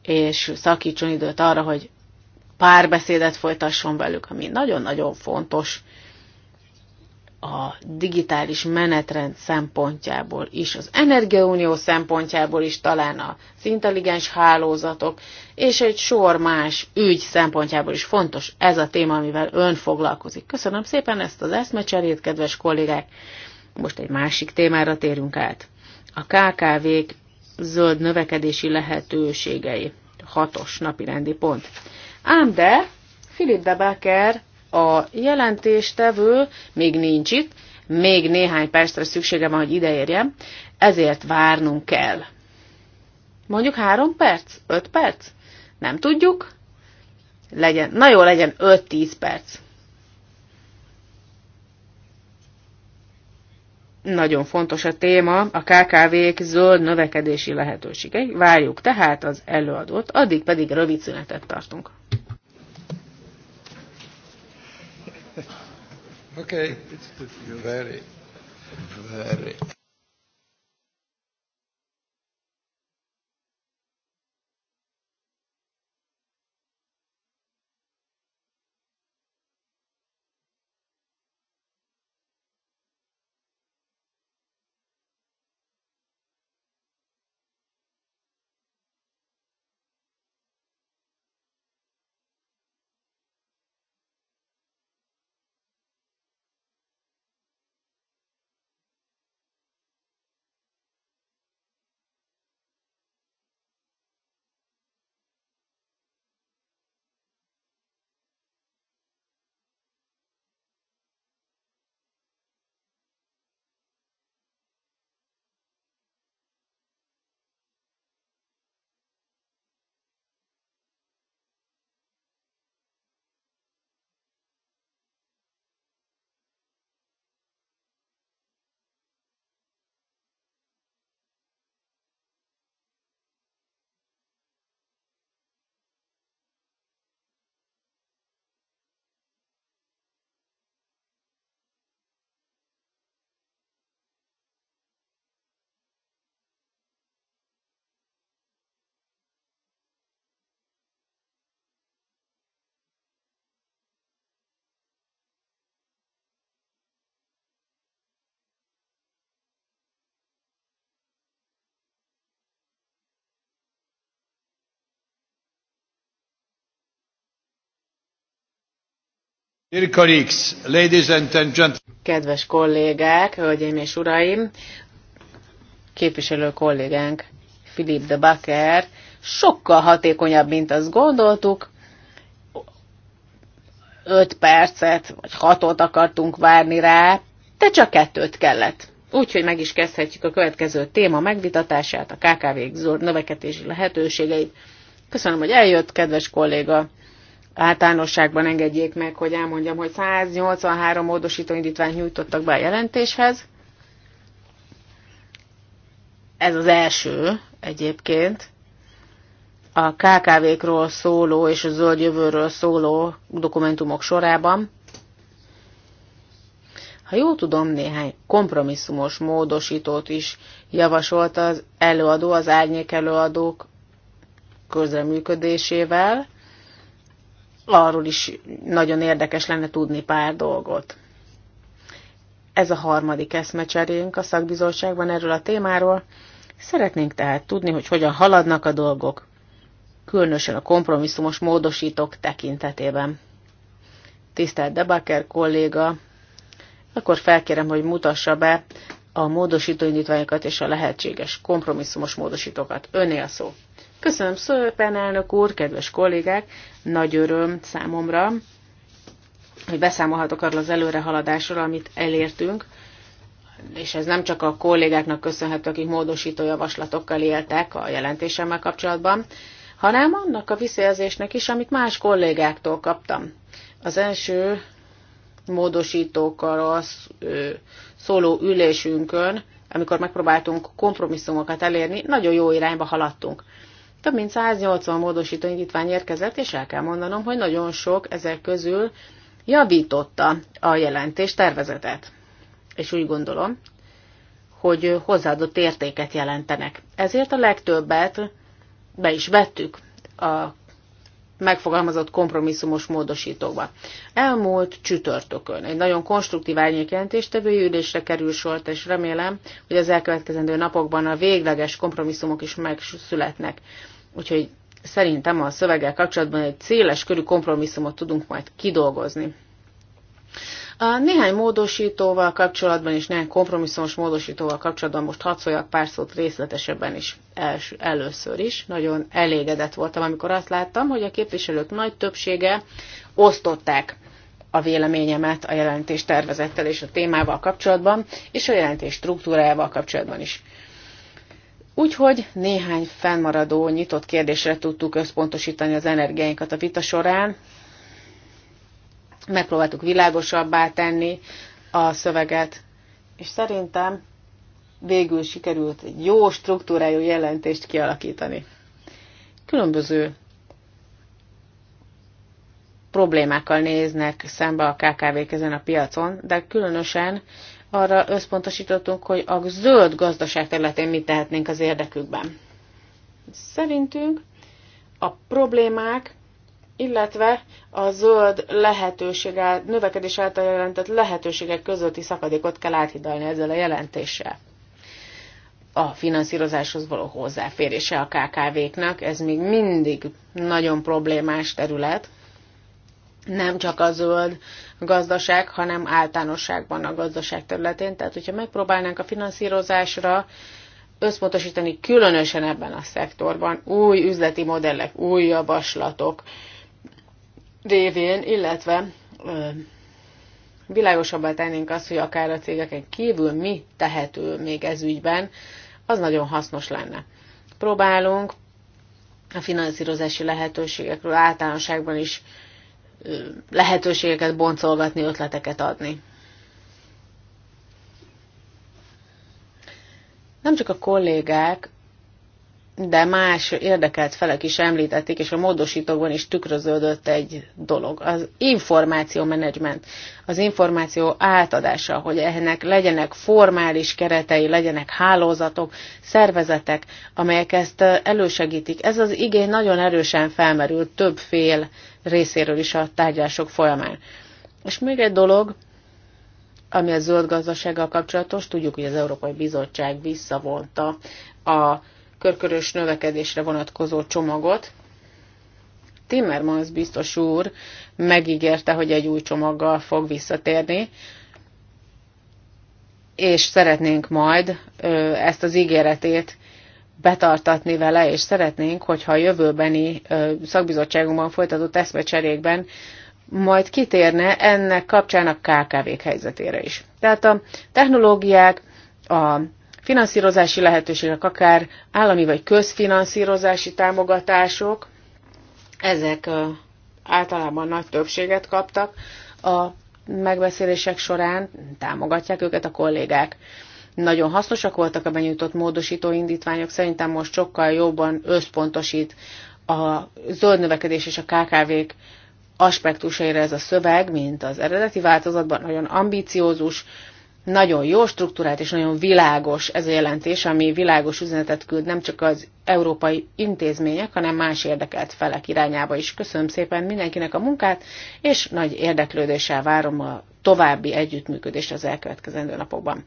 és szakítson időt arra, hogy párbeszédet folytasson velük, ami nagyon-nagyon fontos a digitális menetrend szempontjából is, az energiaunió szempontjából is, talán az intelligens hálózatok, és egy sor más ügy szempontjából is fontos ez a téma, amivel ön foglalkozik. Köszönöm szépen ezt az eszmecserét, kedves kollégák! Most egy másik témára térünk át. A KKV-k zöld növekedési lehetőségei. Hatos napi rendi pont. Ám de Philip de Becker, a jelentéstevő még nincs itt, még néhány percre szüksége van, hogy ideérjem, ezért várnunk kell. Mondjuk három perc? Öt perc? Nem tudjuk? Legyen, na jó, legyen öt tíz perc. Nagyon fontos a téma, a KKV-k zöld növekedési lehetőségei. Várjuk tehát az előadót, addig pedig rövid szünetet tartunk. Okay. It's very, very. Kedves kollégák, hölgyeim és uraim, képviselő kollégánk Filip de Baker sokkal hatékonyabb, mint azt gondoltuk. 5 percet, vagy 6-ot akartunk várni rá, de csak kettőt kellett. Úgyhogy meg is kezdhetjük a következő téma megvitatását, a KKV-k növekedési lehetőségeit. Köszönöm, hogy eljött, kedves kolléga általánosságban engedjék meg, hogy elmondjam, hogy 183 módosító indítványt nyújtottak be a jelentéshez. Ez az első egyébként. A KKV-król szóló és a zöld jövőről szóló dokumentumok sorában. Ha jól tudom, néhány kompromisszumos módosítót is javasolt az előadó, az árnyék előadók közreműködésével arról is nagyon érdekes lenne tudni pár dolgot. Ez a harmadik eszmecserénk a szakbizottságban erről a témáról. Szeretnénk tehát tudni, hogy hogyan haladnak a dolgok, különösen a kompromisszumos módosítók tekintetében. Tisztelt Debaker kolléga, akkor felkérem, hogy mutassa be a módosítóindítványokat indítványokat és a lehetséges kompromisszumos módosítókat. Önél a szó. Köszönöm szépen, elnök úr, kedves kollégák, nagy öröm számomra, hogy beszámolhatok arról az előrehaladásról, amit elértünk, és ez nem csak a kollégáknak köszönhető, akik módosító javaslatokkal éltek a jelentésemmel kapcsolatban, hanem annak a visszajelzésnek is, amit más kollégáktól kaptam. Az első módosítókkal az szóló ülésünkön, amikor megpróbáltunk kompromisszumokat elérni, nagyon jó irányba haladtunk. Több mint 180 módosító indítvány érkezett, és el kell mondanom, hogy nagyon sok ezek közül javította a jelentés tervezetet. És úgy gondolom, hogy hozzáadott értéket jelentenek. Ezért a legtöbbet be is vettük a megfogalmazott kompromisszumos módosítóba. Elmúlt csütörtökön egy nagyon konstruktív árnyékjelentéstevő tevőjűlésre kerül sort, és remélem, hogy az elkövetkezendő napokban a végleges kompromisszumok is megszületnek. Úgyhogy szerintem a szöveggel kapcsolatban egy széles körű kompromisszumot tudunk majd kidolgozni. A néhány módosítóval kapcsolatban és néhány kompromisszumos módosítóval kapcsolatban most hadd szóljak pár szót részletesebben is els, először is. Nagyon elégedett voltam, amikor azt láttam, hogy a képviselők nagy többsége osztották a véleményemet a jelentés tervezettel és a témával kapcsolatban, és a jelentés struktúrájával kapcsolatban is. Úgyhogy néhány fennmaradó nyitott kérdésre tudtuk összpontosítani az energiáinkat a vita során. Megpróbáltuk világosabbá tenni a szöveget, és szerintem végül sikerült egy jó struktúrájú jelentést kialakítani. Különböző problémákkal néznek szembe a KKV-k ezen a piacon, de különösen arra összpontosítottunk, hogy a zöld gazdaság területén mit tehetnénk az érdekükben. Szerintünk a problémák, illetve a zöld lehetőség, növekedés által jelentett lehetőségek közötti szakadékot kell áthidalni ezzel a jelentéssel. A finanszírozáshoz való hozzáférése a KKV-knak, ez még mindig nagyon problémás terület, nem csak a zöld gazdaság, hanem általánosságban a gazdaság területén. Tehát, hogyha megpróbálnánk a finanszírozásra összpontosítani, különösen ebben a szektorban, új üzleti modellek, új javaslatok révén, illetve ö, világosabbá tennénk azt, hogy akár a cégeken kívül mi tehető még ez ügyben, az nagyon hasznos lenne. Próbálunk a finanszírozási lehetőségekről általánosságban is lehetőségeket boncolgatni, ötleteket adni. Nem csak a kollégák, de más érdekelt felek is említették, és a módosítókban is tükröződött egy dolog. Az információ menedzsment, az információ átadása, hogy ennek legyenek formális keretei, legyenek hálózatok, szervezetek, amelyek ezt elősegítik. Ez az igény nagyon erősen felmerült több fél részéről is a tárgyalások folyamán. És még egy dolog, ami a zöld gazdasággal kapcsolatos, tudjuk, hogy az Európai Bizottság visszavonta a körkörös növekedésre vonatkozó csomagot. Timmermans biztos úr megígérte, hogy egy új csomaggal fog visszatérni, és szeretnénk majd ezt az ígéretét betartatni vele, és szeretnénk, hogyha a jövőbeni szakbizottságunkban folytatott eszmecserékben majd kitérne ennek kapcsán a KKV-k helyzetére is. Tehát a technológiák, a finanszírozási lehetőségek, akár állami vagy közfinanszírozási támogatások, ezek általában nagy többséget kaptak a megbeszélések során, támogatják őket a kollégák. Nagyon hasznosak voltak a benyújtott módosító indítványok, szerintem most sokkal jobban összpontosít a zöld növekedés és a KKV-k aspektusaira ez a szöveg, mint az eredeti változatban, nagyon ambiciózus, nagyon jó struktúrát és nagyon világos ez a jelentés, ami világos üzenetet küld nem csak az európai intézmények, hanem más érdekelt felek irányába is. Köszönöm szépen mindenkinek a munkát, és nagy érdeklődéssel várom a további együttműködést az elkövetkezendő napokban.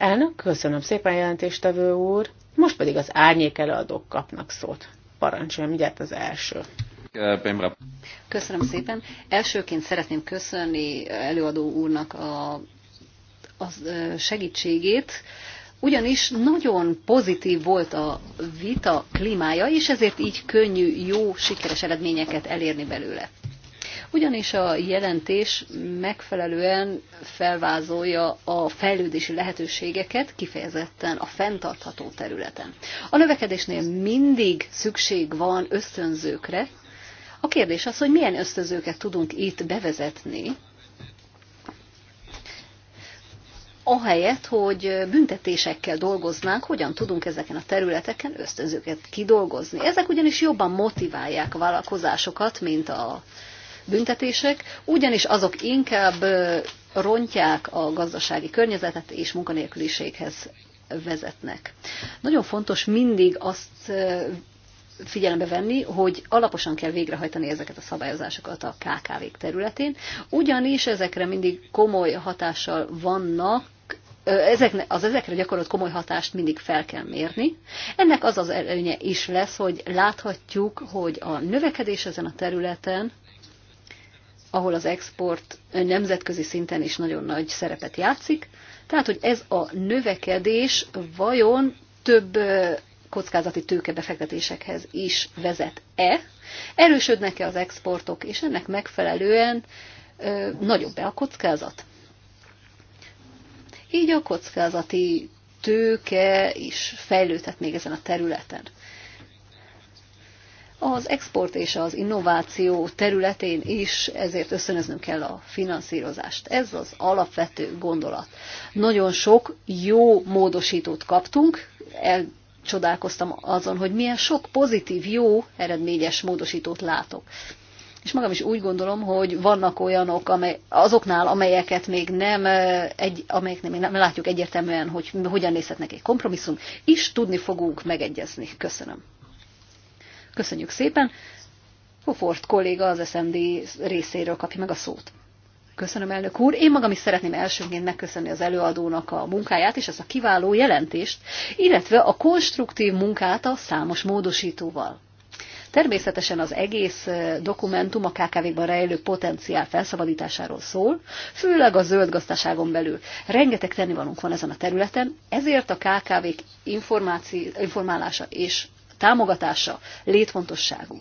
Elnök, köszönöm szépen jelentéstevő úr. Most pedig az árnyék előadók kapnak szót. Parancsoljon, mindjárt az első. Köszönöm szépen. Elsőként szeretném köszönni előadó úrnak a, a segítségét, ugyanis nagyon pozitív volt a vita klímája, és ezért így könnyű, jó, sikeres eredményeket elérni belőle ugyanis a jelentés megfelelően felvázolja a fejlődési lehetőségeket kifejezetten a fenntartható területen. A növekedésnél mindig szükség van ösztönzőkre. A kérdés az, hogy milyen ösztönzőket tudunk itt bevezetni, ahelyett, hogy büntetésekkel dolgoznánk, hogyan tudunk ezeken a területeken ösztönzőket kidolgozni. Ezek ugyanis jobban motiválják a vállalkozásokat, mint a büntetések, ugyanis azok inkább rontják a gazdasági környezetet és munkanélküliséghez vezetnek. Nagyon fontos mindig azt figyelembe venni, hogy alaposan kell végrehajtani ezeket a szabályozásokat a kkv területén, ugyanis ezekre mindig komoly hatással vannak, ezekne, az ezekre gyakorolt komoly hatást mindig fel kell mérni. Ennek az az előnye is lesz, hogy láthatjuk, hogy a növekedés ezen a területen ahol az export nemzetközi szinten is nagyon nagy szerepet játszik. Tehát, hogy ez a növekedés vajon több kockázati tőkebefektetésekhez is vezet-e, erősödnek-e az exportok, és ennek megfelelően ö, nagyobb-e a kockázat. Így a kockázati tőke is fejlődhet még ezen a területen. Az export és az innováció területén is ezért összönöznünk kell a finanszírozást. Ez az alapvető gondolat. Nagyon sok jó módosítót kaptunk, Elcsodálkoztam azon, hogy milyen sok pozitív, jó, eredményes módosítót látok. És magam is úgy gondolom, hogy vannak olyanok, amely, azoknál, amelyeket még nem, egy, amelyek nem, nem látjuk egyértelműen, hogy hogyan nézhetnek egy kompromisszum, is tudni fogunk megegyezni. Köszönöm. Köszönjük szépen. Hofort kolléga az SMD részéről kapja meg a szót. Köszönöm, elnök úr. Én magam is szeretném elsőként megköszönni az előadónak a munkáját és ezt a kiváló jelentést, illetve a konstruktív munkát a számos módosítóval. Természetesen az egész eh, dokumentum a kkv ban rejlő potenciál felszabadításáról szól, főleg a zöld gazdaságon belül. Rengeteg tennivalónk van ezen a területen, ezért a KKV-k informálása és támogatása létfontosságú.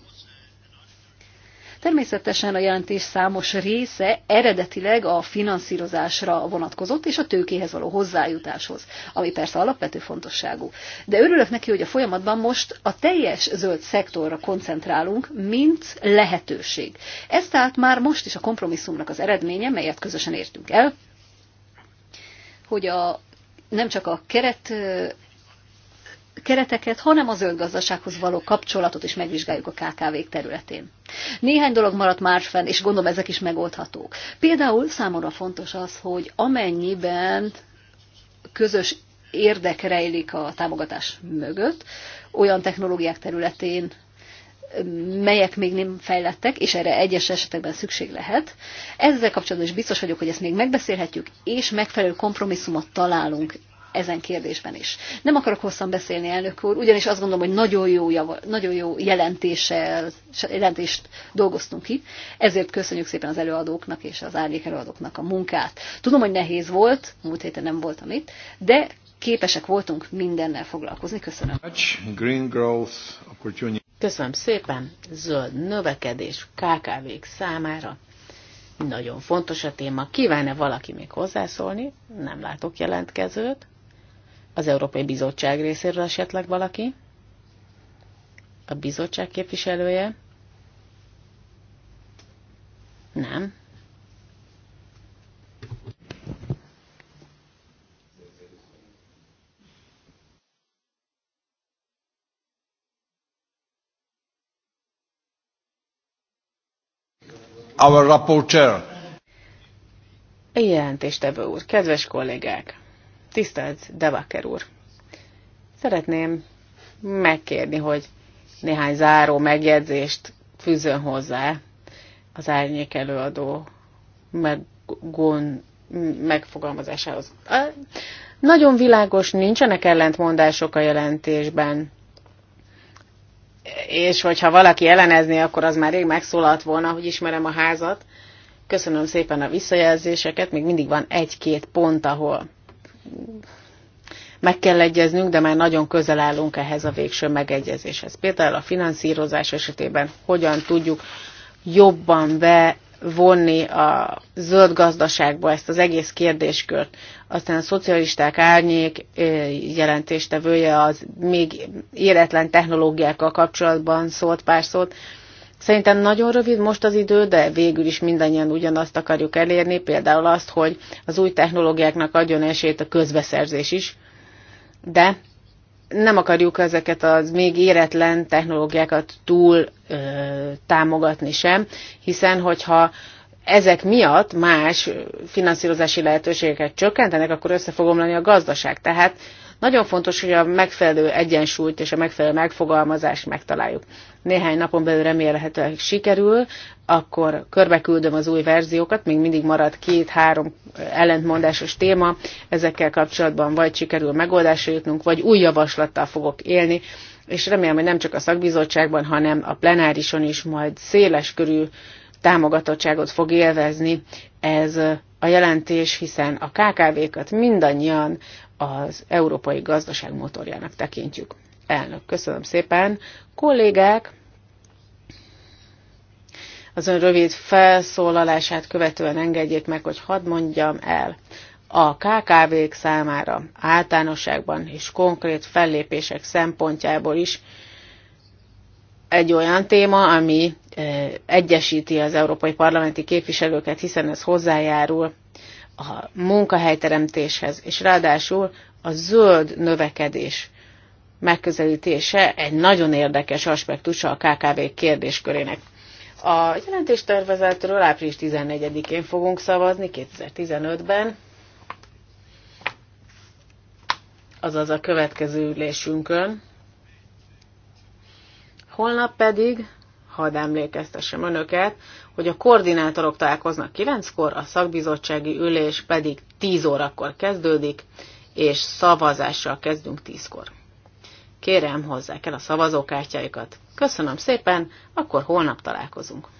Természetesen a jelentés számos része eredetileg a finanszírozásra vonatkozott és a tőkéhez való hozzájutáshoz, ami persze alapvető fontosságú. De örülök neki, hogy a folyamatban most a teljes zöld szektorra koncentrálunk, mint lehetőség. Ez tehát már most is a kompromisszumnak az eredménye, melyet közösen értünk el, hogy a nem csak a keret kereteket, hanem az öngazdasághoz való kapcsolatot is megvizsgáljuk a kkv területén. Néhány dolog maradt már fenn, és gondolom ezek is megoldhatók. Például számomra fontos az, hogy amennyiben közös érdek rejlik a támogatás mögött, olyan technológiák területén, melyek még nem fejlettek, és erre egyes esetekben szükség lehet. Ezzel kapcsolatban is biztos vagyok, hogy ezt még megbeszélhetjük, és megfelelő kompromisszumot találunk ezen kérdésben is. Nem akarok hosszan beszélni, elnök úr, ugyanis azt gondolom, hogy nagyon jó, java, nagyon jó jelentéssel, jelentést dolgoztunk ki, ezért köszönjük szépen az előadóknak és az árnyék előadóknak a munkát. Tudom, hogy nehéz volt, múlt héten nem voltam itt, de képesek voltunk mindennel foglalkozni. Köszönöm. Köszönöm szépen. Zöld növekedés kkv számára. Nagyon fontos a téma. Kívánne valaki még hozzászólni? Nem látok jelentkezőt. Az Európai Bizottság részéről esetleg valaki? A bizottság képviselője? Nem. Our rapporteur. Jelentéstevő úr, kedves kollégák! Tisztelt Debaker úr! Szeretném megkérni, hogy néhány záró megjegyzést fűzön hozzá az árnyék előadó meg, gon, megfogalmazásához. Nagyon világos, nincsenek ellentmondások a jelentésben, és hogyha valaki ellenezné, akkor az már rég megszólalt volna, hogy ismerem a házat. Köszönöm szépen a visszajelzéseket, még mindig van egy-két pont, ahol meg kell egyeznünk, de már nagyon közel állunk ehhez a végső megegyezéshez. Például a finanszírozás esetében hogyan tudjuk jobban bevonni a zöld gazdaságba ezt az egész kérdéskört. Aztán a szocialisták árnyék jelentéstevője az még életlen technológiákkal kapcsolatban szólt pár szót. Szerintem nagyon rövid most az idő, de végül is mindannyian ugyanazt akarjuk elérni, például azt, hogy az új technológiáknak adjon esélyt a közbeszerzés is, de nem akarjuk ezeket az még éretlen technológiákat túl ö, támogatni sem, hiszen hogyha ezek miatt más finanszírozási lehetőségeket csökkentenek, akkor össze fog omlani a gazdaság. Tehát nagyon fontos, hogy a megfelelő egyensúlyt és a megfelelő megfogalmazást megtaláljuk. Néhány napon belül remélhetőleg sikerül, akkor körbeküldöm az új verziókat, még mindig marad két-három ellentmondásos téma, ezekkel kapcsolatban vagy sikerül megoldásra jutnunk, vagy új javaslattal fogok élni, és remélem, hogy nem csak a szakbizottságban, hanem a plenárison is majd széles körű támogatottságot fog élvezni ez a jelentés, hiszen a KKV-kat mindannyian az európai gazdaság motorjának tekintjük. Elnök, köszönöm szépen. Kollégák, az ön rövid felszólalását követően engedjék meg, hogy hadd mondjam el. A KKV-k számára általánosságban és konkrét fellépések szempontjából is egy olyan téma, ami eh, egyesíti az európai parlamenti képviselőket, hiszen ez hozzájárul a munkahelyteremtéshez, és ráadásul a zöld növekedés megközelítése egy nagyon érdekes aspektusa a KKV kérdéskörének. A jelentéstervezetről április 14-én fogunk szavazni, 2015-ben, azaz a következő ülésünkön. Holnap pedig hadd emlékeztessem önöket, hogy a koordinátorok találkoznak 9-kor, a szakbizottsági ülés pedig 10 órakor kezdődik, és szavazással kezdünk 10-kor. Kérem, hozzák el a szavazókártyáikat. Köszönöm szépen, akkor holnap találkozunk.